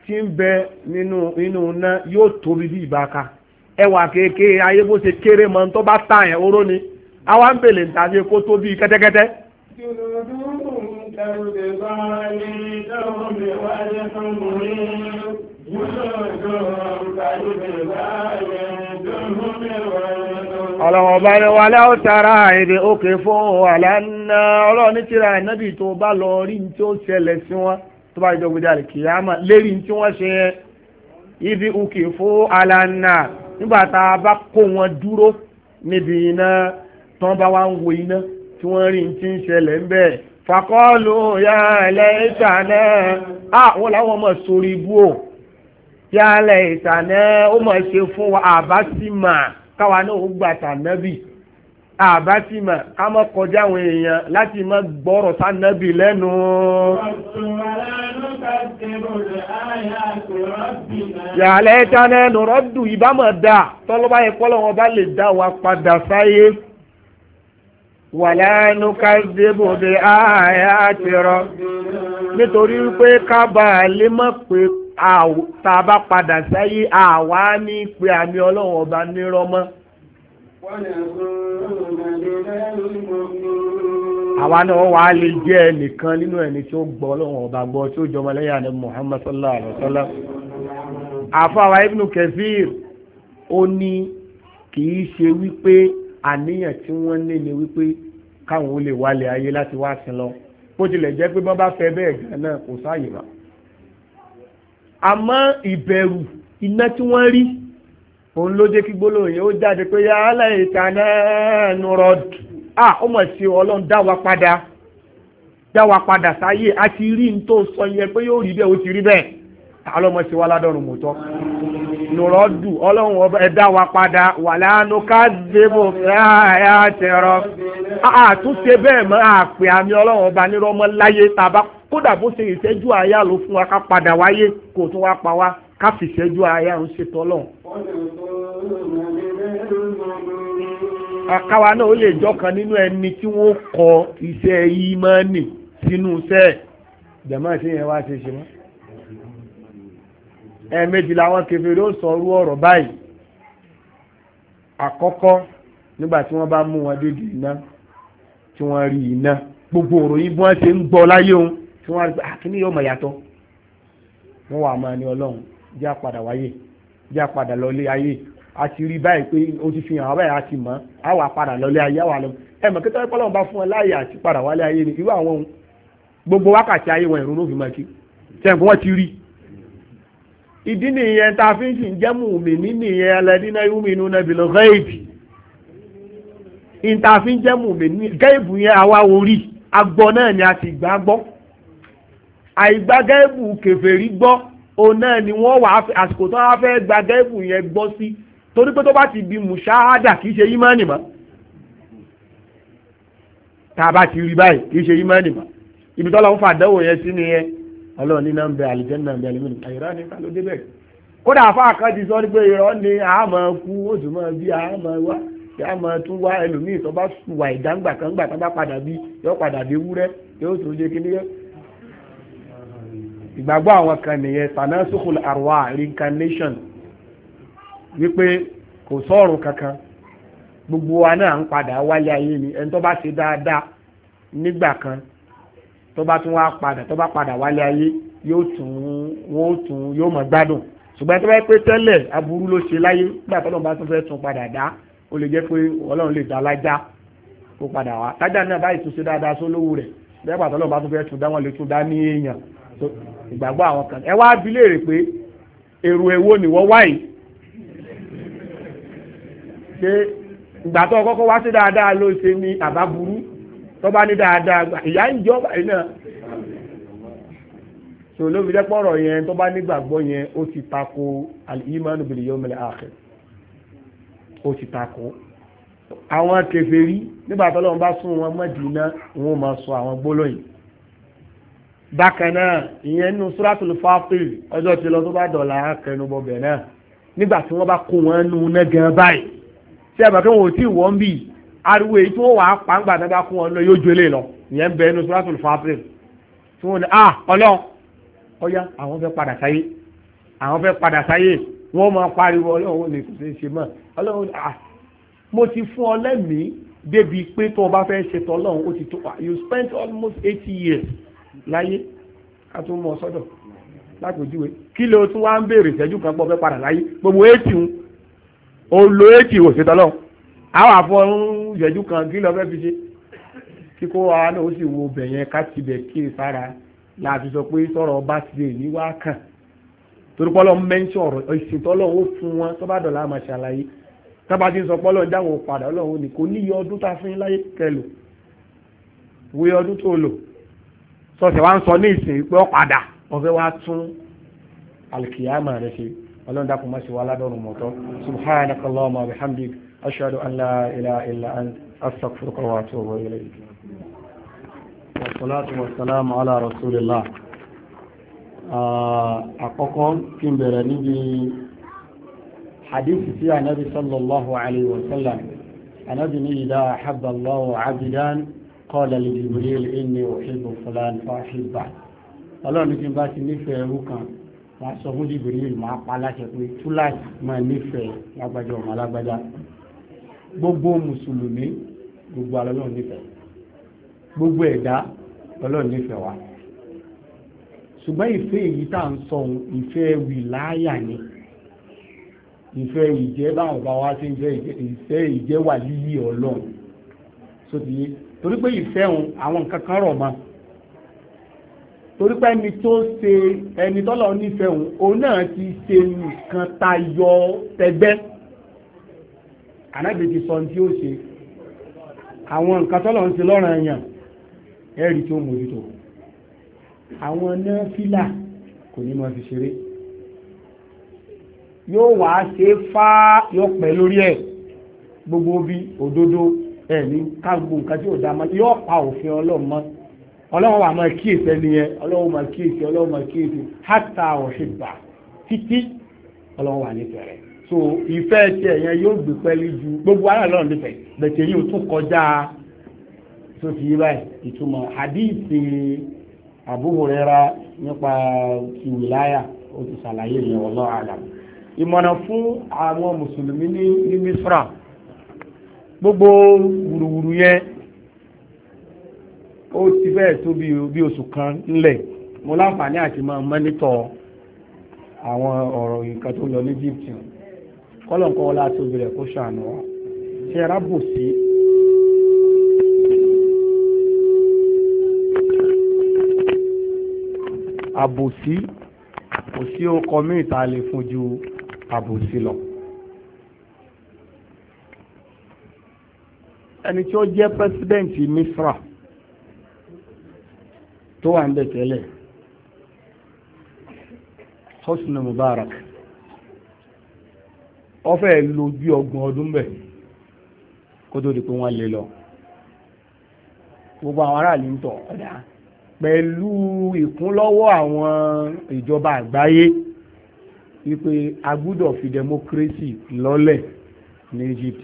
tí ń bẹ nínú iná yóò tóbi bí ìbáka ẹwà kéèké ayé bó ṣe kéré mọ tó bá tà yẹn oró ni àwa ń bèlè níta ṣe kó tó bí kẹ́tẹ́kẹ́tẹ́. ọlọ́wọ́ ọba ni wà láwọ́ tara èdè òkè fún àlànà ọlọ́run ní tíra ìnábì tó bá lọ rí ní tí ó ṣẹlẹ̀ sí wọn tó bá jọ gbé dàrí kìyàmà lérí ní tí wọ́n ṣe ibi òkè fún àlànà nígbà tá a bá kó wọn dúró níbi iná tán bá wá ń wo iná tí wọ́n rí ti ń ṣẹlẹ̀ ń bẹ́ẹ̀ fàkọ́ọ̀lù ya ilẹ̀ ìtànẹ́ à wọ́n làwọn ọmọ sórí ibú o ya ilẹ̀ ìtànẹ́ ó mọ̀ ṣe fún wa àbá sí mà káwa náà ó gbà tànẹ́bì àbá ti mà ká mọ́ kọjá àwọn èèyàn láti mọ́ gbọ́rọ̀ sánábì lẹ́nu. yàlẹ́ dáná lọ́rọ́ dùn ìbámọ̀ dà tọ́lọ́bá yẹn kọ́ lọ́wọ́ bá lè dá wa padà sáyé. wàlẹ́ nu ká débò dé àyà ti rọ nítorí pé ká a lè mọ̀ pé tá a bá padà sáyé àwa ní pé àmì ọlọ́wọ́ ọba nírọ́ mọ́ àwa náà wà á lè jẹ́ ẹnìkan nínú ẹni tí gbọ́ ọlọ́run ọba gbọ́ tí jọmọ lẹ́yìn àná Muhammad sallallahu alaihi wa sallam àfàwà ibnu kefir ó ní kìí ṣe wípé àníyàn tí wọ́n ní ni wípé káwọn ó lè wálẹ̀ ayé láti wá sin lọ bó tilẹ̀ jẹ́ pé bọ́n bá fẹ́ bẹ́ẹ̀ gan náà kò sáàyè mọ́ àmọ́ ìbẹ̀rù iná tí wọ́n rí òun ló jẹ́ kí gbólóhùn yìí ó jáde pé yá aláìtaná nùrọ̀dù à ó mọ̀ sí ọlọ́run dá padà padà sáyé a ti rí n tó sọ yẹn pé yóò rí bẹ́ẹ̀ ó ti rí bẹ́ẹ̀ àlọ́mọ sí wa ládọ́run mọ̀tọ́ nùrọ̀dù ọlọ́run ẹ dá padà wà lánà ká débò fẹ́ẹ́ àtẹ̀rọ àtúnṣe bẹ́ẹ̀ mọ́ àpè àmì ọlọ́run ọba láyé tàbá kódà bó ṣe ìṣẹ́jú àyà ló fún wa ká káfí ìṣẹ́jú aya ń ṣe tọ́lọ̀ káwa náà ó lè jọkan nínú ẹni tí wọ́n kọ iṣẹ́ ìmánì sínú iṣẹ́ jẹ̀mọ́ ìṣe yẹn wá ṣe ṣe mọ́ ẹ̀ẹ̀mejì làwọn kèfèrè ó sọ orú ọ̀rọ̀ báyìí àkọ́kọ́ nígbà tí wọ́n bá mú wọn dédé iná tí wọ́n rí iná gbogbo ọ̀rọ̀ bí wọ́n ṣe ń gbọ́ láyé òun tí wọ́n rí pé àkíní yóò mọ̀ yàtọ̀ wọ́n wà máa ní ọlọ́run já padà wáyé já padà lọlé ayé a ti rí báyìí pé o ti fi hàn báyìí a ti mọ̀ á wà padà lọlé ayé àwa lọ ẹ mọ̀ kí tọ́jú pọ́lọ́mù bá fún ẹ láàyè àti padà wálé ayé ni irú àwọn gbogbo wákàtí ayé wọn ìrònú òfin máa kí sẹ́ǹkú wọ́n ti rí ìdí nìyẹn tá a fi ń sìn jẹ́ mùmí ní nìyẹn alẹ́dínà yúmínú nàbì lọ gẹ́ẹ̀bì ìta fi ń jẹ́ mùmí ní gẹ́ẹ̀bù yẹn àwa orí agbọ́ náà ni a ti gbà gbọ́ àìgbá gẹ́ẹ̀bù kèfèrí gbọ́ òun náà ni wọ́n wà àsìkò tó wá fẹ́ gba gẹ́gùn yẹn gbọ́ sí torí pé tó bá ti di mùsáádà kì í ṣe ìmánì mọ́ tá a bá ti rí báyìí kì í ṣe ìmánì mọ́ ibi tọ́lọ́ ń fa àdánwò yẹn sí nìyẹn ọlọ́run ní nàmbẹ àlìjẹ́n nàmbẹ àlìmínú àyẹ̀rọ ni ká ló débẹ̀ kódà àfáà kan ti sọ pé irọ́ ni a máa kú oṣù máa bí a máa wá a máa tún wá ẹlòmíì tó bá sùwà ìdáǹgbà kan gbà tó bá padà bí yóò padà bí wúrẹ́ yóò tún ṣe kíní yẹn ìgbàgbọ́ àwọn kan nìyẹn tanasukul arwa reincarnation wípé kò sọ̀rọ̀ kankan gbogbo wa náà ń padà wálé ayé ni ẹni tó bá ṣe dáadáa nígbà kan tó bá tún wá padà tó bá padà wálé ayé yóò tún wọ́n tún yóò mọ̀ gbádùn ṣùgbọ́n tó bá pé tẹ́lẹ̀ aburú ló ṣe láyé nígbà tó lọ́n bá tún fẹ́ tún padà dá ó lè jẹ́ pé ọlọ́run lè dá lájá kó padà wá tájà náà báyìí tún ṣe dáadáa sólówó rẹ̀ bẹ́ẹ̀ pàtó lọ́n bá tún fẹ́ tún dá wọn lè tún dá ní èèyàn ìgbàgbọ́ àwọn kan ẹ wá bi léèrè pé èrò èwo ni wọ́n wáyìí ṣé ìgbà tó kọ́kọ́ wá sí dáadáa ló ṣe ní àbá burú tó bá ní dáadáa ìyá ń jọ báyìí náà tó ló fi dẹ́pọ̀ ọ̀rọ̀ yẹn tó bá nígbàgbọ́ yẹn ó ti tako al-imanu bil yawmil akhir ó ti tako àwọn kèfèrí nígbà tó lọ́wọ́ bá sún wọn Mẹ́dínà wọn máa sọ àwọn gbólóyìn bákan náà ìyẹn nínú suratul Fatir ọjọ́ tí lọ tó bá dọ̀là kẹnubọ bẹ̀ náà nígbà tí wọ́n bá kó wọn nu ná gan báyìí tí àbá pé wọn ò tí ì wọ́n bì ariwo èyí tí wọ́n wàá pa ń gbà tí wọ́n bá kó wọn lọ yóò jó lè lọ ìyẹn bẹ nínú suratul Fatir tí wọ́n ní à ọlọ́run ọyá àwọn fẹ́ padà sáyé àwọn fẹ́ padà sáyé wọ́n máa pariwo ọlọ́run lè ṣe ṣe mọ́ ọlọ́run à mo ti fún ọ lẹ́mìí débi pé tó o bá fẹ́ ṣe spent almost eighty years láyé a tún mọ sọ́dọ̀ lápòjúwe kí ló tún wá ń béèrè ìṣẹ́jú kan pọ̀ fẹ́ padà láyé gbogbo eighty ń o lo eighty ò ṣètọ́ lọ́wọ́ àwọn àfọ̀n ìṣẹ́jú kan kí ló fẹ́ fi ṣe kíkó wa náà ó sì wo bẹ̀yẹn ká ti bẹ̀ kí sára láti sọ pé sọ̀rọ̀ bá ti dè ní wá kàn torí pọ́lọ́ mẹ́ńṣọ̀ ọ̀rọ̀ ìṣètọ́lọ́ ó fún wọn tó bá dọ̀la máa ṣàlàyé tábà ti ń sọ pọ́lọ́ dáhùn padà ọlọ́run ní kò níye ọdún tá a fún yín láyé kẹlò wé ọdún tó lò sọ̀sẹ̀ wa ń sọ ní ìsìn pé ó padà wọ́n fẹ́ wá tún alkiyama rẹ̀ ṣe ọlọ́run dákun má ṣe wá ládọ́rùn mọ́tọ́ subhanaka allahumma wa bihamdik ashhadu an la ilaha illa ant astaghfiruka wa atubu ilayk wassalatu wassalamu ala rasulillah ah, àkọ́kọ́ kí n bẹ̀rẹ̀ níbi hadith tí anabi sallallahu alayhi wa sallam anabi ni idha ahabba allahu kọ́ọ̀dà lè jìbìrì ẹni òṣèlú fúlàn fáṣíbà ọlọ́run tí bá ti nífẹ̀ẹ́ ẹrú kan wọ́n sọ fún jìbìrì ìlú máa pa láṣẹ pé túláàsì máa nífẹ̀ẹ́ lágbájá ọmọ alágbájá gbogbo mùsùlùmí gbogbo alọ́lọ́run nífẹ̀ẹ́ gbogbo ẹ̀dá ọlọ́run nífẹ̀ẹ́ wa ṣùgbọ́n ìfẹ́ èyí tá à ń sọ ìfẹ́ wìláyà ni ìfẹ́ ìjẹ́ báwọn bá wá sí ìfẹ́ ìjẹ́ wà líyì ọlọ́run sóti yé torí pé ìfẹ́hun àwọn nǹkan kan rọ̀ mọ́ torí pé ẹni tó ṣe ẹni tọ́lọ̀ nífẹ̀ẹ́hun òun náà ti ṣe nǹkan tayọ tẹgbẹ́ ànábì ti sọ tí ó ṣe àwọn nǹkan tọ́lọ̀ ń ṣe lọ́rùn ẹ̀yàn ẹ̀rí tí ó mójútó àwọn náà kò ní máa fi ṣeré yóò wá ṣe fá yóò pẹ́ lórí ẹ̀ gbogbo bí òdodo ẹ̀mí kágbó nǹkan tí ò dá mọ́ yóò pa òfin ọlọ́run mọ́ ọlọ́run wà máa kíyèsí ẹni yẹn ọlọ́run máa kíyèsí ọlọ́run máa kíyèsí hátà ọ̀ṣìgbà títí ọlọ́run wà nífẹ̀ẹ́ rẹ̀ so ìfẹ́ ti ẹ̀yẹn yóò gbé pẹ́lú ju gbogbo ara lọ́run nífẹ̀ẹ́ bẹ̀tẹ̀ yìí ó tún kọjá tó fi báyìí ìtumọ̀ àdíìsì Abu Hurairah nípa ìwìláyà ó ti ṣàlàyé ìyẹn wallahu alam ìmọ̀nà fún àwọn mùsùlùmí ní ní Misra gbogbo wùrùwùrù yẹn ó ti bẹ́ẹ̀ tó bí oṣù kan ńlẹ̀ mo láǹfààní àti máa mọ́nítọ̀ àwọn ọ̀rọ̀ nǹkan tó lọ ní Egypt kọ́lọ̀ǹkọ́ wọlé àti obìnrin kó ṣàánú wa ṣe rábò sí àbòsí kò sí ó kọ mí ìta lè fún ju àbòsí lọ. ẹni tí ó jẹ́ president Misra tó wà ń bẹ̀ tẹ́lẹ̀ Hosni Mubarak ó fẹ́ lò bí ọgbọ̀n ọdún bẹ̀ kó tó di pé wọ́n lè lọ gbogbo àwọn aráàlú ń tọ̀ ọ̀dà pẹ̀lú ìkúnlọ́wọ́ àwọn ìjọba àgbáyé wípé a gbúdọ̀ fi democracy lọ́lẹ̀ ní Egypt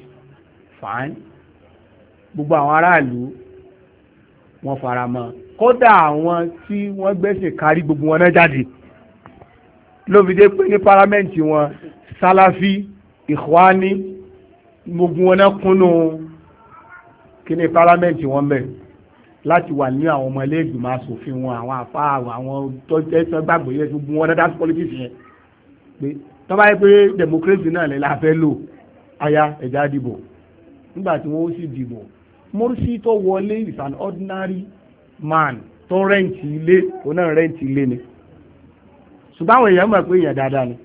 fine gbogbo àwọn aráàlú wọ́n fara mọ́ kódà àwọn tí wọ́n gbẹ́sìn kárí gbogbo wọn náà jáde ló fi dé pé ní párámẹ́ǹtì wọn sálàfí ìkwáni gbogbo wọn náà kúnnú kíní párámẹ́ǹtì wọn bẹ̀ láti wà ní àwọn ọmọ ilé ìgbìmọ̀ asòfin wọn àwọn afá àwọn tó jẹ́ sọ gbàgbọ́ yẹn gbogbo wọn náà dáṣí politics yẹn pé tó bá yẹ pé democracy náà lè la fẹ́ lò aya ẹ̀já dìbò nígbà tí wọ́n ó sì dìbò mọ́rúsí tó wọlé is an ordinary man tó rẹ́ǹtì ilé òun náà rẹ́ǹtì ilé ni ṣùgbọ́n àwọn èèyàn mọ̀ pé èèyàn dáadáa ni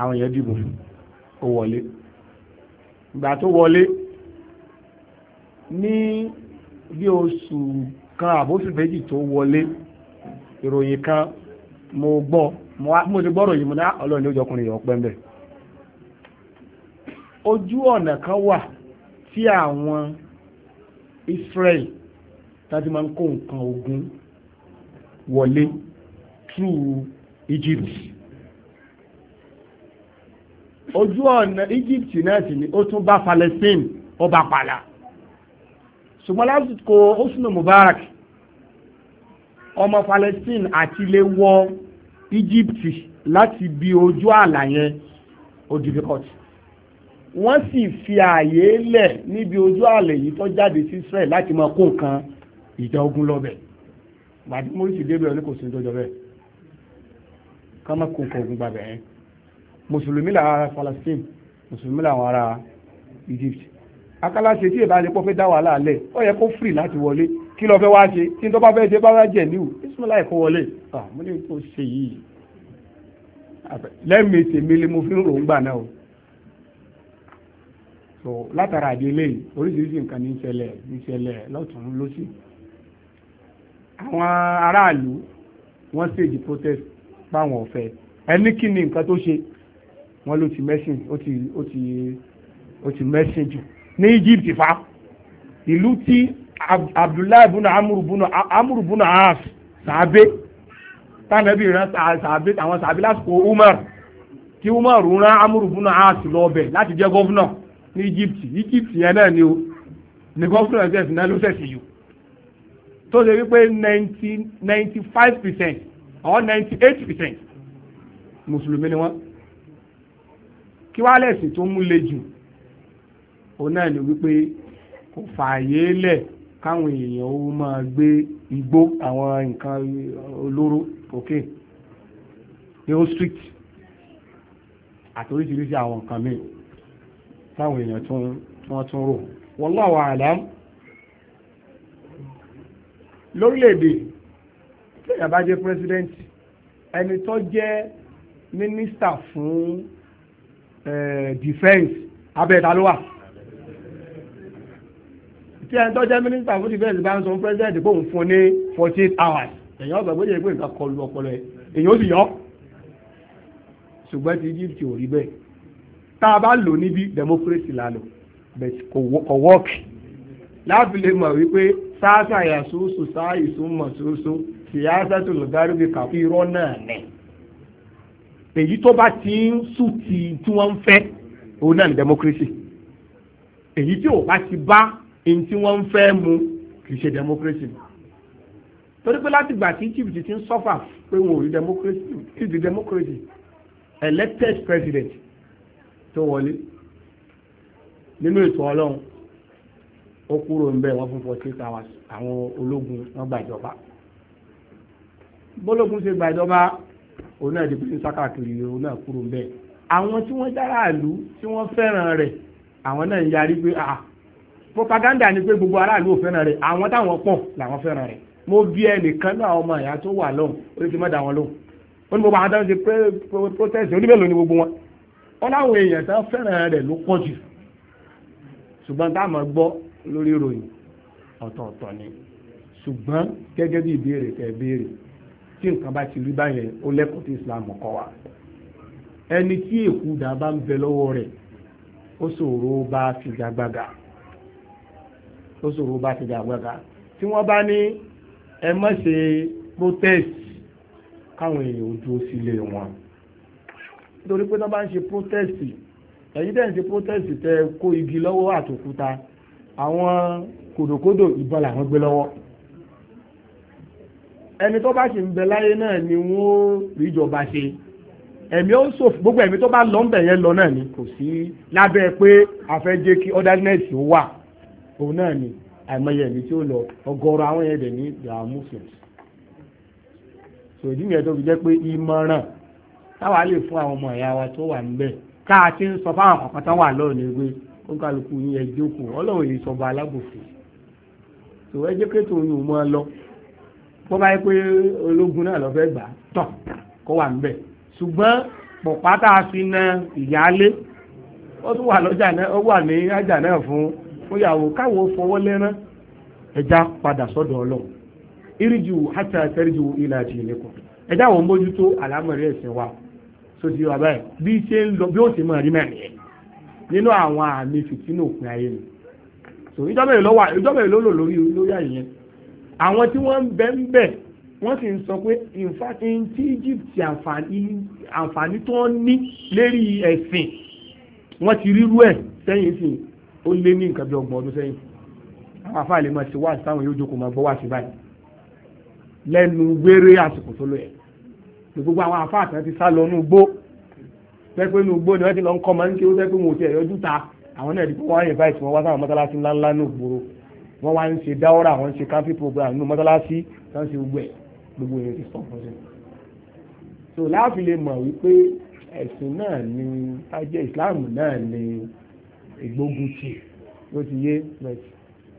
àwọn èèyàn dìbò fún ó wọlé ìgbà tó wọlé ní bí oṣù kan àbóṣù méjì tó wọlé ìròyìn kan mo gbọ́ mo ti gbọ́rọ̀ yìí mo ní ah, ọlọ́run ní ojú ọkùnrin yìí ọpẹ́ ń ojú ọ̀nà kan wà tí àwọn Israel tàbí máa ń kó nǹkan ogun wọlé through Egypt ojú ọ̀nà Egypt náà sì ni ó tún bá Palestine ọba pàlà ṣùgbọ́n lásìkò Hosni Mubarak ọmọ Palestine àti lè wọ Egypt láti bí ojú àlà ó difficult wọ́n sì fi ààyè lẹ̀ níbi ojú àlè yìí tó jáde sí Israel láti máa kó nǹkan ìjà ogun lọ́bẹ̀ gbàdí mo sì débẹ̀ ní kò sí ìjọjọ bẹ́ẹ̀ ká má kó nǹkan ogun gbàbẹ̀ yẹn mùsùlùmí làwọn ará Palestine mùsùlùmí làwọn ará Egypt akálàṣe tí ìbá lè pọ́ fẹ́ dá wàhálà lẹ̀ ó yẹ kó free láti wọlé kí lọ fẹ́ wá ṣe tí n tó bá fẹ́ ṣe bá wá jẹ̀ níwò Ismaila kó wọlé ah, mo ní kó ṣe yìí lẹ́mìí tèmi lé mo fi ń ròǹgbà náà o so látara àdélé oríṣiríṣi nǹkan ní ìṣẹ̀lẹ̀ ìṣẹ̀lẹ̀ lọ́tún lọ́sì àwọn aráàlú wọ́n stage protest báwọn ọ̀fẹ́ ẹni kí ni nǹkan tó ṣe wọ́n ló ti mẹ́sìn ó ti ó ti ó ti mẹ́sìn jù ní Egypt fa ìlú tí Abdullahi buna amuru buna amuru buna aaf sàbẹ tànàbí ran sàbẹ àwọn sàbẹ lásìkò Umar tí Umar ran amuru buna aaf lọ bẹ láti jẹ gọvnọ ní Egypt Egypt yẹn náà ni o ní gọ́fúnà ẹ̀sẹ̀ náà ló ṣẹ̀ṣẹ̀ yìí tó ṣe wípé ninety ninety five percent or ninety eight percent mùsùlùmí ni wọ́n kí wàá lẹ̀sìn tó mú le jù òun náà ni wípé kò fààyè lẹ̀ káwọn èèyàn ó máa gbé igbó àwọn nǹkan olóró òkè ní ó strict àti oríṣiríṣi àwọn nǹkan mìíràn táwọn èèyàn tí wọ́n tún rò wallahu a'lam lórílẹ̀-èdè tẹ́yà bá jẹ́ president ẹni tó jẹ́ minister fún defence abẹ́ẹ̀ta ló wà tí ẹni tó jẹ́ minister fún defence bá ń sọ fún president pé òun fún ní forty hours èèyàn ọ̀gbẹ́ gbọ́dọ̀ pé nǹkan kọlu ọpọlọ ẹ̀ èèyàn ó sì yọ ṣùgbọ́n ti Egypt ò rí bẹ́ẹ̀ tá a bá lò níbi democracy la lò but kò wọ́ọ̀kì láti lè mọ̀ wípé sáàsà yàsúsù sáàyùsù mọ̀súsù tìyàsà tó lọ dárí bí kàfí irọ́ náà nẹ̀ èyí tó bá ti ń sùn tí wọ́n ń fẹ́ òun náà ní democracy èyí tí ò bá ti bá ẹni tí wọ́n ń fẹ́ mu kì í ṣe democracy torí pé láti gbà tí Egypt ti ń sọ́fà pé wọn ò rí democracy elected president tó wọlé nínú ètò ọlọ́run ó kúrò ń bẹ̀ wọ́n fún forty eight hours àwọn ológun wọ́n gbàjọba bólógun ṣe gbàjọba òun náà di pé ń sákàkiri òun náà kúrò ń bẹ̀ àwọn tí wọ́n dára àlú tí wọ́n fẹ́ràn rẹ̀ àwọn náà ń yarí pé ah propaganda ni pé gbogbo aráàlú ò fẹ́ràn rẹ̀ àwọn táwọn pọ̀ làwọn fẹ́ràn rẹ̀ mo bí ẹnìkan náà ọmọ ìyá tó wà lọ́hùn ó ti mọ̀ dá wọn lóhùn ó ní gbogbo àwọn táwọn ṣe protest oníbẹ̀lò ni gbogbo wọn wọ́n láwọn èèyàn tán fẹ́ràn rẹ̀ ló pọ̀ jù ṣùgbọ́n tá a máa gbọ́ lórí ìròyìn ọ̀tọ̀ọ̀tọ̀ ni ṣùgbọ́n gẹ́gẹ́ bí ìbéèrè tẹ̀ béèrè tí nǹkan bá ti rí báyẹn ó lẹ́kọ̀ọ́ tí Islam kọ́ wa ẹni tí èkúdà bá ń bẹ lọ́wọ́ rẹ̀ ó ṣòro bá figagbága ó ṣòro bá figagbága tí wọ́n bá ní ẹ má ṣe protest káwọn èèyàn ojú sílé wọn torí pé tó bá ń ṣe protest ẹ̀yin tẹ́ ń ṣe protest tẹ kó igi lọ́wọ́ àtòkúta àwọn kòdòkódò ìbọn làwọn gbé lọ́wọ́ ẹni tó bá ṣì ń bẹ láyé náà ni wọ́n ríjọba ṣe ẹ̀mí ó ṣòfò gbogbo ẹ̀mí tó bá lọ ń bẹ̀ yẹn lọ náà ni kò sí lábẹ́ pé a fẹ́ jẹ́ kí ordinance wà òun náà ni àìmọye ẹ̀mí tí ó lọ ọ̀gọ̀rọ̀ àwọn yẹn ní the muslims so ìdí nìyẹn tó fi jẹ́ pé ìmọ̀ràn táwa lè fún àwọn ọmọ ìyá wa tó wà níbẹ̀ a wà lọ́ọ̀ ní ó ń kálukú ọlọ́run lè sọba alábòfin tó ẹ kéètò yìí ò mọ́ ọ lọ bó bá yẹ pé ológun náà fẹ́ gbà á tọ̀ kó wà níbẹ̀ ṣùgbọ́n pọ̀pá tá a fi na ìyáálé ó tún wà lọ́jà náà ó wà ní náà fún fún ìyàwó káwọ́ fọwọ́ lẹ́rán ẹja padà sọ́dọ̀ ọlọ́run ìlà àti ẹja wọ́n mójútó wa tó ti wà báyìí bí ṣe ń lọ bí ó ṣe mọ̀ rí mẹ́rin yẹn nínú àwọn àmì fìtínà òpin ayé ni so ìjọba èlò wà ìjọba èlò lò lórí lórí àyẹn àwọn tí wọ́n ń bẹ ń bẹ wọ́n sì ń sọ pé in fact in ti Egypt àǹfààní tó ń ní lérí ẹ̀sìn wọ́n ti rírú ẹ̀ sẹ́yìn sí ó lé ní nǹkan bí ọgbọ̀n ọdún sẹ́yìn àwọn afáàlè máa ṣe wáàsí táwọn yóò jókòó máa gbọ́ wáàsí báyìí lẹ́nu gbére àsìkò tó lóye ní gbogbo àwọn àfáàtàn ti sá lọ ní ugbó pẹ́pẹ́ ní ugbó ni wọ́n ti lọ ń kọ́ máa ń kí ó tẹ́ pé wọn ò tiẹ̀ yọjú ta àwọn náà dípò wọ́n á invite wọn wá sáwọn mọ́tálásí ńláńlá ní ògbóró wọ́n wá ń ṣe dáwọ́rà wọ́n ṣe káfí program nínú mọ́tálásí tó ń ṣe gbogbo ẹ̀ gbogbo èèyàn ti sọ fún sí. so láàfin lè mọ̀ wípé ẹ̀sìn náà ni tájẹ́ Islam náà ni ìgbógun ló ti yé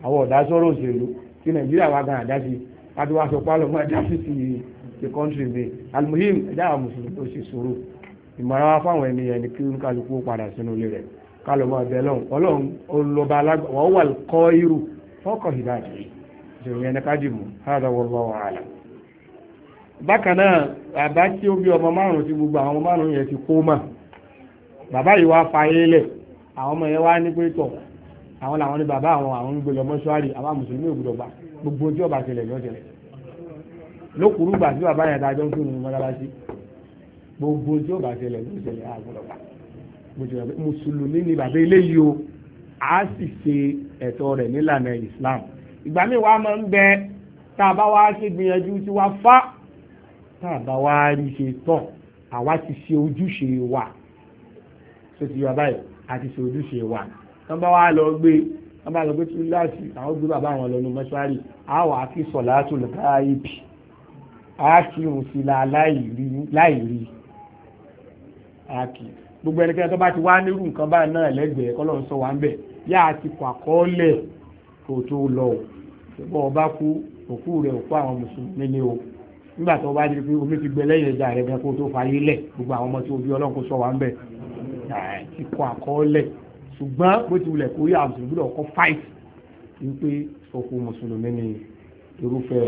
àwọn ọ̀dà òṣèlú ti Nàìjíríà wa gan àdá sí adúwàsọ̀pá lọ́mọ àdá sí ti the country be almuhim ẹ̀dá àwọn mùsùlùmí ó sì sùúrù ìmọ̀ràn wa fáwọn ẹni ẹni kí kálukú padà sínú ilé rẹ̀ kálọ̀ mọ́ ọbẹ̀ lọ́hùn ọlọ́run olùlọ́ba alágbà wọ́n wà kọ́ irú fọ́kọ̀ ìdájọ́ ìṣòro yẹn ká dì mú hádà wọ́n lọ́wọ́ àlà. bákan náà bàbá tí ó bí ọmọ márùn àwọn làwọn ní bàbá àwọn àwọn ń gbé lọ àwọn mùsùlùmí ògbúdọ̀gbà gbogbo ojú ọba tẹlẹ̀ ní lókùrú gbà sí bàbá yẹn dájọ́ tó nínú mọ́sálásí gbogbo tí ó bá ṣẹlẹ̀ ló ṣẹlẹ̀ àgbọ̀dọ̀ mùsùlùmí ni bàbá eléyìí o a sì ṣe ẹ̀tọ́ rẹ̀ nílànà Islam ìgbà míì wàá máa ń bẹ tá a bá wá ṣe gbìyànjú tí wàá fá tá a bá wá rí ṣe tọ̀ àwa ti ṣe ojúṣe wa tó ti yọ báyìí a ti ṣe ojúṣe wa tán bá wá lọ gbé tán bá lọ gbé tú láti àwọn gbé bàbá àwọn lọ mọ́ṣúárì àwọn àkísọ̀ látò lọ́tà ìpì àákìrùn sí la láìrí àákì gbogbo ẹnikẹ́ni tó bá ti wá nírú nǹkan báyìí náà lẹ́gbẹ̀ẹ́ kọ́lọ́run sọ wá ń bẹ̀ yá àti kọ àkọọ́lẹ̀ kò tó lọ o ṣùgbọ́n ọba kú òkú rẹ̀ òkú àwọn mùsùlùmí ni o nígbà tó bá di pé omi ti gbẹ lẹ́yìn ẹja rẹ̀ kó tó fayé lẹ̀ gbogbo àwọn ọmọ tí o bí ọlọ́run kó sọ wá ń bẹ̀ àti kọ ṣùgbọ́n bó ti wulẹ̀ kó yà àmùsùlùmí lọ́kọ́ fáìtì wípé òkú mùsùlùmí ni irúfẹ́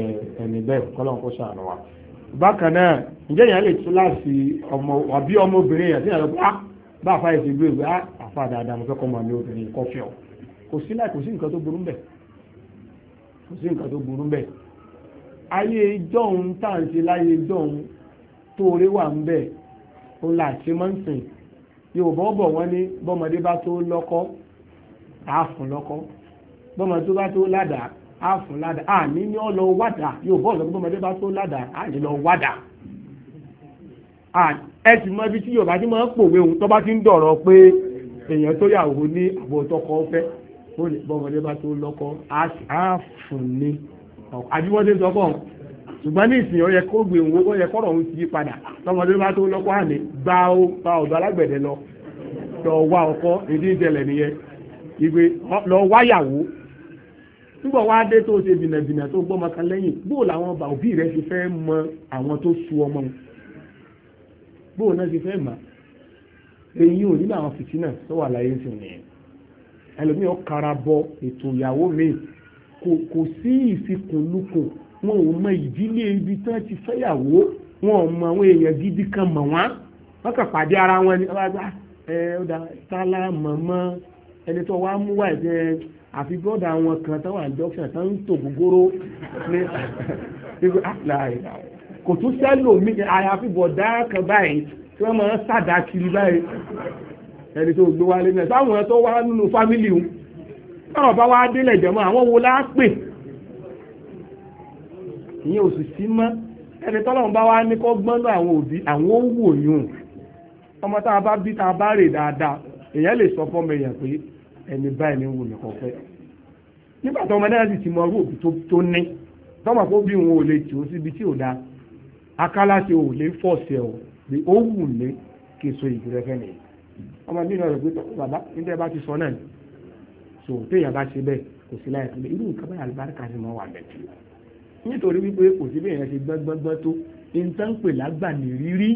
ẹni bẹ́ẹ̀ kọ́lọ́n kó ṣàánú wa. bákan náà ǹjẹ́ ìyá lè tún láti ọmọ àbí ọmọbìnrin yẹn sí ìyàrá ah, bá bá àfa yìí ti gbé ìgbé ah, àfa dáadáa mo fẹ́ kọ́ mọ̀ mi obìnrin kọ́ fẹ́ ọ kò sí láì kò sí nǹkan tó burú bẹ̀ kò sí nǹkan tó burú bẹ̀ ayé ìjọ́un tá à ń ṣe láyé ìjọ́un tó orí wà ń bẹ̀ òun là ṣe máa ń sìn yorùbá ọ̀bọ̀ wọn ní bọ́mọdé bá tó lọ́kọ́ àáfùn lọ́kọ́ bọ́mọdé tó bá tó ládàá á fún ládàá àní ní ọ lọ wádàá yóò bọ́ ọ̀sán gbọ́mọdé bá tó ládàá àní lọ A ẹ sì mọ ibi tí yorùbá ti máa ń pòwe òun tó bá ti ń dọ̀rọ̀ pé èèyàn tó yàwó ní àbọ̀ tọkọ ọfẹ́ ó tó ni àbí wọ́n ti sọ bọ́ ṣùgbọ́n ní ìsìn kó gbé òun ó yẹ kọ́rọ̀ òun ti yí padà tọmọdé bá tó gba gba alágbẹ̀dẹ nígbà wá dé tó ṣe bìnàbìnà tó gbọ́mọ kan lẹ́yìn bóò làwọn ọba òbí rẹ ṣe fẹ́ mọ àwọn tó su ọmọ bóò náà ṣe fẹ́ mọ èyí ò nínú àwọn fìtínà tó wà láyé sí nìyẹn ẹlòmíràn kara bọ ètò ìyàwó mi kò sí ìfikùnlukùn wọn ò mọ ìdílé ibi tí ti fẹ́yàwó wọn ò mọ àwọn èèyàn gidi kan mọ̀ wọ́n wọ́n kàn pàdé ara wọn ni ọba ẹ ọ̀dà tálá ẹni tó wàá mú wà ẹ̀ àfi bọ́dà wọn kan táwọn àjọṣà tán ń tò gbogbooro ní ah, ibi àpìláì kò tún sẹ́lò mí àyàfi bọ̀dá kan báyìí tí wọ́n máa ń sàdá kiri báyìí ẹni tó gbé wálé náà sáwọn tó wá nínú fámìlì wọn náà bá wá délẹ̀ jẹ̀mọ́ àwọn wo la pè ìyẹn ò sì sí mọ́ ẹni tọ́lọ́run bá wá ní kọ́ gbọ́n náà àwọn òbí àwọn ó wò yùn ọmọ tá a bá bí tá a bá rè dáadáa èèyàn lè sọ fọ́mọ èèyàn pé ẹni báyìí ní wù nìkan fẹ́ nígbà tó ọmọ náà sì ti mọ irú òbí tó ní tọ́mọ̀ kó bí òun ò lè tì ó síbi tí ò dáa akálàṣe ò lè fọ̀ọ̀ṣẹ̀ ò pé ó wù ní kí so ìgbìrẹ́ fẹ́ nìyẹn ọmọ nínú ọ̀rọ̀ pé bàbá níta bá ti sọ náà ni so téèyàn bá ṣe bẹ́ẹ̀ kò sí láyé pé irú nǹkan báyà àlùbáríkà sì mọ́ wà bẹ́ẹ̀ nítorí wípé kò sí bí èèyàn ṣe gbọ́ngbọ́ngbọ́n tó ní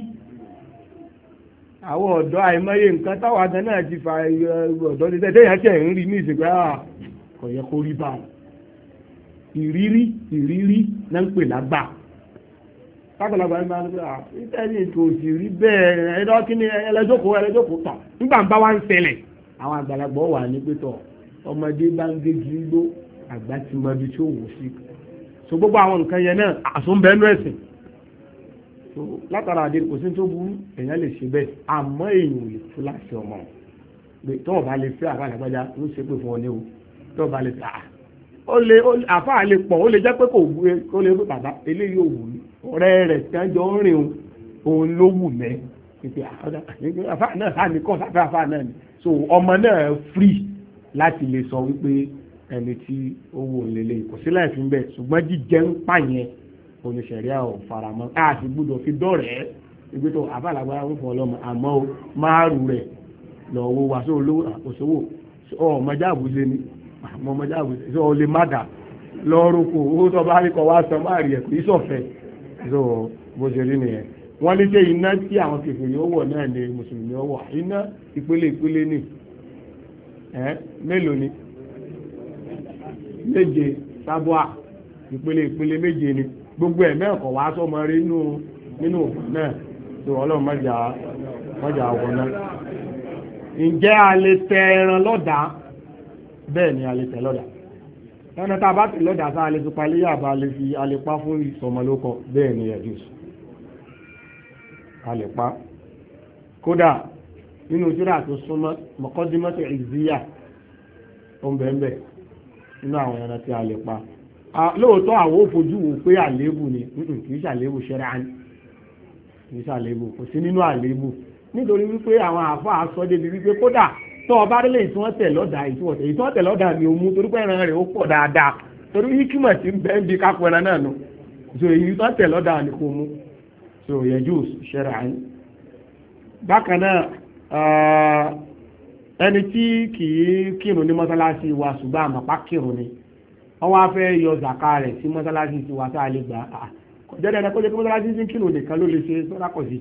àwọn ọ̀dọ́ àìmọye nǹkan táwa gan náà ti fa eh, ọ̀dọ́ ti tẹ́tẹ́ ń rí ní ìsìnkú àà ah, kò yẹ kó rí ìrírí ìrírí na ń pè lágbà tágbàlagbà ní máa ń gbà ètò òsì rí bẹ́ẹ̀ ẹ̀dọ́ kí ni wa ń àwọn àgbàlagbà wà ní látara àdéhùn kò sí tó burú èèyàn lè ṣe bẹ́ẹ̀ àmọ́ èèyàn ò lè fún láṣẹ ọmọ pé tó bá lè fẹ́ àbá àgbàjá ló ṣe pé fún ọ ní o tó bá lè fẹ́ àá ó lè àfa lè pọ̀ ó lè jẹ́ pé kò wú ó lè pé bàbá eléyìí ò wù mí ọ̀rẹ́ rẹ̀ tí wọ́n jọ ń rìn òun ló wù mẹ́ pípé àfa náà sá ni kọ́ sáfẹ́ àfa náà ni so ọmọ náà free láti lè sọ wípé ẹni tí ó wù ó lélẹ́yìn kò sí láì fi ń bẹ̀ ṣùgbọ́n jíjẹ ń pààyàn oníṣẹ̀ríà ò faramọ́ àti gbúdọ̀ fi dọ́rẹ̀ẹ́ ìgbé tó àbálàgbára ń fọ ọlọ́mọ àmọ́ ó máàrù rẹ̀ lọ́wọ́ wá sí olówó òṣòwò ọmọdé àbúṣe ni ọmọdé àbúṣe sọ ọ lè má dà lọ́rùkù owó tó bá rí kọ wá san máa rí ẹ̀ kì í bó ṣe rí nìyẹn wọ́n ní jẹ́ iná tí àwọn kèfèrè ó náà ni mùsùlùmí ó wọ̀ iná ìpele ìpele nì mélòó ni méje sábọ́à ìpele ìpele méje ni. gbogbo ẹ̀mẹ́ ọ̀kọ̀ wá rí nínú náà tó ọlọ́run mọ́jà wọ̀ná ǹjẹ́ a lè tẹ ẹran lọ́dá bẹ́ẹ̀ ni a lè tẹ lọ́dá ẹran tá a bá tẹ lọ́dá sáà lè tupa yàbá lè fi a lè fún ìsọmọlókọ bẹ́ẹ̀ ni ẹ̀jú a lè pa kódà nínú tó súnmọ́ ìzíyà ó lóòótọ́ àwọn òfojú wò pé àléébù ni kìí ṣàléébù ṣẹ́ra ní kìí kò sí nínú àléébù nítorí wípé àwọn àáfàá sọ débi wípé kódà tó ọba rẹ̀ lẹ́yìn tí wọ́n tẹ̀ lọ́dà ìtúwọ̀tẹ̀ tẹ̀ lọ́dà torí pé ti ń bẹ́ẹ̀ ẹran náà nù so èyí tó tẹ̀ lọ́dà ni kò mú so ní. bákan náà ẹni tí kírun ní mọ́sálásí wa ni ọwọ́ afẹ́ yọ zaka rẹ̀ sí mọ́sálásí ti wà tá a lè gbà á kọjá dáadáa kó jẹ́ pé mọ́sálásí ti ń kírun nìkan ló lè ṣe sọ́dá kọ̀ sí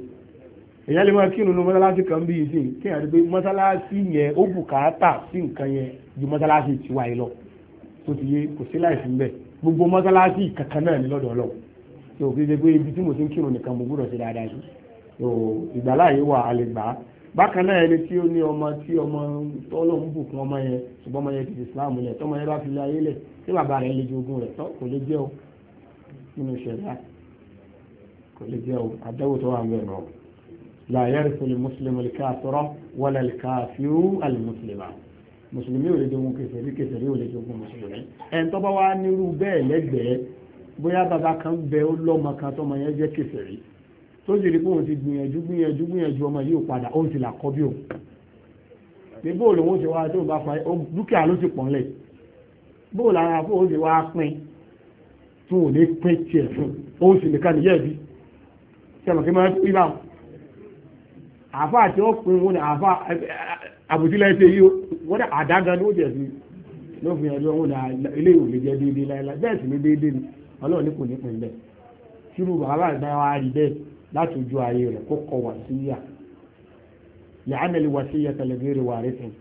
èyàn lè máa kírun ní mọ́sálásí kan bí ìsìn kí èyàn rí pé mọ́sálásí yẹn ó bùkátà sí nǹkan yẹn ju mọ́sálásí ti wà yìí lọ tó ti yé kò sí láì fi ń gbogbo mọ́sálásí kankan náà ní lọ́dọ̀ ọlọ́ tó kí ṣe pé ibi tí mo ti ń kírun nìkan mo gbúdọ̀ ṣe dáadáa sí ìgbàláyé wà á lè gbà á bákan náà ẹni tí ó ní ọmọ tí ọmọ ọlọ́run bùkún ọmọ yẹn ṣùgbọ́n ọmọ yẹn ti di islam lẹ̀ tọmọ yẹn bá fi lé ayé lẹ̀ tí bàbá rẹ̀ lè jogún rẹ̀ tọ́ kò lè jẹ́ o nínú ṣẹ̀dá kò lè jẹ́ o àdáwò tó wà ń bẹ̀rẹ̀ o la yarifu li muslimu li kafira wala li kafiru al muslima mùsùlùmí ò lè jogún kèfèrí kèfèrí ò lè jogún mùsùlùmí ẹn tó bá wá nírú bẹ́ẹ̀ lẹ́gbẹ̀ẹ́ bóyá bàbá kan bẹ ó lọ́mọ kan tọmọ yẹn jẹ́ kèfèrí tó jèrè pé òun ti gbìyànjú gbìyànjú gbìyànjú ọmọ yìí ò padà òun ti là kọ́ bí òun pé bóòlù òun ti wá tó bá fa dúkìá ló ti pọ̀ lẹ̀ bóòlù ara fún òun ti wá pín tó ò ní pín tiẹ̀ fún òun sì nìkan nìyẹ́ bí sẹ́wọ̀n kí máa ń pín báwọn àfa àti ọkùnrin wọn ni àfa àbùtílẹ̀ ṣe yí wọ́n dà àdágan ní jẹ̀ sí ló fi hàn lọ́wọ́ ní ilé ìwò jẹ́ déédéé láéláé bẹ́ẹ̀ sì ni déédéé ni ọlọ́run ní kò ní pín bẹ́ẹ̀ sírù bàbá ìgbà wa rí bẹ́ẹ̀ láti ojú ayé rẹ̀ kó kọ wàsíyà yàánàlì wàsíyà tẹlẹgẹrẹ wà rẹ̀ tẹ̀lé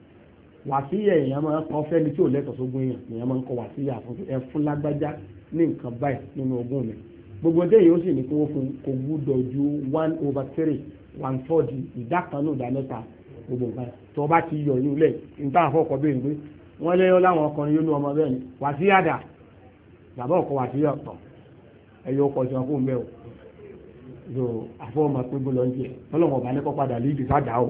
wàsíyà èèyàn máa ń fẹ́ni tí ò lẹ́tọ̀ọ́ sógun èèyàn èèyàn máa ń kọ wàsíyà fún ẹ fún lágbájá ní nǹkan báyìí nínú ogún mi gbogbo dé yìí ó sì ní kí fún kò gbúdọ̀ ju one over three one mẹ́ta gbogbo nǹkan ní ọmọ bẹ́ẹ̀ ni so àfọwọ́mọ pé bó lọ ń jẹ ọlọ́wọ́n ọba ní kọ́ padà lídìí sádà o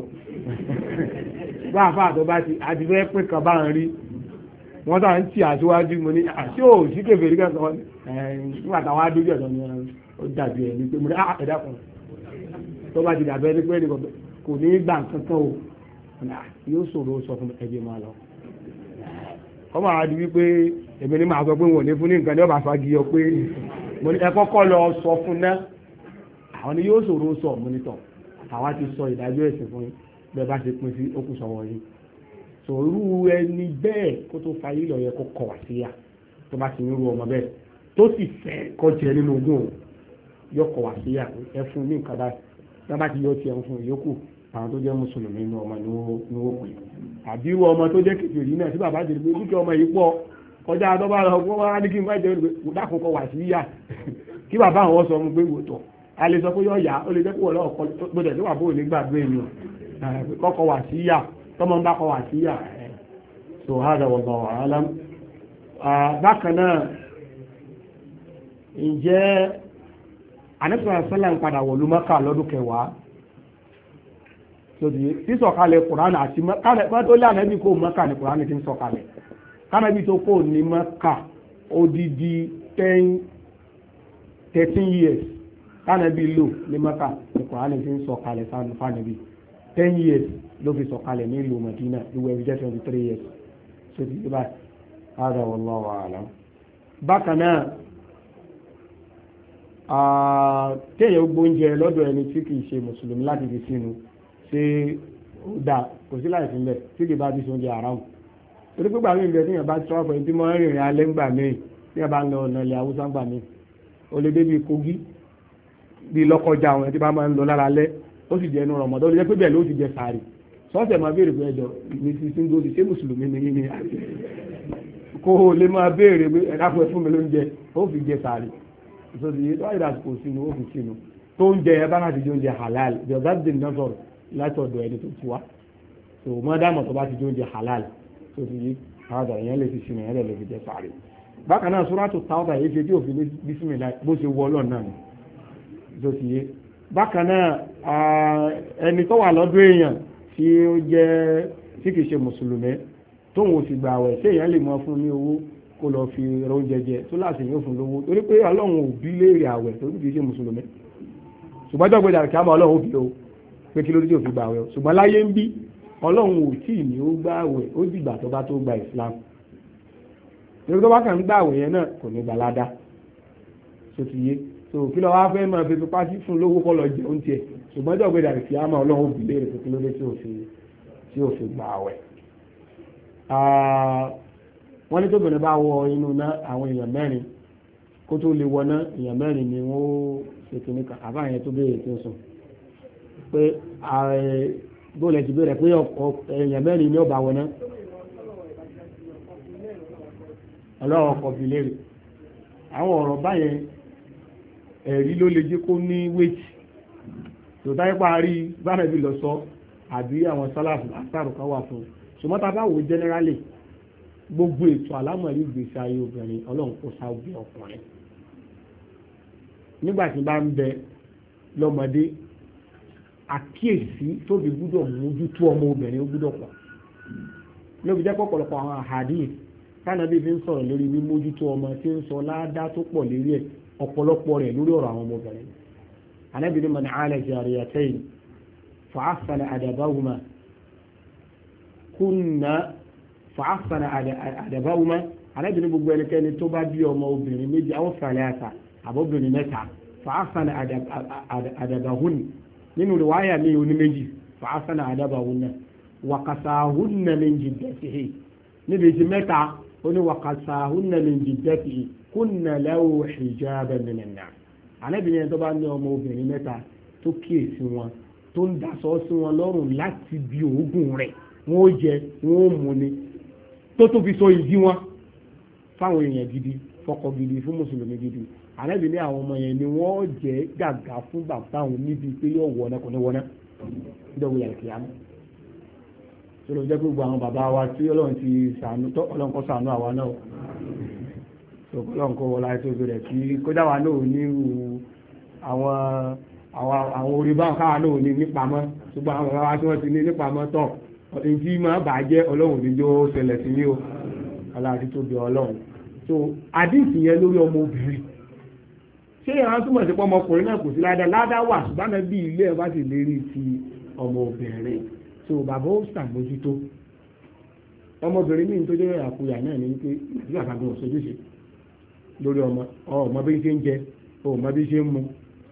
bá àfa àtọ́ba ti àti fẹ́ pé kan bá ń rí wọ́n tà ń tì àṣíwájú mo ní àṣé ò sí kèfèrí kankan nígbà táwọn adójú ọ̀dọ́ ni ó dàbí ẹni pé mo ní ah, ẹ̀dá kan tó bá ti dàbí ẹni pé ẹni kò ní gbà kankan o ah, yóò ṣòro sọ fún ẹgbẹ́ máa lọ kọ́mọ àwọn adi wípé èmi ni màá sọ pé wọn ò ní fún ní nǹkan ní ọba fagi ọ pé ẹ̀kọ́ kọ́ lọ sọ fún náà àwọn ni yóò ṣòro sọ mọ́nítọ̀ àwa ti sọ ìdájọ́ ẹ̀sìn fún yín bẹ́ẹ̀ bá ṣe pín sí okùn sọ̀wọ́ yín sòrú ẹni bẹ́ẹ̀ kó tó fa yílọ̀ yẹ kó kọ̀ wá sí yà tó bá ti ń ru ọmọ bẹ́ẹ̀ tó sì fẹ́ kọjẹ nínú ogún òun yọ kọ̀ wá sí yà ẹ fún ní nǹkan báyìí tó bá ti yọ tiẹ̀ fún ìyókù àwọn tó jẹ́ mùsùlùmí inú ọmọ ní ó pè àbí irú ọmọ tó jẹ́ kìtìrì náà tí bàbá ti rí pé ọmọ yìí pọ̀ kọjá àtọ́bá lọ fún ní kí n bá jẹ́ kí bàbá àwọn sọ fún pé wò a lè sọ pé yọ yá ó lè jẹ́ pé wọ́n lọ́wọ́ gbọ́dọ̀ tó wà bóyá lè gbàgbé ẹni eh, kọ́kọ́ wà sí yà tọ́mọ ń bá kọ́ wà sí yà eh, so hada wallahu alam ah, bákan náà ǹjẹ́ anẹ́sọ̀rọ̀ sẹ́lá ń padà wọ̀lú Mákà lọ́dún kẹwàá lòdì tí sọ̀kalẹ̀ kùránì àti mọ́kànlẹ̀ tó lé ànẹ́bí kó Mákà ní kùránì tí ń sọ̀kalẹ̀ kánẹ́bí tó kó ní Mákà odidi 10 13 years tánàbí lò ní mẹ́ta ní kòránì fi ń sọ̀kalẹ̀ fanabi. ten years ló fi sọ̀kalẹ̀ ní ìlú Madina ìwé ẹ̀rí jẹ́ twenty three years so ti bá ara wallahu a'lam. bákan náà téèyàn gbóúnjẹ lọ́dọ̀ ẹni tí kì í ṣe mùsùlùmí láti fi sínú ṣé ó dà kò sí láì sílẹ̀ tí kì bá ti sóúnjẹ àráwù torí pé gbàmí ìbẹ̀ tí yàn bá tọ́ àpọ̀ ìbímọ rìnrìn alẹ́ ń gbà mí tí yàn bá ń lọ ọ̀nà ilẹ̀ Haúsá ń gbà mí ó lè débi Kogi bíi lọ́kọjá àwọn ẹni tí bá máa ń lọ lára lẹ́ ó sì jẹ́ inú rọmọdọ́ ló jẹ́ pé bẹ́ẹ̀ ló ti jẹ sàárì sọ́ọ̀sẹ̀ máa béèrè fún ẹjọ́ mi ti sí ń gbòòsì ṣé mùsùlùmí ni ní àti kó o lè máa béèrè ẹ̀dáfẹ́ fún mi lóúnjẹ ó fi jẹ sàárì ìsọdì yìí láì dàsí kò sínú ó fi sínú tó ń jẹ ẹbá láti jẹ halal the garden náà sọ̀rọ̀ látọ̀dọ̀ ẹni tó ti wá so mọ́dàmọ̀ tó bá ti jẹ halal tó ti yí àwọn èèyàn lè fi sínú ẹ̀yàn lè fi jẹ sàárì bákan náà sọ́rọ́ àtúntà ọ̀tà yìí tó ti yé bákan náà ẹni tó wà lọ́dọ̀ èèyàn tí ó jẹ́ tí kìí ṣe mùsùlùmí tóun ò sì gbà wẹ̀ séèyàn lè mọ fún ní owó kó lọ fi ra oúnjẹ jẹ tó láti yóò fún lówó torí pé ọlọ́run ò bí léèrè àwẹ̀ torí kìí ṣe mùsùlùmí ṣùgbọ́n jọ́gbé dàrí kí a máa ọlọ́run ó bí o pé kí ló dé òfin gbà wẹ̀ ṣùgbọ́n láyé ń bí ọlọ́run ò tí ì ní ó gbà wẹ̀ ó dìgbà tó bá tó gba ìsìlámù torí tó bá kàn ń gbà wẹ̀ yẹn náà kò ní gbalada ṣó so kí lọ wá fẹ́ máa fi fipá sí fún lówó kọ́ lọ jẹun tiẹ̀ ṣùgbọ́n jọ̀gbé dàrí kí á máa ọlọ́run òbí léèrè fún kílódé tí ò fi tí ò fi gbà wẹ̀. wọ́n ní tóbìnrin bá wọ inú náà àwọn èèyàn mẹ́rin kó tó lè wọ náà èèyàn mẹ́rin ni wọ́n ṣètò níkà àbáyẹn tó béèrè tí ó sùn pé bóòlù ti béèrè pé èèyàn mẹ́rin ni ó bá wọ náà ọlọ́run kọ̀ fi léèrè àwọn ọ̀rọ̀ báyẹn ẹ̀rí ló lè jẹ́ kó ní wéjì tó táyé parí bánàbí lọ sọ àbí àwọn sálàfù àtàrò kan wà fún ṣùgbọ́n tá a bá wò jẹ́nẹ́rálì gbogbo ètò àlámọ̀rí ìgbésí ayé obìnrin ọlọ́run kò sá obì ọkùnrin nígbà tí bá ń bẹ lọ́mọdé àkíyèsí tóbi gbúdọ̀ mójútó ọmọ obìnrin ó gbúdọ̀ pọ̀ lóbi jẹ́ pọ̀pọ̀lọpọ̀ àwọn àhàdí tánàbí fi ń sọ̀rọ̀ lórí mímójútó ọmọ tí ń sọ ládá tó pọ̀ lérí ẹ̀ ọ̀pọ̀lọpọ̀ rẹ̀ lórí ọ̀rọ̀ àwọn ọmọbìnrin anábìrì mọ̀ ní alẹ́ jariyatayn fa'afana adabahuma kunna fa'afana adabahuma anábìrì gbogbo ẹnikẹ́ni tó bá bí ọmọ obìnrin méjì àwọn fàlẹ́àtà àbọ̀bìnrin mẹ́ta fa'afana adabahun nínú riwaya mi ò ní méjì fa'afana adabahun náà wàkàtàhun náà min jiddatihi níbi ti mẹ́ta ó ní wàkàtàhun náà min jiddatihi kunna lahu hijaban minan nar anábìnrin tó bá ní ọmọ obìnrin mẹ́ta tó kíyèsí wọn tó ń dasọ sí wọn lọ́rùn láti bí òógùn rẹ̀ wọn ó jẹ wọn ó mu ni tó tó fi so ìdí wọn fáwọn èèyàn gidi fọkọ gidi fún mùsùlùmí gidi anábìnrin àwọn ọmọ yẹn ni wọn ó jẹ gàgà fún bàbá àwọn níbi pé yóò wọná kò ní wọná nítorí yàrá kìámù tó ló jẹ́ gbogbo àwọn bàbá wa tí ọlọ́run ti ṣàánú tó ọlọ́run kọ́ ṣàánú àwa náà ọ̀pọ̀lọ́n kó wọlá tó bẹ̀rẹ̀ kí kódà wà náà onírú àwọn àwọn orí bá káwà náà ní nípamọ́ ṣùgbọ́n àwọn ọ̀rọ̀ tí wọ́n ti ní nípamọ́ tọ̀ èyí máa bàjẹ́ ọlọ́run níjó ṣẹlẹ̀ sí ní o aláàdí tó bẹ ọlọ́run so àdínkì yẹn lórí ọmọ obìnrin ṣé ìran túmọ̀ sí pé ọmọkùnrin náà kò sí ládàá ládàá wà ṣùgbọ́n bí ilé ẹ̀ bá sì lérí ti ọmọ obìnrin so bàbá ó ṣàmójútó ọmọbìnrin míì tó jẹ́ àkúyà náà ní wípé nàìjíríà kan gbọ́n lórí ọmọ ọmọ bí ṣe ń jẹ ọmọ bí ṣe ń mu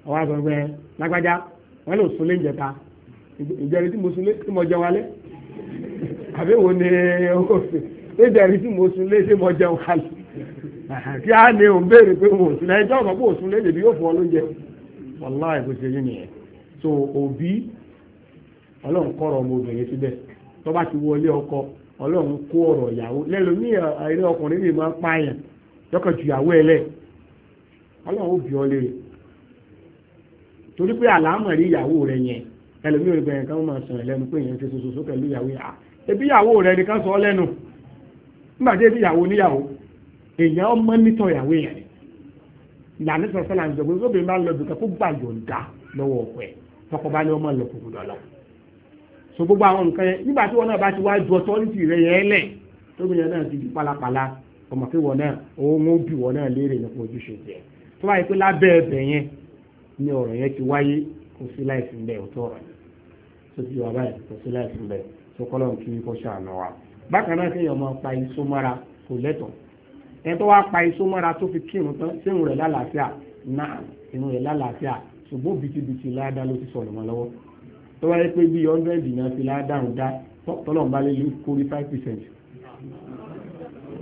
ọwọ́ àgbọ̀ngbẹ́ lágbájá wọ́n lè sún léǹjẹ ta ìjẹ́rìí tí mo sún tí mo àbí wo ni tí mo tí mo kí á ní òun béèrè pé mo yóò fún ọ lóúnjẹ ṣe nìyẹn so òbí ọmọ obìnrin ti wọlé ọkọ kó ìyàwó àìrí ọkùnrin yọkàn ju ìyàwó ẹ lẹ̀ ọlọ́run ó bí ọ léèrè torí pé àlámọ̀ rí ìyàwó rẹ yẹn ẹlòmíì rẹ bẹ̀rẹ̀ kan máa sọ̀rọ̀ lẹ́nu pé èèyàn ṣe soso pẹ̀lú ìyàwó yà ebi ìyàwó rẹ nìkan sọ lẹ́nu nígbà tí ebi ìyàwó níyàwó èèyàn ọmọ nítọ̀ ìyàwó yẹn ìlànà sọ̀sọ́lá ń sọ̀gbọ́n sóbìnrin bá lọ bìkan kó gbà yọ̀ǹda lọ́wọ́ ọkọ ẹ̀ tọkọ bá ní ọmọ lọ kùkù dọ̀lọ́ so gbogbo àwọn nǹkan yẹn nígbà tí wọn náà bá ti wá ju ọtọ́rìtì rẹ yẹn lẹ̀ tóbi yẹn náà ti di pálapàla ọmọ pé wọ́n náà òun ó bì wọ́n náà léèrè nípa ojúṣe jẹ́ tó wáyé pé lábẹ́ ẹbẹ̀ yẹn ni ọ̀rọ̀ yẹn ti wáyé kò sí láìsí ń bẹ̀ òótọ́ ọ̀rọ̀ yẹn tó ti wà báyìí kò sí láìsí ń bẹ̀ tó kọ́ lọ́n kí kó ṣàánú wa. bákan náà kéèyàn máa pa iṣó mọ́ra kò lẹ́tọ̀ọ́ ẹni tó wá pa iṣó mọ́ra tó fi kírun tán sínú rẹ̀ lálàáfíà náà inú rẹ̀ lálàáfíà ṣùgbọ́n bìtìbìtì láàdá ló ti sọ̀rọ̀ mọ́ lọ́wọ́ tó wáyé pé bíi hundred náà fi láàdá ń dá tọ́lọ̀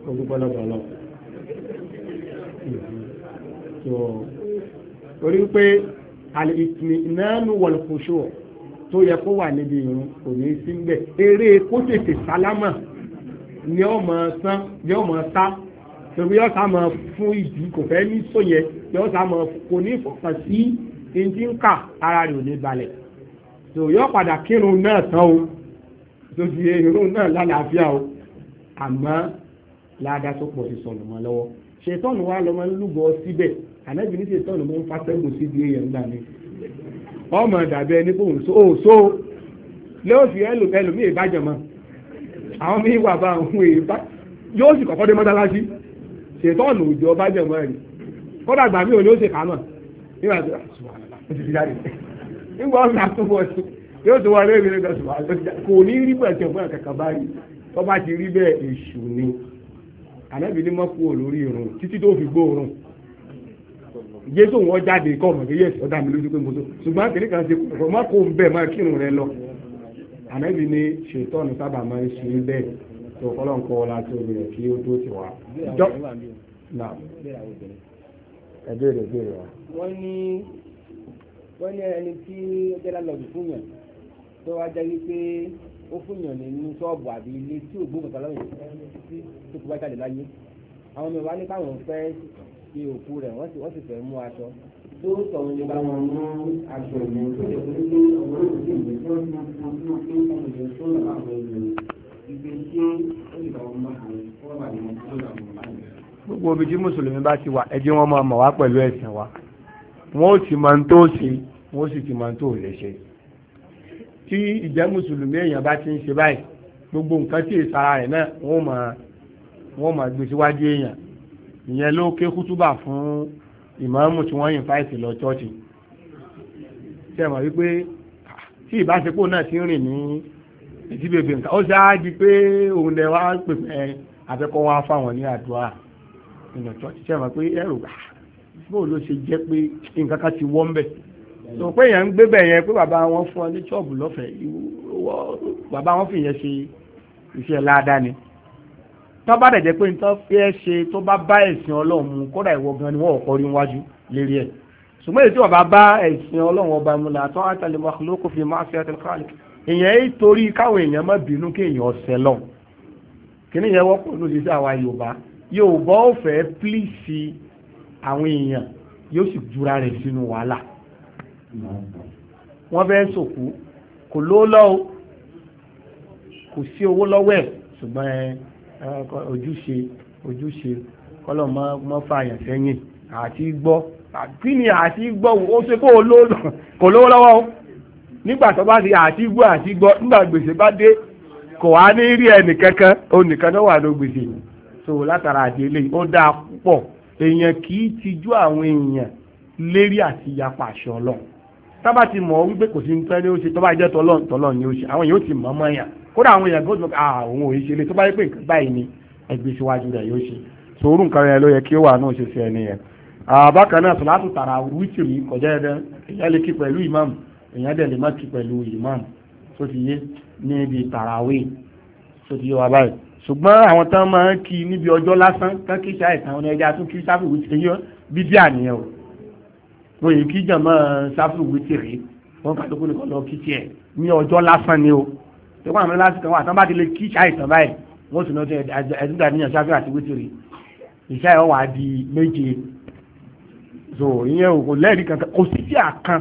olúgbọ́lọ́gbọ́lọ́ orí wípé alìsìnìánú wọ̀lùkùṣọ́ tó yẹ kó wà níbi ìrún kò ní sí ń bẹ̀ eré kó tètè sálámà ni ó mọ̀ sán ni ó mọ̀ sá torí yóò sá mọ̀ fún ìdí kò fẹ́ ní sóyẹ yóò sá mọ̀ kò ní fọkàn sí ìdí ń ara rẹ̀ ò ní balẹ̀ tò yóò padà kírun náà tán o tó fi irun náà lálàáfíà o àmọ́ ládá tó pọ̀ sí sọ̀nù mọ́ lọ́wọ́ ṣètọ́nù wa lọ́mọ ń lúgọ síbẹ̀ ànábì ní ṣètọ́nù mọ́ ń fàtẹ́gùn sí di èèyàn gbà mí ọmọ dàbẹ́ ní kóhùn so so lẹ́ọ̀sì ẹlòmí ìbàjẹ́ mọ́ àwọn mi wà bá àwọn èèbá yóò sì kọ́kọ́ dé mọ́tálásí ṣètọ́nù òjò bàjẹ́ mọ́ rẹ̀ kọ́dà gbà mí ò ní ó ṣe kánà nígbà tó nígbà ọ̀sán àtúbọ̀ sí yóò tó wà lẹ́yìn lẹ́gbẹ̀ẹ́ kò ní rí bẹ̀ẹ̀ tẹ̀ fún ẹ̀kẹ́kẹ́ báyìí tó bá ti rí bẹ́ẹ̀ èṣù ni ànábì ní mọ́kú ò lórí irun títí tó fi gbó irun jésù wọn jáde kọ́ ọmọ yẹn sọ dá mi lójú pé mo tó ṣùgbọ́n kìnìún kan ṣe kọ má kó ń bẹ̀ má kírun rẹ lọ ànábì ní ṣètọ́nù sábà máa ń ṣe bẹ́ẹ̀ tó kọ́lọ́n kọ́ láti omi rẹ̀ kí ó tó ti wá. ẹgbẹ́ rẹ̀ gbé rẹ̀ wá. wọ́n ní wọ́n ní ẹni tí ó jẹ́ lálọ́ọ̀dù fún yàn tó wá jẹ́ wípé ó fún yàn nínú ṣọ́ọ̀bù àbí ilé tí ògbó kankan lọ́yìn tó kú wájà lè láyé àwọn ọmọ ìwà ní káwọn fẹ́ ṣe òkú rẹ̀ wọ́n sì wọ́n sì fẹ́ mú aṣọ tó sọ̀rọ̀ ní bá wọn mú aṣọ ìlú tó lè fún ilé ọ̀rọ̀ òkú ìwé tó ń mú fún fún fún ọmọ ìlú tó lè bá àwọn ènìyàn ìgbé gbogbo ibi tí mùsùlùmí bá ti wà ẹ wọn máa mọ̀ wá pẹ̀lú ẹ̀sìn wa wọn ó ti máa ń tó ṣe wọn ó sì ti máa ń tó lè ṣe tí ìjẹ́ mùsùlùmí èèyàn bá ti ń ṣe báyìí gbogbo nǹkan tí ìsara rẹ̀ náà wọ́n máa wọ́n máa gbé síwájú èèyàn ìyẹn ló ké kútúbà fún ìmáàmù tí wọ́n yìn fáìsì lọ chọ́ọ̀chì ṣe mọ̀ wípé tí ìbáṣepọ̀ náà ti ń rìn ní etí bèbè nǹkan ó ṣáájú pé òun lẹ wá pèpè afẹ́kọ́ wá fáwọn ní àdúrà nínú chọ́ọ̀chì ṣe mọ̀ pé ẹ̀rù bó ló tó pé èèyàn ń gbé bẹ̀ yẹn pé bàbá wọn fún ọ ní ṣọ́ọ̀bù lọ́fẹ̀ẹ́ bàbá wọn fìyẹn ṣe iṣẹ́ ládàá ni tó bá dẹ̀ jẹ́ pé nǹkan fẹ́ ṣe tó bá bá ẹ̀sìn ọlọ́run mu kódà ìwọ gan ni wọ́n ò kọrí wájú lérí ẹ̀ ṣùgbọ́n èyí tí wọ́n bá bá ẹ̀sìn ọlọ́run ọba mu là tán àtàlẹ́ mọ̀kúlókò fi máa fi àtàlẹ́ káàlì èèyàn èyí torí káwọn èèyàn má bínú kí èèyàn ọ̀sẹ̀ lọ kíní yẹn wọ́pọ̀ lóde sí àwa yorùbá yorùbá ò fẹ́ pílíìsì àwọn èèyàn yóò sì jura rẹ̀ sínú wàhálà wọ́n fẹ́ sòkú kò lówó lọ́wọ́ kò sí owó lọ́wọ́ ẹ̀ ṣùgbọ́n ojúṣe ojúṣe kọ́lọ̀ mọ́ fààyàn sẹ́yìn àti gbọ́ kí ni àti gbọ́ ó ṣe kó kò lówó lọ́wọ́ o nígbà tó bá di àti gbọ́ àti gbọ́ nígbà gbèsè bá dé kò wá ní rí ẹnì kankan onìkan náà wà ló gbèsè so látara àdélé ó dáa púpọ̀ èèyàn kì í tijú àwọn èèyàn lérí àti yapa àṣọ ọlọ́run tábà ti mọ̀ wípé kò sí ń fẹ́ ní ó ṣe tọ́ba jẹ́ tọ́lọ́n tọ́lọ́n ni ó ṣe àwọn èèyàn ó ti mọ̀ mọ́ yàn kódà àwọn èèyàn gbọ́dọ̀ à ah, òun ò ṣe lé tó bá yẹ pé nǹkan báyìí ni ẹgbẹ́ síwájú rẹ̀ yóò ṣe sòórù nǹkan yẹn ló yẹ kí ó wà náà ṣe ṣe ẹni yẹn bákan náà sọ̀látù tààrà wítìrì kọjá ẹ̀dẹ́ èèyàn lè kí pẹ̀lú ìmáàmù èèyàn dẹ̀ lè má kí pẹ̀lú ìmáàmù tó ti yé níbi tàràwé wọn yìí kí jàmọ́ sáfù wítìrì wọn kàdókò ní kọ́lọ́ kí tiẹ̀ ní ọjọ́ lásán ni o tẹ́kọ̀ àmì láti kan wà tán bá ti lè kí ṣàìsàn báyìí wọ́n sì náà tẹ ẹ̀dúgba níyàn sáfù àti wítìrì ìṣá ẹ̀ wà di méje so ìyẹn ò kò lẹ́ẹ̀rí kankan kò sí sí àkan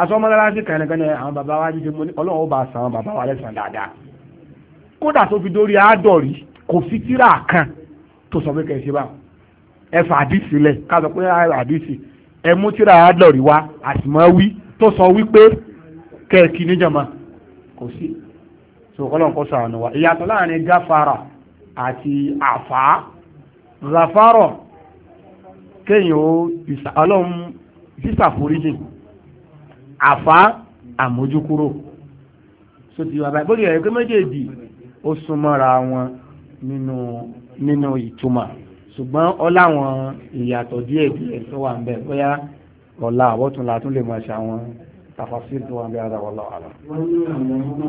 asọ́mọ́lẹ́láṣí kànìkan ní àwọn bàbá wa jíjẹ mọ́ ní ọlọ́run ó bá san àwọn bàbá wa lẹ́sàn dáadáa kódà tó fi dórí àádọ́rí kò sí tíra kan tó sọ pé kẹ̀sí bá ẹ fà àdìsí lẹ̀ ká sọ pé àdìsí ẹmú tíra adlọ̀rí wa àtìmọ́wí tó sọ wípé kẹ́ẹ̀kì níjàmá kò sí ṣòkọ́lọ̀ kó sàánú wa ìyàtọ̀ láàrin gáfàrà àti àfà gáfàrọ̀ kéyìn ó ọlọ́run sísàforíjì àfà àmójúkúrò so ti wà ìtumọ̀ ṣùgbọ́n ọlá àwọn ìyàtọ̀ díẹ̀ díẹ̀ tó wà ń bẹ bóyá ọ̀la àwọ̀túnla tún lè máa ṣe tàfàṣí tó wà ń bẹ ara àlọ́.